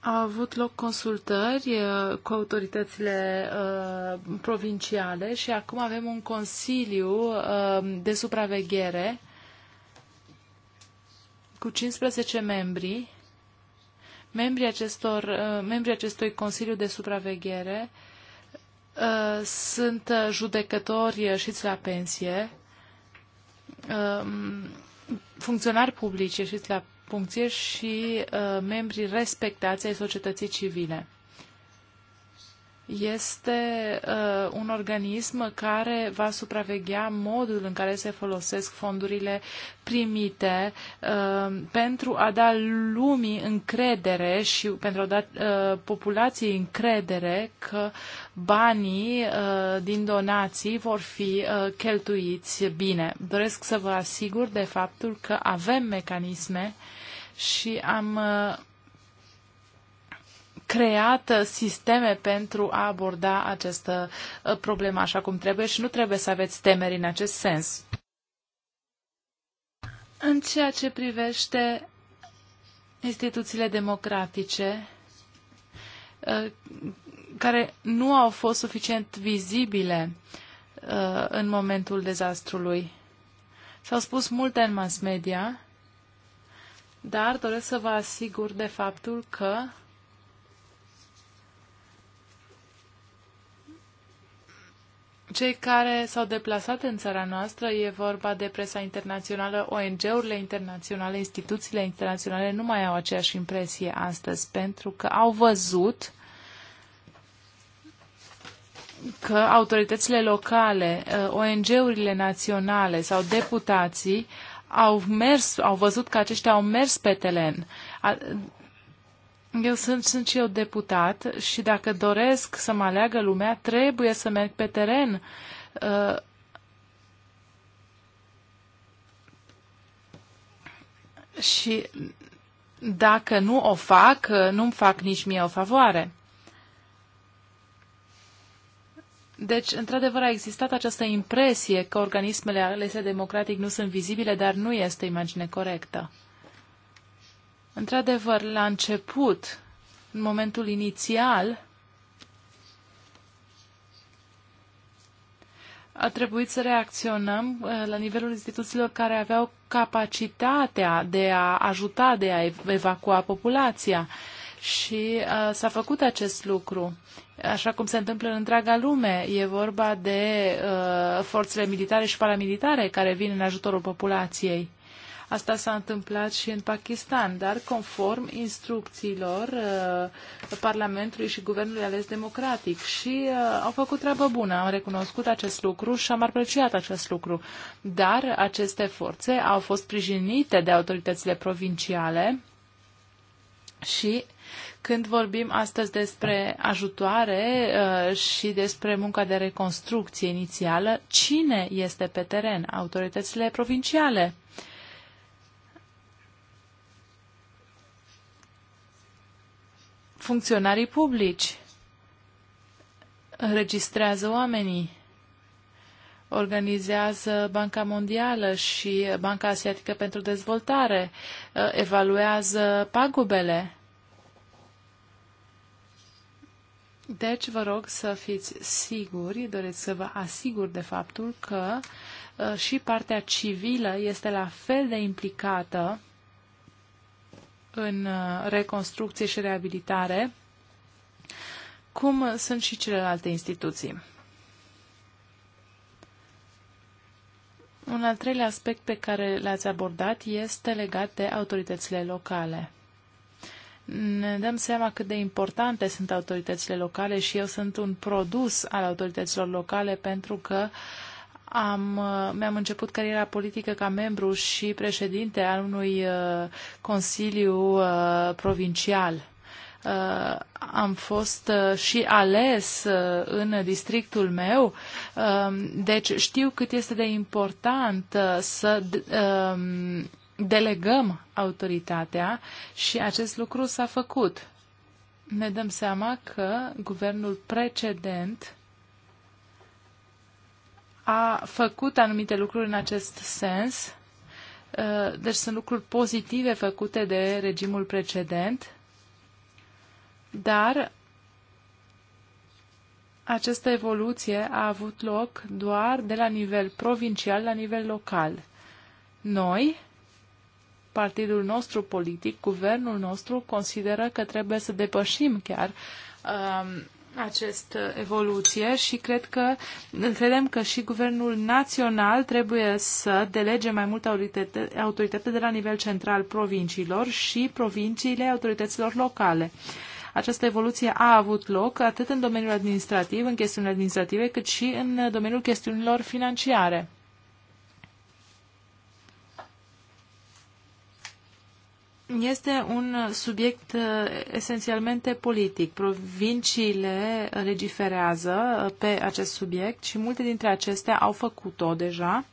Au avut loc consultări uh, cu autoritățile provinciale și acum avem un consiliu de supraveghere cu 15 membri membrii, acestor, uh, membrii acestui Consiliu de Supraveghere uh, sunt uh, judecători ieșiți la pensie, um, funcționari publici ieșiți la funcție și membrii respectați ai societății civile este uh, un organism care va supraveghea modul în care se folosesc fondurile primite uh, pentru a da lumii încredere și pentru a da uh, populației încredere că banii uh, din donații vor fi uh, cheltuiți bine. Doresc să vă asigur de faptul că avem mecanisme și am uh, creat sisteme pentru a aborda această uh, problemă așa cum trebuie și nu trebuie să aveți temeri în acest sens. În ceea ce privește instituțiile democratice, uh, care nu au fost suficient vizibile uh, în momentul dezastrului. S-au spus multe în mass media, dar doresc să vă asigur de faptul că cei care s-au deplasat în țara noastră, e vorba de presa internațională, ONG-urile internaționale, instituțiile internaționale nu mai au aceeași impresie astăzi, pentru că au văzut că autoritățile locale, uh, ONG-urile naționale sau deputații au mers, au văzut că aceștia au mers pe teren. Eu sunt, sunt și eu deputat și dacă doresc să mă aleagă lumea, trebuie să merg pe teren. Uh, și dacă nu o fac, uh, nu-mi fac nici mie o favoare. Deci, într-adevăr, a existat această impresie că organismele alese democratic nu sunt vizibile, dar nu este imagine corectă. Într-adevăr, la început, în momentul inițial, a trebuit să reacționăm uh, la nivelul instituțiilor care aveau capacitatea de a ajuta, de a evacua populația. Și uh, s-a făcut acest lucru, așa cum se întâmplă în întreaga lume. E vorba de uh, forțele militare și paramilitare care vin în ajutorul populației. Asta s-a întâmplat și în Pakistan, dar conform instrucțiilor uh, Parlamentului și Guvernului ales democratic. Și uh, au făcut treabă bună, am recunoscut acest lucru și am apreciat acest lucru. Dar aceste forțe au fost sprijinite de autoritățile provinciale și când vorbim astăzi despre ajutoare uh, și despre munca de reconstrucție inițială, cine este pe teren? Autoritățile provinciale. Funcționarii publici înregistrează oamenii, organizează Banca Mondială și Banca Asiatică pentru Dezvoltare, uh, evaluează pagubele. Deci vă rog să fiți siguri, doriți să vă asigur de faptul că uh, și partea civilă este la fel de implicată în uh, reconstrucție și reabilitare, cum sunt și celelalte instituții. Un al treilea aspect pe care l-ați abordat este legat de autoritățile locale. Ne dăm seama cât de importante sunt autoritățile locale și eu sunt un produs al autorităților locale pentru că uh, am, uh, mi-am început cariera politică ca membru și președinte al unui uh, consiliu uh, provincial. Am fost și ales în districtul meu, um, deci știu cât este de important să um, delegăm autoritatea și acest lucru s-a făcut. Ne dăm seama că guvernul precedent a făcut anumite lucruri în acest sens. Uh, deci sunt lucruri pozitive făcute de regimul precedent, dar această evoluție a avut loc doar de la nivel provincial la nivel local. Noi, partidul nostru politic, guvernul nostru, consideră că trebuie să depășim chiar um, această evoluție și cred că credem că și guvernul național trebuie să delege mai multe autoritate, autoritate de la nivel central provinciilor și provinciile autorităților locale. Această evoluție a avut loc atât în domeniul administrativ, în chestiunile administrative, cât și în domeniul chestiunilor financiare. este un subiect uh, esențialmente politic. Provinciile legiferează uh, pe acest subiect și multe dintre acestea au făcut-o deja.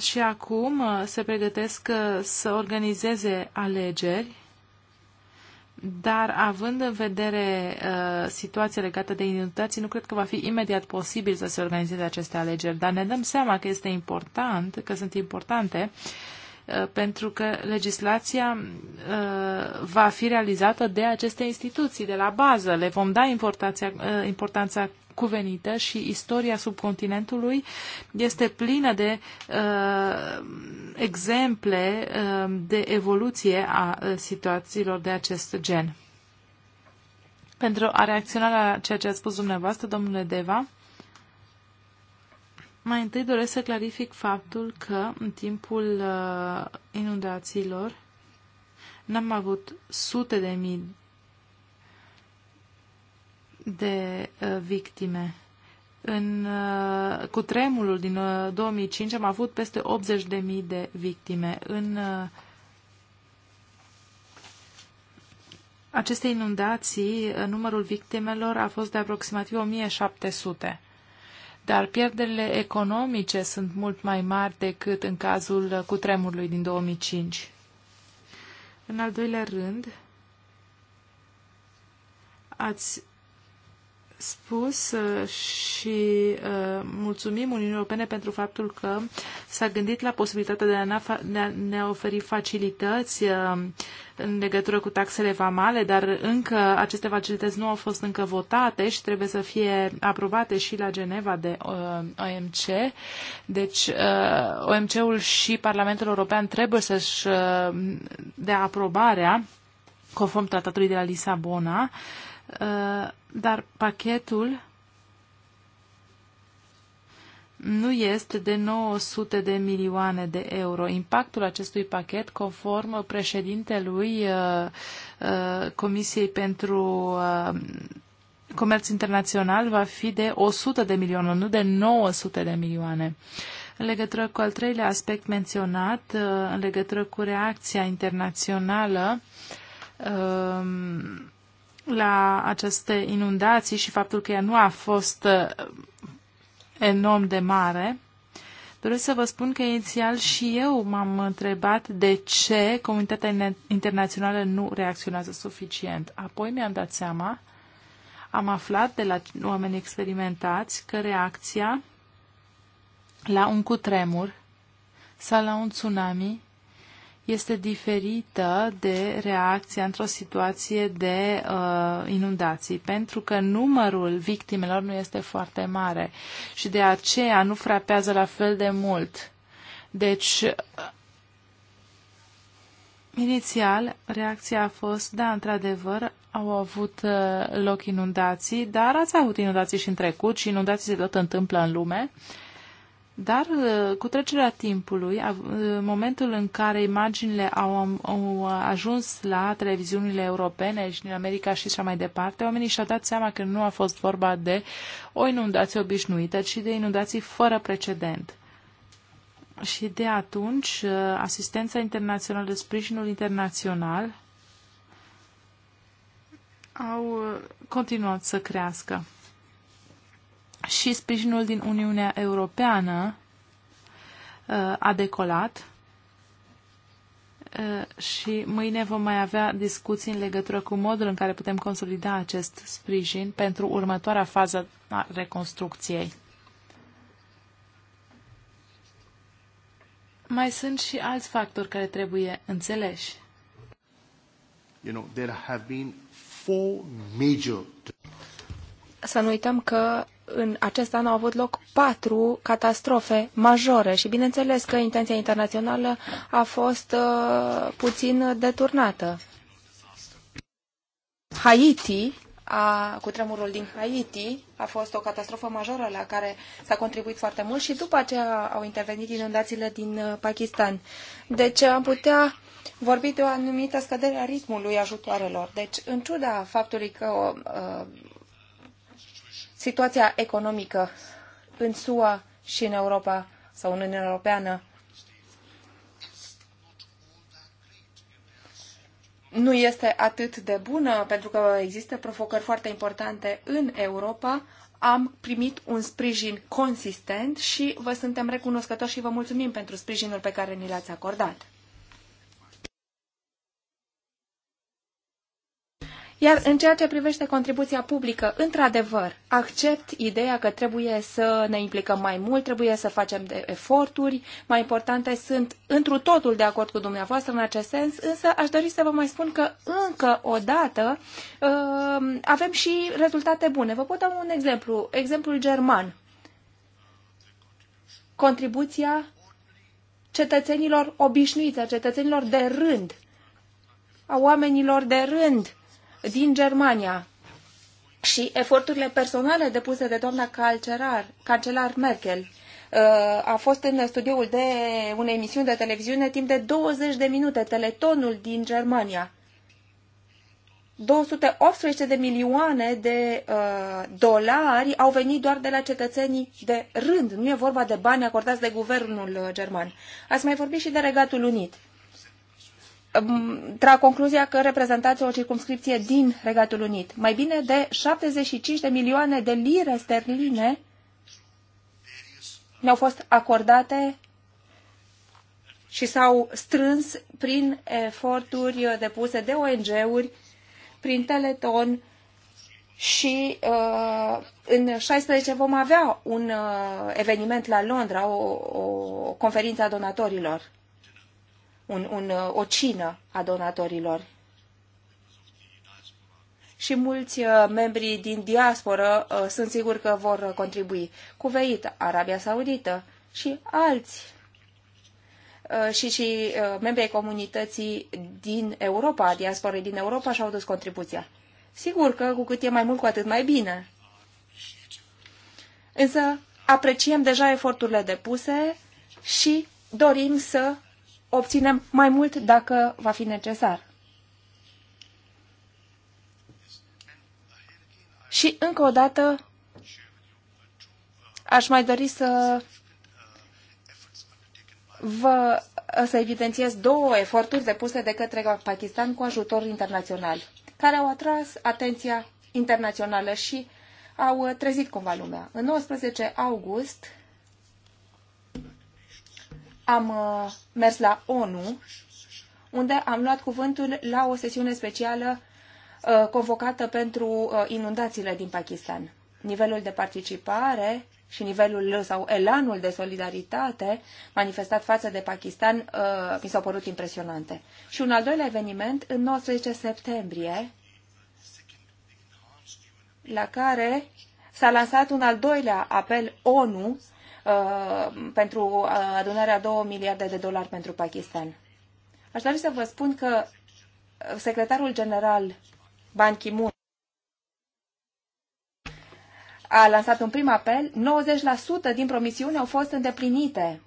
Și acum uh, se pregătesc să organizeze alegeri, dar având în vedere uh, situația legată de inundații, nu cred că va fi imediat posibil să se organizeze aceste alegeri. Dar ne dăm seama că este important, că sunt importante uh, Uh, pentru că legislația uh, va fi realizată de aceste instituții, de la bază. Le vom da uh, importanța cuvenită și istoria subcontinentului este plină de uh, exemple uh, de evoluție a situațiilor de acest gen. Pentru a reacționa la ceea ce a spus dumneavoastră, domnule Deva, mai întâi doresc să clarific faptul că în timpul uh, inundațiilor n-am avut sute de mii de uh, victime. În, uh, cu tremurul din uh, 2005 am avut peste 80 de mii de victime. În uh, aceste inundații, uh, numărul victimelor a fost de aproximativ 1700 dar pierderile economice sunt mult mai mari decât în cazul uh, cutremurului din 2005. În al doilea rând, ați spus uh, și uh, mulțumim Uniunii Europene pentru faptul că s-a gândit la posibilitatea de a ne oferi facilități uh, în legătură cu taxele vamale, dar încă aceste facilități nu au fost încă votate și trebuie să fie aprobate și la Geneva de OMC. Deci OMC-ul și Parlamentul European trebuie să-și dea aprobarea conform tratatului de la Lisabona. Uh, Uh, dar pachetul nu este de 900 de milioane de euro. Impactul acestui pachet, conform președintelui uh, uh, Comisiei pentru Comerț Internațional, va fi de 100 de milioane, nu de 900 de milioane. În legătură cu al treilea aspect menționat, în legătură cu reacția internațională, um, la aceste inundații și faptul că ea nu a fost uh, enorm de mare, doresc să vă spun că inițial și eu m-am întrebat de ce comunitatea internațională nu reacționează suficient. Apoi mi-am dat seama, am aflat de la oameni experimentați că reacția la un cutremur sau la un tsunami este diferită de reacția într-o situație de uh, inundații, pentru că numărul victimelor nu este foarte mare și de aceea nu frapează la fel de mult. Deci, uh, Inițial, reacția a fost, da, într-adevăr, au avut uh, loc inundații, dar ați avut inundații și în trecut și inundații se tot întâmplă în lume. Dar uh, cu trecerea timpului, uh, momentul în care imaginile au, au ajuns la televiziunile europene și din America și așa mai departe, oamenii și-au dat seama că nu a fost vorba de o inundație obișnuită, ci de inundații fără precedent. Și de atunci, uh, asistența internațională, sprijinul internațional au continuat să crească și sprijinul din Uniunea Europeană uh, a decolat uh, și mâine vom mai avea discuții în legătură cu modul în care putem consolida acest sprijin pentru următoarea fază a reconstrucției. Mai sunt și alți factori care trebuie înțeleși. You know, there have been four major... Să nu uităm că în acest an au avut loc patru catastrofe majore și bineînțeles că intenția internațională a fost uh, puțin deturnată. Haiti, a, cu tremurul din Haiti, a fost o catastrofă majoră la care s-a contribuit foarte mult și după aceea au intervenit inundațiile din uh, Pakistan. Deci am putea vorbi de o anumită scădere a ritmului ajutoarelor. Deci, în ciuda faptului că uh, situația economică în SUA și în Europa sau în Uniunea Europeană nu este atât de bună, pentru că există provocări foarte importante în Europa, am primit un sprijin consistent și vă suntem recunoscători și vă mulțumim pentru sprijinul pe care ni l-ați acordat. Iar în ceea ce privește contribuția publică, într-adevăr, accept ideea că trebuie să ne implicăm mai mult, trebuie să facem de eforturi. Mai importante sunt întru totul de acord cu dumneavoastră în acest sens, însă aș dori să vă mai spun că încă o dată uh, avem și rezultate bune. Vă pot da un exemplu, exemplul german. Contribuția cetățenilor obișnuiți, a cetățenilor de rând, a oamenilor de rând din Germania și eforturile personale depuse de doamna cancelar, cancelar Merkel uh, a fost în studioul de unei emisiuni de televiziune timp de 20 de minute, Teletonul din Germania. 218 de milioane de uh, dolari au venit doar de la cetățenii de rând. Nu e vorba de bani acordați de guvernul german. Ați mai vorbit și de Regatul Unit trag concluzia că reprezentați o circumscripție din Regatul Unit. Mai bine de 75 de milioane de lire sterline ne-au fost acordate și s-au strâns prin eforturi depuse de ONG-uri, prin Teleton și uh, în 16 vom avea un uh, eveniment la Londra, o, o conferință a donatorilor un, un, uh, o cină a donatorilor. Și mulți uh, membri din diasporă uh, sunt sigur că vor contribui. Cuveit, Arabia Saudită și alți și, și membrii comunității din Europa, diasporei din Europa și-au dus contribuția. Sigur că cu cât e mai mult, cu atât mai bine. Însă apreciem deja eforturile depuse și dorim să obținem mai mult dacă va fi necesar. Și încă o dată aș mai dori să vă să evidențiez două eforturi depuse de către Pakistan cu ajutor internațional, care au atras atenția internațională și au trezit cumva lumea. În 19 august am uh, mers la ONU, unde am luat cuvântul la o sesiune specială uh, convocată pentru uh, inundațiile din Pakistan. Nivelul de participare și nivelul sau elanul de solidaritate manifestat față de Pakistan mi s-au părut impresionante. Și un al doilea eveniment, în 19 septembrie, la care s-a lansat un al doilea apel ONU Uh, pentru uh, adunarea 2 miliarde de dolari pentru Pakistan. Aș dori să vă spun că uh, secretarul general Ban Ki-moon a lansat un prim apel, 90% din promisiuni au fost îndeplinite.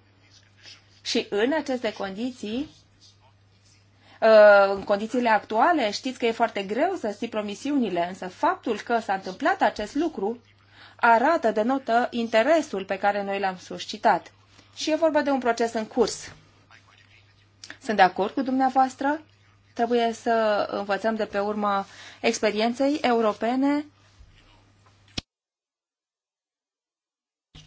Și în aceste condiții, în condițiile actuale, știți că e foarte greu să ții promisiunile, însă faptul că s-a întâmplat acest lucru arată, denotă interesul pe care noi l-am suscitat. Și e vorba de un proces în curs. Sunt de acord cu dumneavoastră? Trebuie să învățăm de pe urma experienței europene.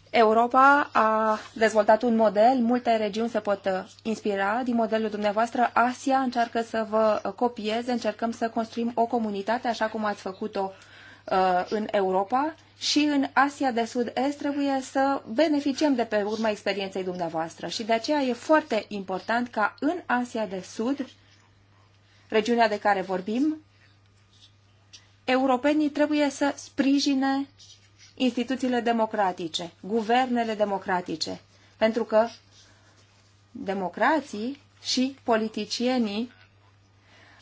Europa a dezvoltat un model, multe regiuni se pot uh, inspira din modelul dumneavoastră. Asia încearcă să vă uh, copieze, încercăm să construim o comunitate așa cum ați făcut-o uh, în Europa și în Asia de Sud-Est trebuie să beneficiem de pe urma experienței dumneavoastră și de aceea e foarte important ca în Asia de Sud, regiunea de care vorbim, europenii trebuie să sprijine instituțiile democratice, guvernele democratice, pentru că democrații și politicienii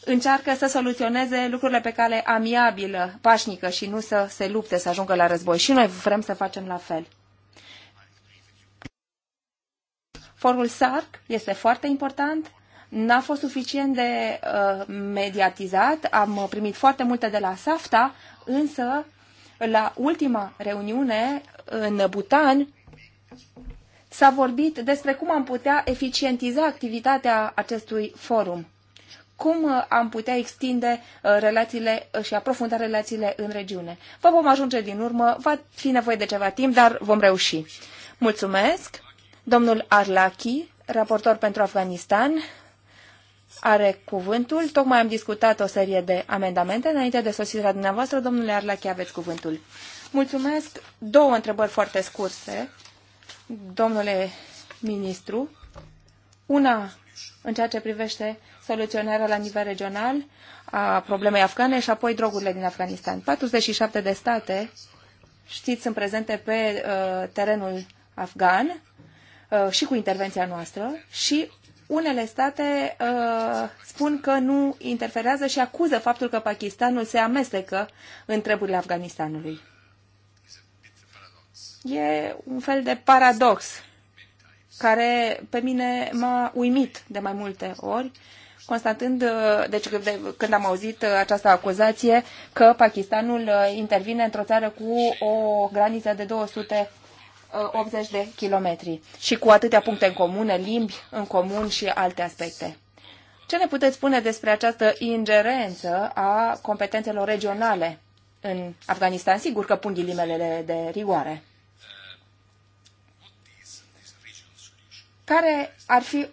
încearcă să soluționeze lucrurile pe cale amiabilă, pașnică și nu să se lupte, să ajungă la război. Și noi vrem să facem la fel. Forul SARC este foarte important, n-a fost suficient de uh, mediatizat, am uh, primit foarte multe de la SAFTA, însă la ultima reuniune în Butan s-a vorbit despre cum am putea eficientiza activitatea acestui forum cum uh, am putea extinde uh, relațiile uh, și aprofunda relațiile în regiune. Vă vom ajunge din urmă, va fi nevoie de ceva timp, dar vom reuși. Mulțumesc! Domnul Arlachi, raportor pentru Afganistan, are cuvântul. Tocmai am discutat o serie de amendamente. Înainte de sosirea dumneavoastră, domnule Arlachi, aveți cuvântul. Mulțumesc. Două întrebări foarte scurse, domnule ministru. Una în ceea ce privește soluționarea la nivel regional a problemei afgane și apoi drogurile din Afganistan. 47 de state, știți, sunt prezente pe uh, terenul afgan uh, și cu intervenția noastră și unele state uh, spun că nu interferează și acuză faptul că Pakistanul se amestecă în treburile Afganistanului. E un fel de paradox care pe mine m-a uimit de mai multe ori constatând, uh, deci când am auzit uh, această acuzație, că Pakistanul uh, intervine într-o țară cu o graniță de 200 80 de kilometri și cu atâtea puncte în comun, limbi în comun și alte aspecte. Ce ne puteți spune despre această ingerență a competențelor regionale în Afganistan? Sigur că pun ghilimelele de rigoare. Care ar fi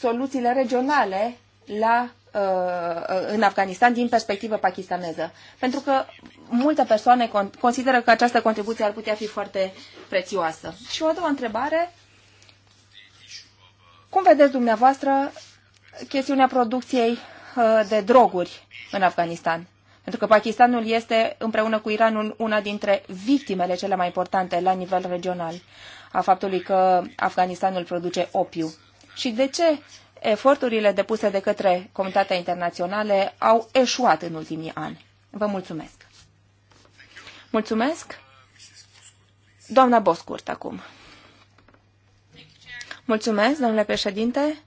soluțiile regionale la uh, în Afganistan din perspectivă pakistaneză. Pentru că multe persoane consideră că această contribuție ar putea fi foarte prețioasă. Și o a doua întrebare, cum vedeți dumneavoastră chestiunea producției uh, de droguri în Afganistan? Pentru că Pakistanul este, împreună cu Iranul, una dintre victimele cele mai importante la nivel regional a faptului că Afganistanul produce opiu. Și de ce eforturile depuse de către comunitatea internaționale au eșuat în ultimii ani. Vă mulțumesc. Mulțumesc. Doamna Boscurt acum. Mulțumesc, domnule președinte.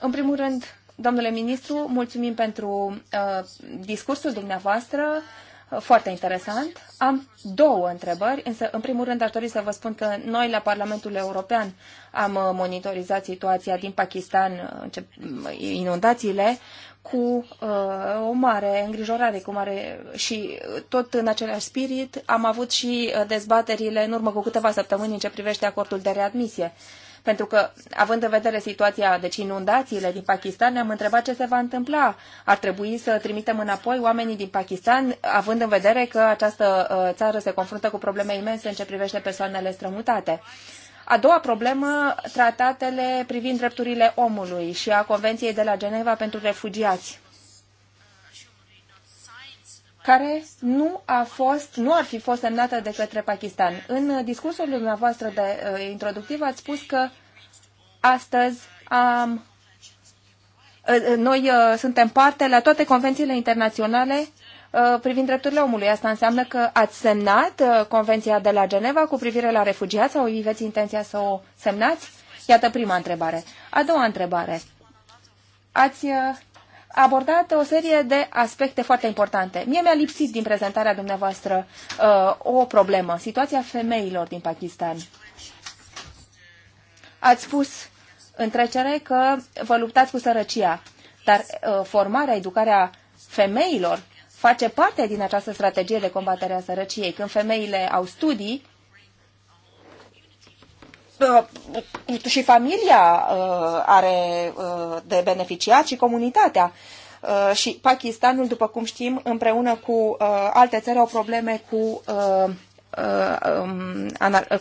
În primul rând, domnule ministru, mulțumim pentru uh, discursul dumneavoastră foarte interesant. Am două întrebări, însă în primul rând aș dori să vă spun că noi la Parlamentul European am uh, monitorizat situația din Pakistan, uh, uh, inundațiile, cu uh, o mare îngrijorare cu mare și tot în același spirit am avut și dezbaterile în urmă cu câteva săptămâni în ce privește acordul de readmisie. Uh, pentru că, având în vedere situația, deci inundațiile din Pakistan, ne-am întrebat ce se va întâmpla. Ar trebui să trimitem înapoi oamenii din Pakistan, având în vedere că această uh, țară se confruntă cu probleme imense în ce privește persoanele strămutate. A doua problemă, tratatele privind drepturile omului și a Convenției de la Geneva pentru refugiați care nu a fost, nu ar fi fost semnată de către Pakistan. În discursul dumneavoastră de uh, introductiv ați spus că astăzi am, uh, uh noi uh, suntem parte la toate convențiile internaționale uh, privind drepturile omului. Asta înseamnă că ați semnat uh, Convenția de la Geneva cu privire la refugiați sau aveți intenția să o semnați? Iată prima întrebare. A doua întrebare. Ați abordat o serie de aspecte foarte importante. Mie mi-a lipsit din prezentarea dumneavoastră uh, o problemă, situația femeilor din Pakistan. Ați spus în trecere că vă luptați cu sărăcia, dar uh, formarea, educarea femeilor face parte din această strategie de combatere a sărăciei. Când femeile au studii, Uh, și familia uh, are uh, de beneficiat și comunitatea. Și Pakistanul, după cum știm, împreună cu alte țări au probleme cu um,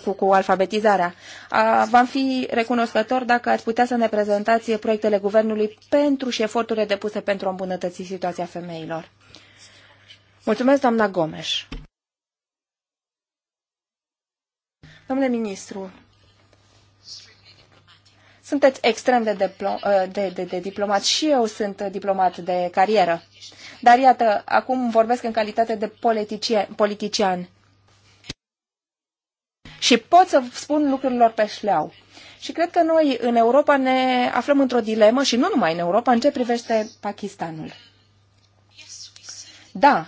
cu, cu alfabetizarea. V-am fi recunoscător dacă ați putea să ne prezentați proiectele guvernului pentru și eforturile depuse pentru a îmbunătăți situația femeilor. Mulțumesc, doamna Gomes. Domnule ministru, sunteți extrem de, diplo- uh, de, de, de diplomat și eu sunt diplomat de carieră. Dar iată, acum vorbesc în calitate de politician. politician. Și pot să spun lucrurilor pe șleau. Și cred că noi în Europa ne aflăm într-o dilemă și nu numai în Europa, în ce privește Pakistanul. Da,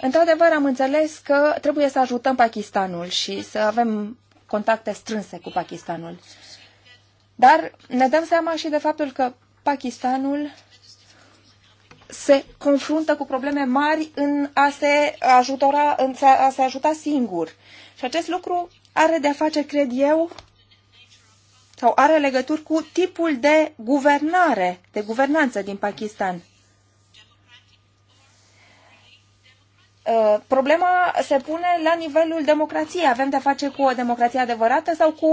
într-adevăr am înțeles că trebuie să ajutăm Pakistanul și să avem contacte strânse cu Pakistanul. Dar ne dăm seama și de faptul că Pakistanul se confruntă cu probleme mari în a se, ajutora, în a se ajuta singur. Și acest lucru are de-a face, cred eu, sau are legături cu tipul de guvernare, de guvernanță din Pakistan. Uh, problema se pune la nivelul democrației. Avem de-a face cu o democrație adevărată sau cu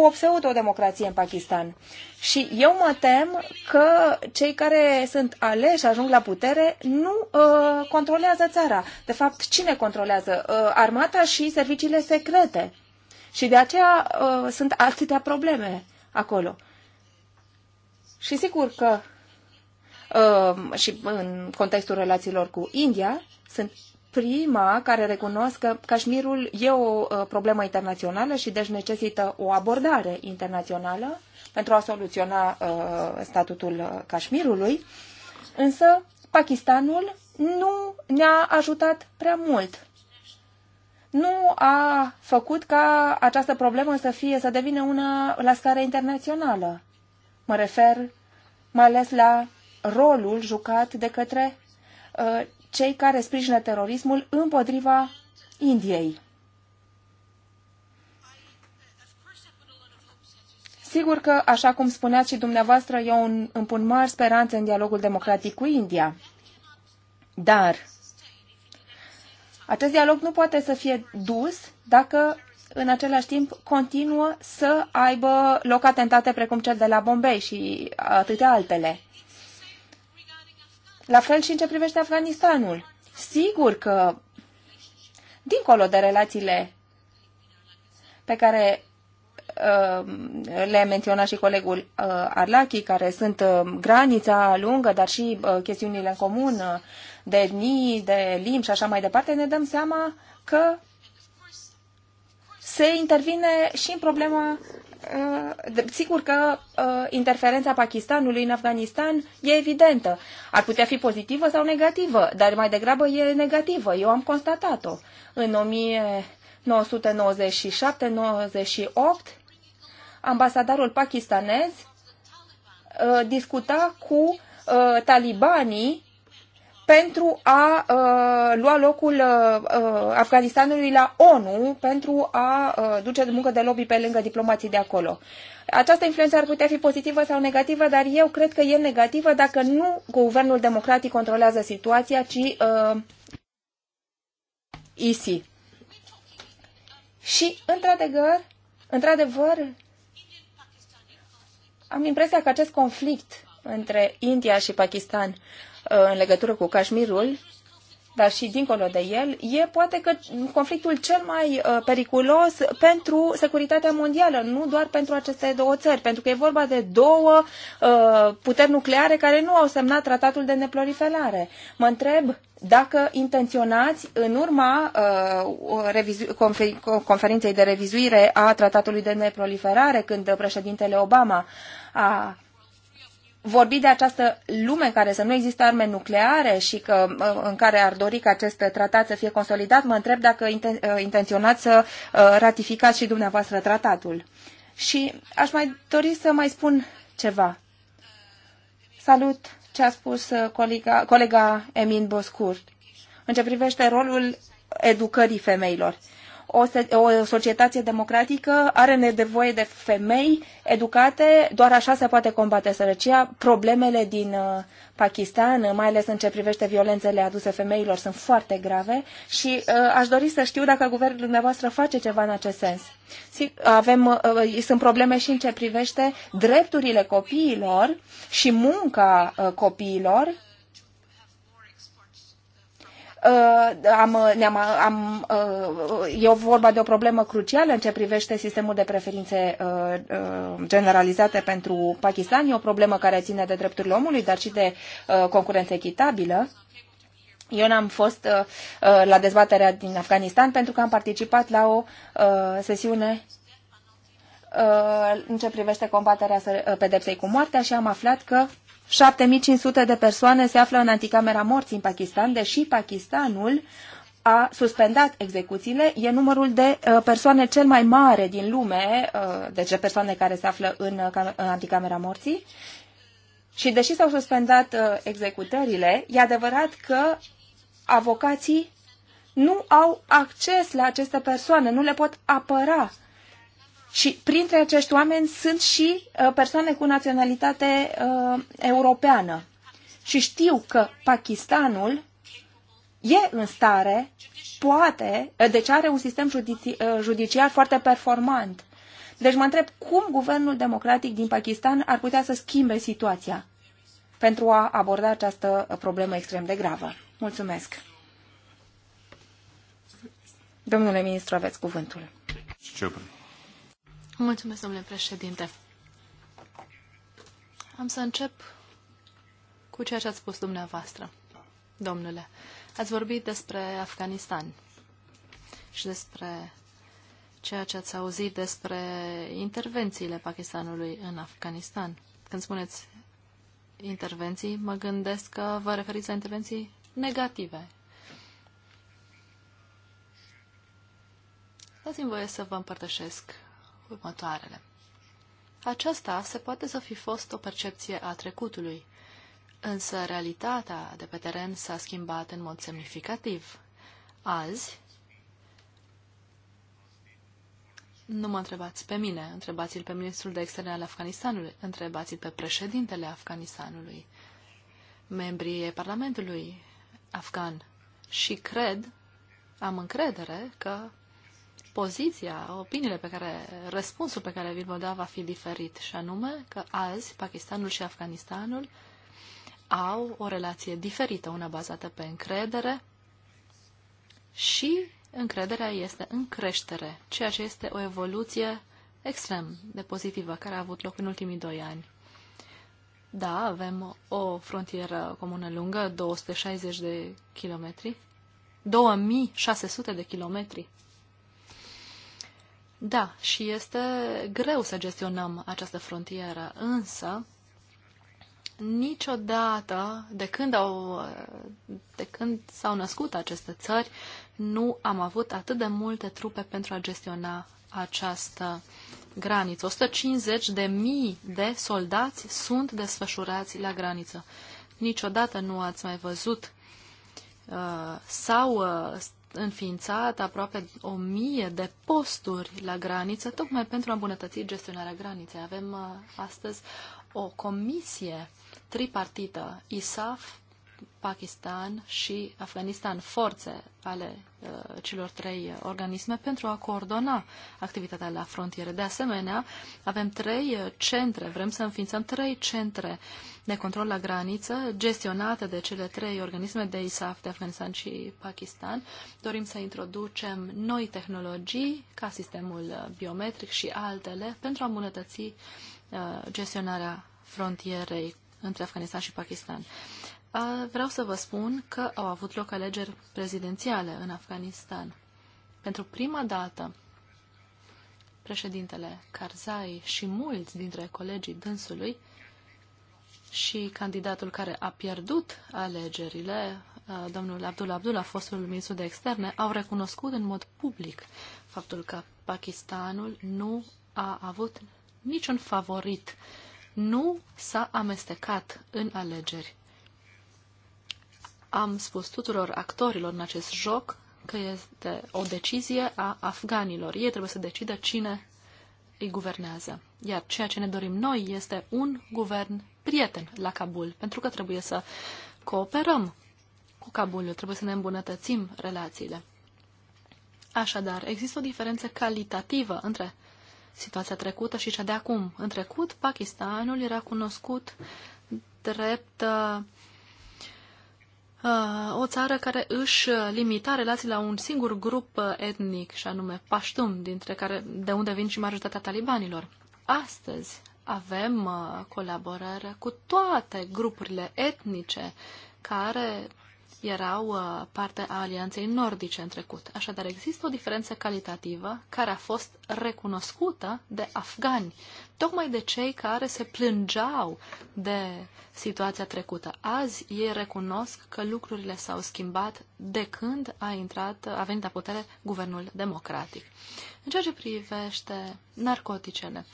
o democrație în Pakistan. Și eu mă tem că cei care sunt aleși, ajung la putere, nu uh, controlează țara. De fapt, cine controlează? Uh, armata și serviciile secrete. Și de aceea uh, sunt atâtea probleme acolo. Și sigur că uh, și în contextul relațiilor cu India sunt prima care recunosc că Cașmirul e o uh, problemă internațională și deci necesită o abordare internațională pentru a soluționa uh, statutul uh, Cașmirului, însă Pakistanul nu ne-a ajutat prea mult. Nu a făcut ca această problemă să fie, să devină una la scară internațională. Mă refer mai ales la rolul jucat de către cei care sprijină terorismul împotriva Indiei. Sigur că, așa cum spuneați și dumneavoastră, eu îmi pun mari speranțe în dialogul democratic cu India. Dar acest dialog nu poate să fie dus dacă în același timp continuă să aibă loc atentate precum cel de la Bombay și atâtea altele. La fel și în ce privește Afganistanul. Sigur că, dincolo de relațiile pe care uh, le menționa și colegul uh, Arlachi, care sunt uh, granița lungă, dar și chestiunile în comun de etnii, de limbi și așa mai departe, ne dăm seama că se intervine și în problema Uh, sigur că uh, interferența Pakistanului în Afganistan e evidentă. Ar putea fi pozitivă sau negativă, dar mai degrabă e negativă. Eu am constatat-o. În 1997-98, ambasadarul pakistanez uh, discuta cu talibanii pentru a uh, lua locul uh, uh, Afganistanului la ONU pentru a uh, duce muncă de lobby pe lângă diplomații de acolo. Această influență ar putea fi pozitivă sau negativă, dar eu cred că e negativă dacă nu guvernul democratic controlează situația, ci uh, ISI. Și, într-adevăr, într-adevăr, am impresia că acest conflict între India și Pakistan Uh, în legătură cu Cașmirul, dar și dincolo de el, e poate că conflictul cel mai uh, periculos pentru securitatea mondială, nu doar pentru aceste două țări, pentru că e vorba de două uh, puteri nucleare care nu au semnat tratatul de neproliferare. Mă întreb dacă intenționați, în urma conferinței de revizuire a tratatului de neproliferare, când președintele Obama a vorbi de această lume în care să nu există arme nucleare și că, în care ar dori ca acest tratat să fie consolidat, mă întreb dacă ă, intenționați să ă, ratificați și dumneavoastră tratatul. Și aș mai dori să mai spun ceva. Salut ce a spus ă, colega, colega Emin Boscur în ce privește rolul educării femeilor o, o societate democratică are nevoie de femei educate, doar așa se poate combate sărăcia. Problemele din uh, Pakistan, uh, mai ales în ce privește violențele aduse femeilor, sunt foarte grave și uh, aș dori să știu dacă guvernul dumneavoastră face ceva în acest sens. Avem, uh, uh, sunt probleme și în ce privește drepturile copiilor și munca uh, copiilor Uh, am, ne-am, am, uh, e vorba de o problemă crucială în ce privește sistemul de preferințe uh, generalizate pentru Pakistan. E o problemă care ține de drepturile omului, dar și de concurență echitabilă. Eu n-am fost uh, la dezbaterea din Afganistan pentru că am participat la o uh, sesiune uh, în ce privește combaterea pedepsei cu moartea și am aflat că 7500 de persoane se află în anticamera morții în Pakistan, deși Pakistanul a suspendat execuțiile. E numărul de uh, persoane cel mai mare din lume, uh, deci de persoane care se află în, uh, în anticamera morții. Și deși s-au suspendat executările, e adevărat că avocații nu au acces la aceste persoane, nu le pot apăra și printre acești oameni sunt și uh, persoane cu naționalitate uh, europeană. Și știu că Pakistanul e în stare, poate, uh, deci are un sistem judici judiciar foarte performant. Deci mă întreb cum guvernul democratic din Pakistan ar putea să schimbe situația pentru a aborda această problemă extrem de gravă. Mulțumesc. Domnule ministru, aveți cuvântul. Ciobăi. Mulțumesc, domnule președinte. Am să încep cu ceea ce ați spus dumneavoastră, domnule. Ați vorbit despre Afganistan și despre ceea ce ați auzit despre intervențiile Pakistanului în Afganistan. Când spuneți intervenții, mă gândesc că vă referiți la intervenții negative. Dați-mi voie să vă împărtășesc următoarele. Aceasta se poate să fi fost o percepție a trecutului, însă realitatea de pe teren s-a schimbat în mod semnificativ. Azi, nu mă întrebați pe mine, întrebați-l pe ministrul de externe al Afganistanului, întrebați-l pe președintele Afganistanului, membrii Parlamentului afgan și cred, am încredere că poziția, opiniile pe care, răspunsul pe care vi-l da va fi diferit, și anume că azi Pakistanul și Afganistanul au o relație diferită, una bazată pe încredere și încrederea este în creștere, ceea ce este o evoluție extrem de pozitivă care a avut loc în ultimii doi ani. Da, avem o frontieră comună lungă, 260 de kilometri, 2600 de kilometri da, și este greu să gestionăm această frontieră, însă niciodată, de când, au, de când s-au născut aceste țări, nu am avut atât de multe trupe pentru a gestiona această graniță. 150 de mii de soldați sunt desfășurați la graniță. Niciodată nu ați mai văzut uh, sau uh, înființat aproape o mie de posturi la graniță, tocmai pentru a îmbunătăți gestionarea graniței. Avem uh, astăzi o comisie tripartită, ISAF, Pakistan și Afganistan, forțe ale uh, celor trei uh, organisme pentru a coordona activitatea la frontiere. De asemenea, avem trei uh, centre, vrem să înființăm trei centre de control la graniță, gestionate de cele trei organisme de ISAF, de Afganistan și Pakistan. Dorim să introducem noi tehnologii, ca sistemul uh, biometric și altele, pentru a îmbunătăți uh, gestionarea frontierei între Afganistan și Pakistan vreau să vă spun că au avut loc alegeri prezidențiale în Afganistan. Pentru prima dată, președintele Karzai și mulți dintre colegii dânsului și candidatul care a pierdut alegerile, domnul Abdul Abdullah, fostul ministru de externe, au recunoscut în mod public faptul că Pakistanul nu a avut niciun favorit, nu s-a amestecat în alegeri am spus tuturor actorilor în acest joc că este o decizie a afganilor. Ei trebuie să decidă cine îi guvernează. Iar ceea ce ne dorim noi este un guvern prieten la Kabul, pentru că trebuie să cooperăm cu Kabul. trebuie să ne îmbunătățim relațiile. Așadar, există o diferență calitativă între situația trecută și cea de acum. În trecut, Pakistanul era cunoscut drept uh, Uh, o țară care își limita relații la un singur grup uh, etnic, și anume Paștum, dintre care, de unde vin și majoritatea talibanilor. Astăzi avem uh, colaborare cu toate grupurile etnice care erau uh, parte a alianței nordice în trecut. Așadar, există o diferență calitativă care a fost recunoscută de afgani, tocmai de cei care se plângeau de situația trecută. Azi ei recunosc că lucrurile s-au schimbat de când a, intrat, a venit la putere guvernul democratic. În ceea ce privește narcoticele,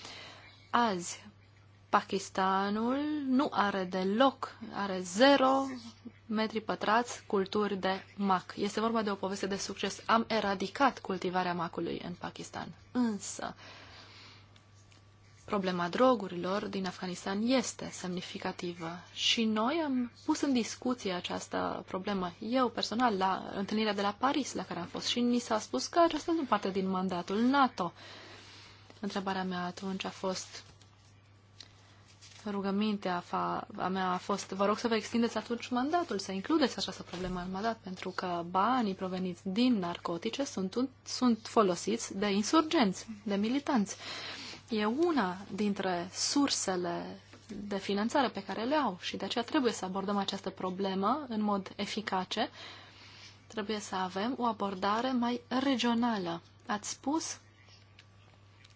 azi Pakistanul nu are deloc, are zero metri pătrați culturi de mac. Este vorba de o poveste de succes. Am eradicat cultivarea macului în Pakistan. Însă, problema drogurilor din Afganistan este semnificativă și noi am pus în discuție această problemă. Eu personal, la întâlnirea de la Paris la care am fost și ni s-a spus că aceasta nu parte din mandatul NATO. Întrebarea mea atunci a fost rugămintea fa, a mea a fost, vă rog să vă extindeți atunci mandatul, să includeți această problemă în mandat, pentru că banii proveniți din narcotice sunt, un, sunt folosiți de insurgenți, de militanți. E una dintre sursele de finanțare pe care le au și de aceea trebuie să abordăm această problemă în mod eficace. Trebuie să avem o abordare mai regională. Ați spus,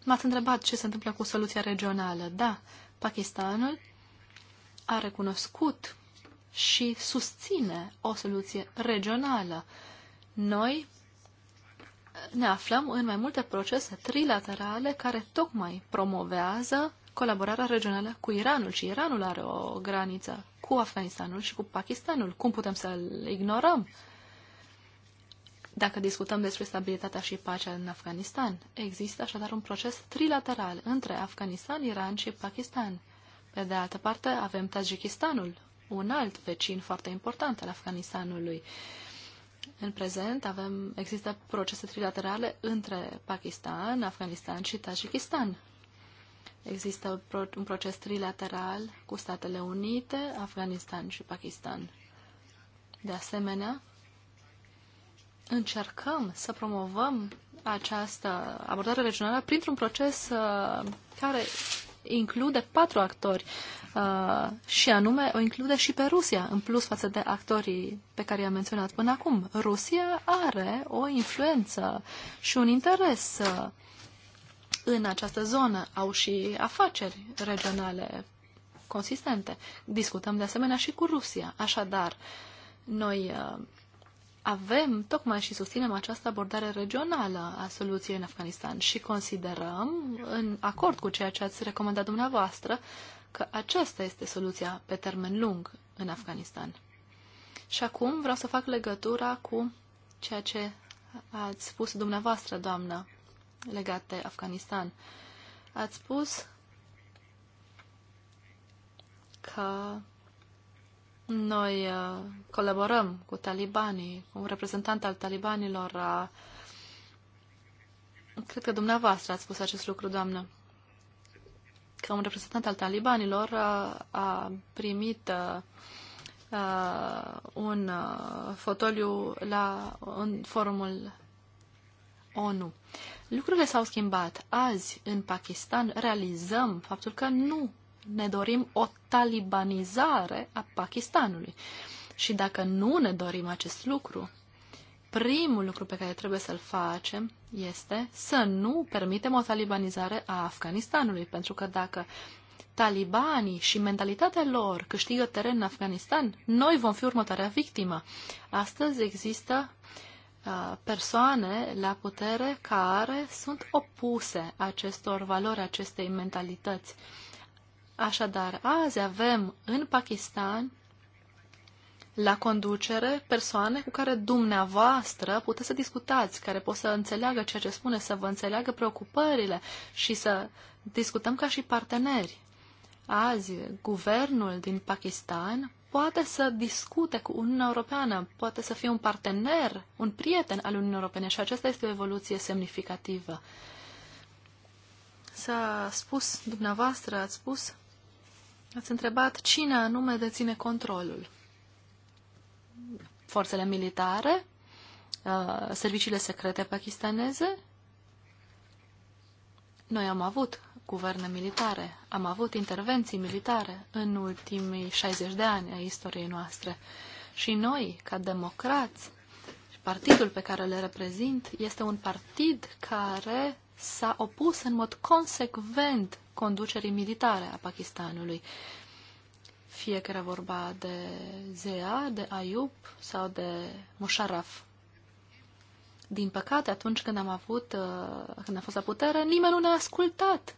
m-ați întrebat ce se întâmplă cu soluția regională. Da, uh, Pakistanul a recunoscut și susține o soluție regională. Noi ne aflăm în mai multe procese trilaterale care tocmai promovează colaborarea regională cu Iranul și Iranul are o graniță cu Afganistanul și cu Pakistanul. Cum putem să-l ignorăm? Dacă discutăm despre stabilitatea și pacea în Afganistan, există așadar un proces trilateral între Afganistan, Iran și Pakistan. Pe de altă parte, avem Tajikistanul, un alt vecin foarte important al Afganistanului. În prezent avem, există procese trilaterale între Pakistan, Afganistan și Tajikistan. Există un proces trilateral cu Statele Unite, Afganistan și Pakistan. De asemenea, încercăm să promovăm această abordare regională printr-un proces uh, care include patru actori uh, și anume o include și pe Rusia, în plus față de actorii pe care i-am menționat până acum. Rusia are o influență și un interes uh, în această zonă. Au și afaceri regionale consistente. Discutăm de asemenea și cu Rusia. Așadar, noi avem tocmai și susținem această abordare regională a soluției în Afganistan și considerăm, în acord cu ceea ce ați recomandat dumneavoastră, că aceasta este soluția pe termen lung în Afganistan. Și acum vreau să fac legătura cu ceea ce ați spus dumneavoastră, doamnă, legat de Afganistan. Ați spus că noi uh, colaborăm cu talibanii, cu un reprezentant al talibanilor. Uh, cred că dumneavoastră ați spus acest lucru, doamnă. Că un reprezentant al talibanilor a, uh, a primit a, un fotoliu la un forumul ONU. Lucrurile s-au schimbat. Azi, în Pakistan, realizăm faptul că nu ne dorim o talibanizare a Pakistanului. Și dacă nu ne dorim acest lucru, primul lucru pe care trebuie să-l facem este să nu permitem o talibanizare a Afganistanului, pentru că dacă talibanii și mentalitatea lor câștigă teren în Afganistan, noi vom fi următoarea victimă. Astăzi există uh, persoane la putere care sunt opuse acestor valori, acestei mentalități. Așadar, azi avem în Pakistan la conducere persoane cu care dumneavoastră puteți să discutați, care pot să înțeleagă ceea ce spune, să vă înțeleagă preocupările și să discutăm ca și parteneri. Azi, guvernul din Pakistan poate să discute cu Uniunea Europeană, poate să fie un partener, un prieten al Uniunii Europene și aceasta este o evoluție semnificativă. S-a spus, dumneavoastră ați spus, Ați întrebat cine anume deține controlul. Forțele militare, uh, serviciile secrete pakistaneze. Noi am avut guverne militare, am avut intervenții militare în ultimii 60 de ani a istoriei noastre. Și noi, ca democrați, partidul pe care le reprezint este un partid care s-a opus în mod consecvent conducerii militare a Pakistanului. Fie că era vorba de Zea, de Ayub sau de Musharraf. Din păcate, atunci când am avut, uh, când a fost la putere, nimeni nu ne-a ascultat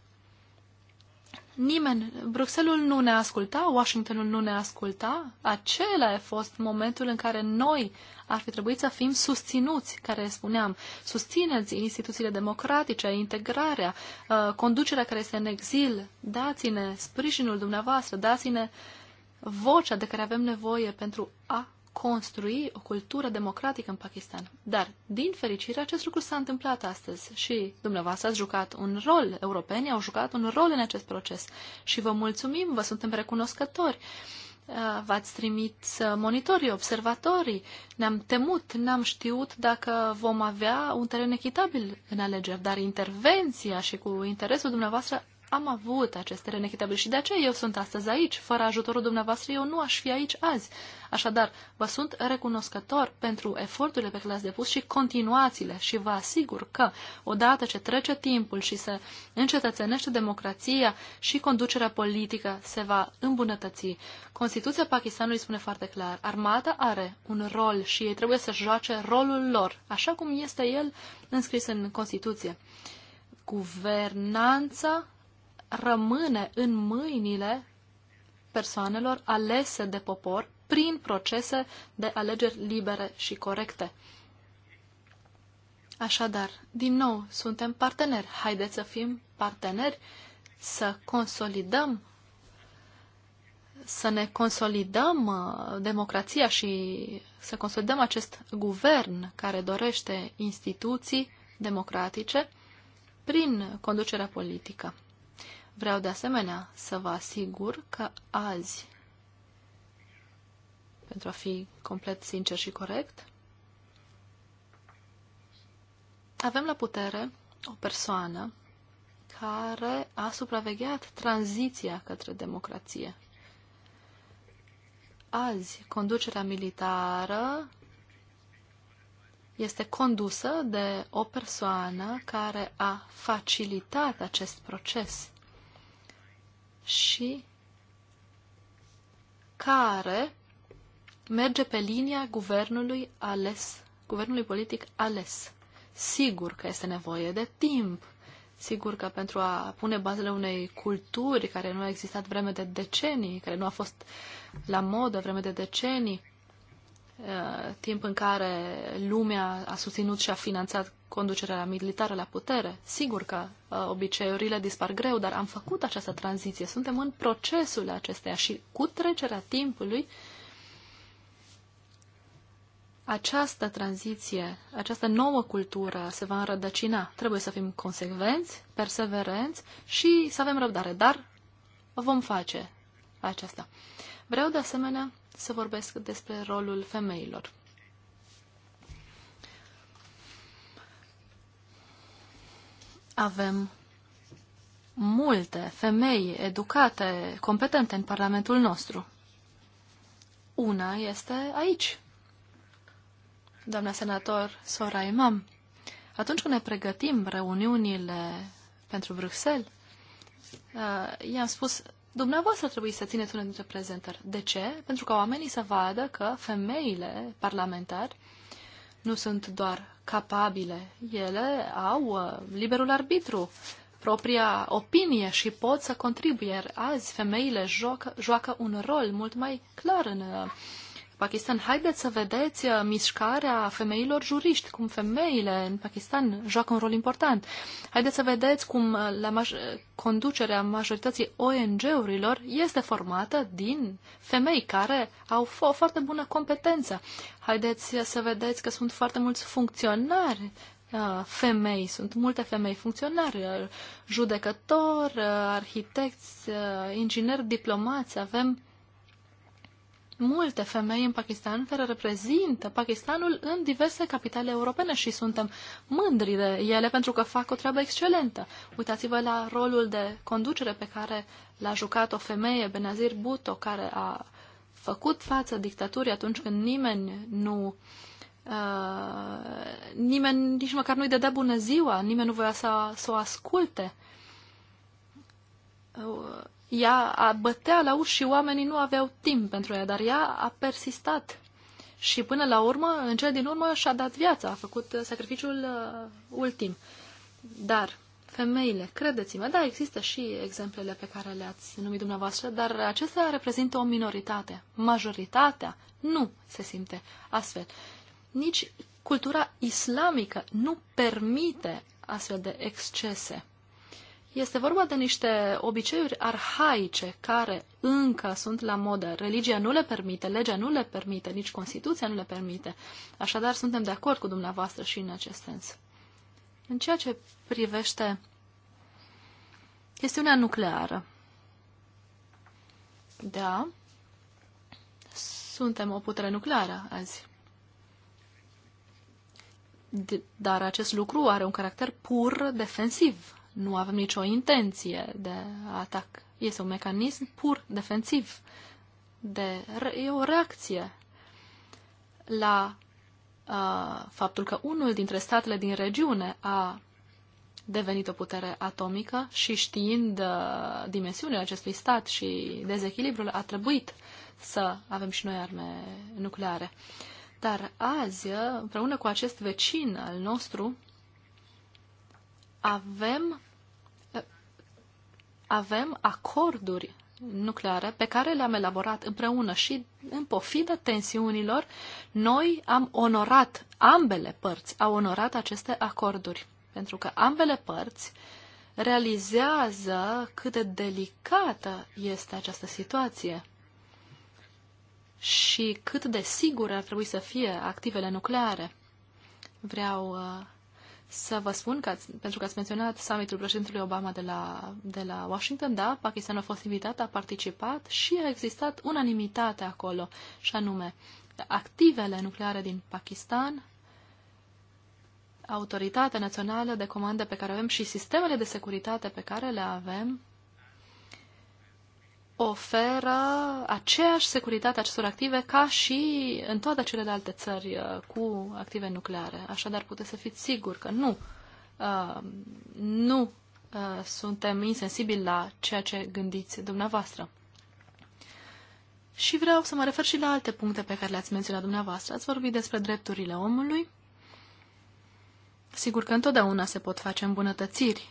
nimeni, Bruxelles nu ne asculta, Washingtonul nu ne asculta, acela a fost momentul în care noi ar fi trebuit să fim susținuți, care spuneam, susțineți instituțiile democratice, integrarea, uh, conducerea care este în exil, dați-ne sprijinul dumneavoastră, dați-ne vocea de care avem nevoie pentru a construi o cultură democratică în Pakistan. Dar, din fericire, acest lucru s-a întâmplat astăzi și dumneavoastră ați jucat un rol, europenii au jucat un rol în acest proces și vă mulțumim, vă suntem recunoscători. Uh, v-ați trimit uh, monitorii, observatorii. Ne-am temut, n-am știut dacă vom avea un teren echitabil în alegeri, dar intervenția și cu interesul dumneavoastră am avut acest teren echitabil și de aceea eu sunt astăzi aici. Fără ajutorul dumneavoastră eu nu aș fi aici azi. Așadar, vă sunt recunoscător pentru eforturile pe care le-ați depus și continuațiile și vă asigur că odată ce trece timpul și se încetățenește democrația și conducerea politică se va îmbunătăți. Constituția Pakistanului spune foarte clar, armata are un rol și ei trebuie să joace rolul lor, așa cum este el înscris în Constituție. Guvernanța rămâne în mâinile persoanelor alese de popor prin procese de alegeri libere și corecte. Așadar, din nou, suntem parteneri. Haideți să fim parteneri, să consolidăm, să ne consolidăm uh, democrația și să consolidăm acest guvern care dorește instituții democratice prin conducerea politică. Vreau de asemenea să vă asigur că azi, pentru a fi complet sincer și corect, avem la putere o persoană care a supravegheat tranziția către democrație. Azi, conducerea militară este condusă de o persoană care a facilitat acest proces și care merge pe linia guvernului ales, guvernului politic ales. Sigur că este nevoie de timp, sigur că pentru a pune bazele unei culturi care nu a existat vreme de decenii, care nu a fost la modă vreme de decenii, Uh, timp în care lumea a susținut și a finanțat conducerea militară la putere. Sigur că uh, obiceiurile dispar greu, dar am făcut această tranziție. Suntem în procesul acesteia și cu trecerea timpului această tranziție, această nouă cultură se va înrădăcina. Trebuie să fim consecvenți, perseverenți și să avem răbdare, dar vom face aceasta. Vreau de asemenea să vorbesc despre rolul femeilor. Avem multe femei educate, competente în Parlamentul nostru. Una este aici, doamna senator Sora Imam. Atunci când ne pregătim reuniunile pentru Bruxelles, uh, i-am spus dumneavoastră trebuie să țineți unul dintre prezentări. De ce? Pentru ca oamenii să vadă că femeile parlamentari nu sunt doar capabile, ele au uh, liberul arbitru, propria opinie și pot să contribuie. Azi femeile joacă, joacă un rol mult mai clar în uh, Pakistan. Haideți să vedeți uh, mișcarea femeilor juriști, cum femeile în Pakistan joacă un rol important. Haideți să vedeți cum uh, la maj- conducerea majorității ONG-urilor este formată din femei care au o foarte bună competență. Haideți uh, să vedeți că sunt foarte mulți funcționari femei, sunt multe femei funcționari, judecători, arhitecți, ingineri, diplomați, avem multe femei în Pakistan care reprezintă Pakistanul în diverse capitale europene și suntem mândri de ele pentru că fac o treabă excelentă. Uitați-vă la rolul de conducere pe care l-a jucat o femeie, Benazir Bhutto, care a făcut față dictaturii atunci când nimeni nu Uh, nimeni nici măcar nu-i dădea bună ziua, nimeni nu voia să, să o asculte. Uh, ea a bătea la uși și oamenii nu aveau timp pentru ea, dar ea a persistat. Și până la urmă, în cele din urmă, și-a dat viața, a făcut uh, sacrificiul uh, ultim. Dar femeile, credeți-mă, da, există și exemplele pe care le-ați numit dumneavoastră, dar acestea reprezintă o minoritate. Majoritatea nu se simte astfel. Nici cultura islamică nu permite astfel de excese. Este vorba de niște obiceiuri arhaice care încă sunt la modă. Religia nu le permite, legea nu le permite, nici Constituția nu le permite. Așadar, suntem de acord cu dumneavoastră și în acest sens. În ceea ce privește chestiunea nucleară, da, suntem o putere nucleară azi. Dar acest lucru are un caracter pur defensiv nu avem nicio intenție de atac. Este un mecanism pur defensiv. De, e o reacție la uh, faptul că unul dintre statele din regiune a devenit o putere atomică și știind uh, dimensiunea acestui stat și dezechilibrul, a trebuit să avem și noi arme nucleare. Dar azi, uh, împreună cu acest vecin al nostru, avem avem acorduri nucleare pe care le-am elaborat împreună și în pofidă tensiunilor, noi am onorat, ambele părți au onorat aceste acorduri. Pentru că ambele părți realizează cât de delicată este această situație și cât de sigure ar trebui să fie activele nucleare. Vreau uh, să vă spun, că pentru că ați menționat summitul președintelui Obama de la, de la Washington, da, Pakistan a fost invitat, a participat și a existat unanimitate acolo, și anume activele nucleare din Pakistan, autoritatea națională de comandă pe care avem și sistemele de securitate pe care le avem oferă aceeași securitate acestor active ca și în toate celelalte țări uh, cu active nucleare. Așadar, puteți să fiți siguri că nu, uh, nu uh, suntem insensibili la ceea ce gândiți dumneavoastră. Și vreau să mă refer și la alte puncte pe care le-ați menționat dumneavoastră. Ați vorbit despre drepturile omului. Sigur că întotdeauna se pot face îmbunătățiri.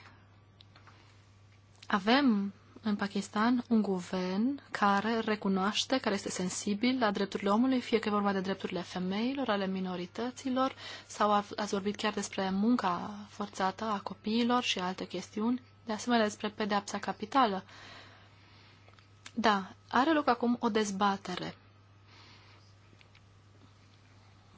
Avem în Pakistan un guvern care recunoaște, care este sensibil la drepturile omului, fie că e vorba de drepturile femeilor, ale minorităților, sau ați vorbit chiar despre munca forțată a copiilor și alte chestiuni, de asemenea despre pedeapsa capitală. Da, are loc acum o dezbatere.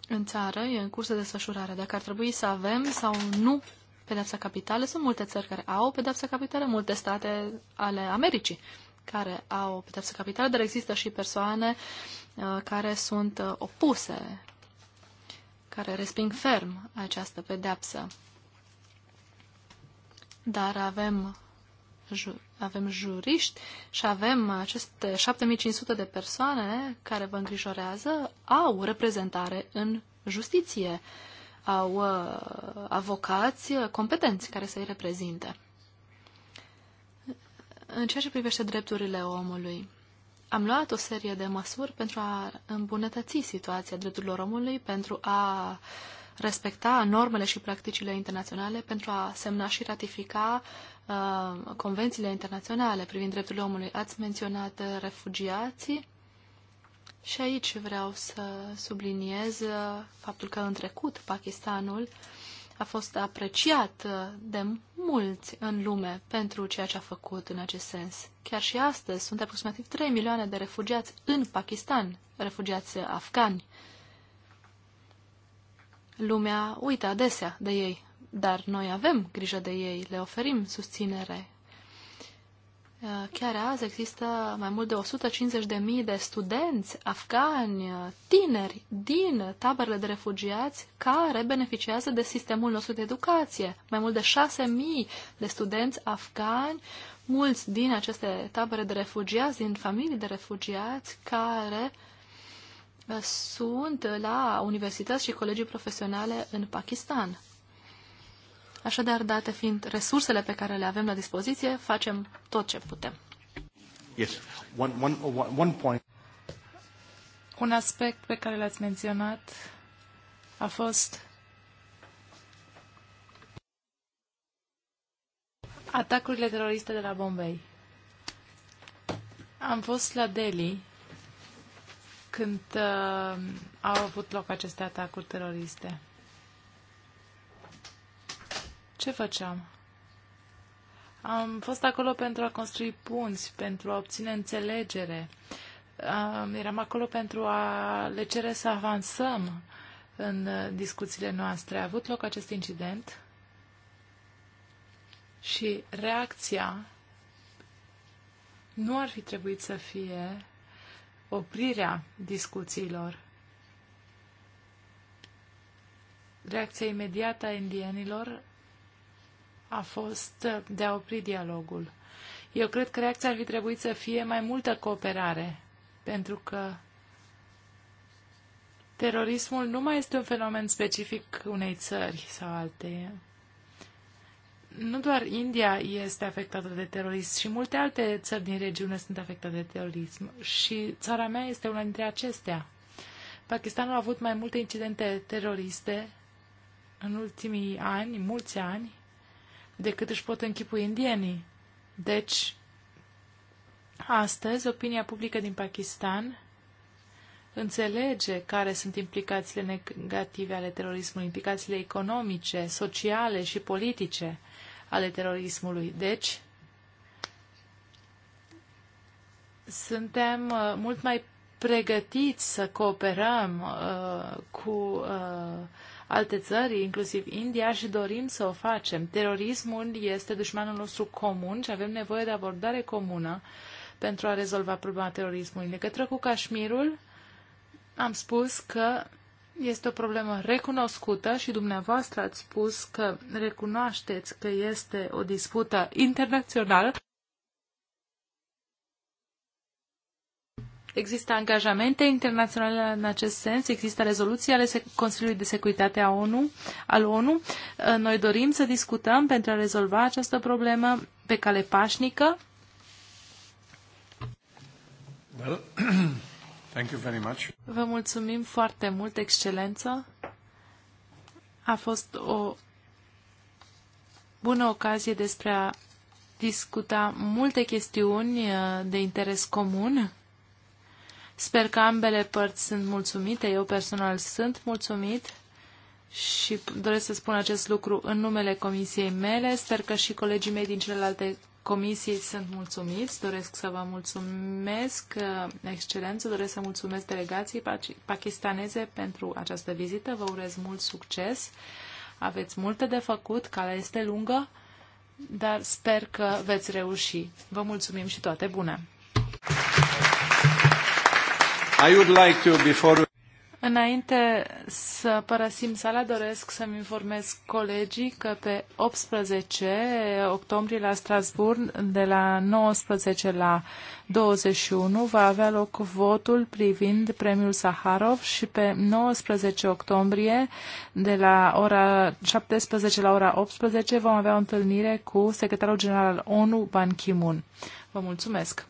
În țară e în curs de desfășurare dacă ar trebui să avem sau nu pedepsa capitală. Sunt multe țări care au pedepsa capitală, multe state ale Americii care au pedepsa capitală, dar există și persoane uh, care sunt uh, opuse, care resping ferm această pedepsă. Dar avem, ju avem juriști și avem aceste 7500 de persoane care vă îngrijorează, au reprezentare în justiție. Uh, au uh, avocați uh, competenți care să-i reprezinte. În ceea ce privește drepturile omului, am luat o serie de măsuri pentru a îmbunătăți situația drepturilor omului, pentru a respecta normele și practicile internaționale, pentru a semna și ratifica uh, convențiile internaționale privind drepturile omului. Ați menționat uh, refugiații și aici vreau să subliniez uh, faptul că în trecut Pakistanul a fost apreciat uh, de mulți în lume pentru ceea ce a făcut în acest sens. Chiar și astăzi sunt aproximativ 3 milioane de refugiați în Pakistan, refugiați afgani. Lumea uită adesea de ei, dar noi avem grijă de ei, le oferim susținere Uh, chiar azi există mai mult de 150.000 de studenți afgani, uh, tineri, din taberele de refugiați care beneficiază de sistemul nostru de educație. Mai mult de 6.000 de studenți afgani, mulți din aceste tabere de refugiați, din familii de refugiați, care uh, sunt la universități și colegii profesionale în Pakistan. Așadar, date fiind resursele pe care le avem la dispoziție, facem tot ce putem. Yes. One, one, one point. Un aspect pe care l-ați menționat a fost atacurile teroriste de la Bombay. Am fost la Delhi când uh, au avut loc aceste atacuri teroriste. Ce făceam? Am fost acolo pentru a construi punți, pentru a obține înțelegere. Eram acolo pentru a le cere să avansăm în uh, discuțiile noastre. A avut loc acest incident și reacția nu ar fi trebuit să fie oprirea discuțiilor. Reacția imediată a indienilor a fost uh, de a opri dialogul. Eu cred că reacția ar fi trebuit să fie mai multă cooperare, pentru că terorismul nu mai este un fenomen specific unei țări sau alte. Nu doar India este afectată de terorism și multe alte țări din regiune sunt afectate de terorism și țara mea este una dintre acestea. Pakistanul a avut mai multe incidente teroriste în ultimii ani, mulți ani, decât își pot închipui indienii. Deci, astăzi, opinia publică din Pakistan înțelege care sunt implicațiile negative ale terorismului, implicațiile economice, sociale și politice ale terorismului. Deci, suntem uh, mult mai pregătiți să cooperăm uh, cu uh, alte țări, inclusiv India, și dorim să o facem. Terorismul este dușmanul nostru comun și avem nevoie de abordare comună pentru a rezolva problema terorismului. către cu Cașmirul, am spus că este o problemă recunoscută și dumneavoastră ați spus că recunoașteți că este o dispută internațională. Există angajamente internaționale în acest sens, există rezoluții ale Consiliului de Securitate a ONU, al ONU. Uh, noi dorim să discutăm pentru a rezolva această problemă pe cale pașnică. Well, thank you very much. Vă mulțumim foarte mult, excelență. A fost o bună ocazie despre a discuta multe chestiuni uh, de interes comun. Sper că ambele părți sunt mulțumite, eu personal sunt mulțumit și doresc să spun acest lucru în numele comisiei mele. Sper că și colegii mei din celelalte comisii sunt mulțumiți. Doresc să vă mulțumesc, uh, excelență, doresc să mulțumesc delegației pakistaneze pentru această vizită. Vă urez mult succes. Aveți multe de făcut, calea este lungă, dar sper că veți reuși. Vă mulțumim și toate bune! I would like to, before... Înainte să părăsim sala, doresc să-mi informez colegii că pe 18 octombrie la Strasburg, de la 19 la 21, va avea loc votul privind premiul Saharov și pe 19 octombrie, de la ora 17 la ora 18, vom avea o întâlnire cu secretarul general al ONU, Ban Ki-moon. Vă mulțumesc!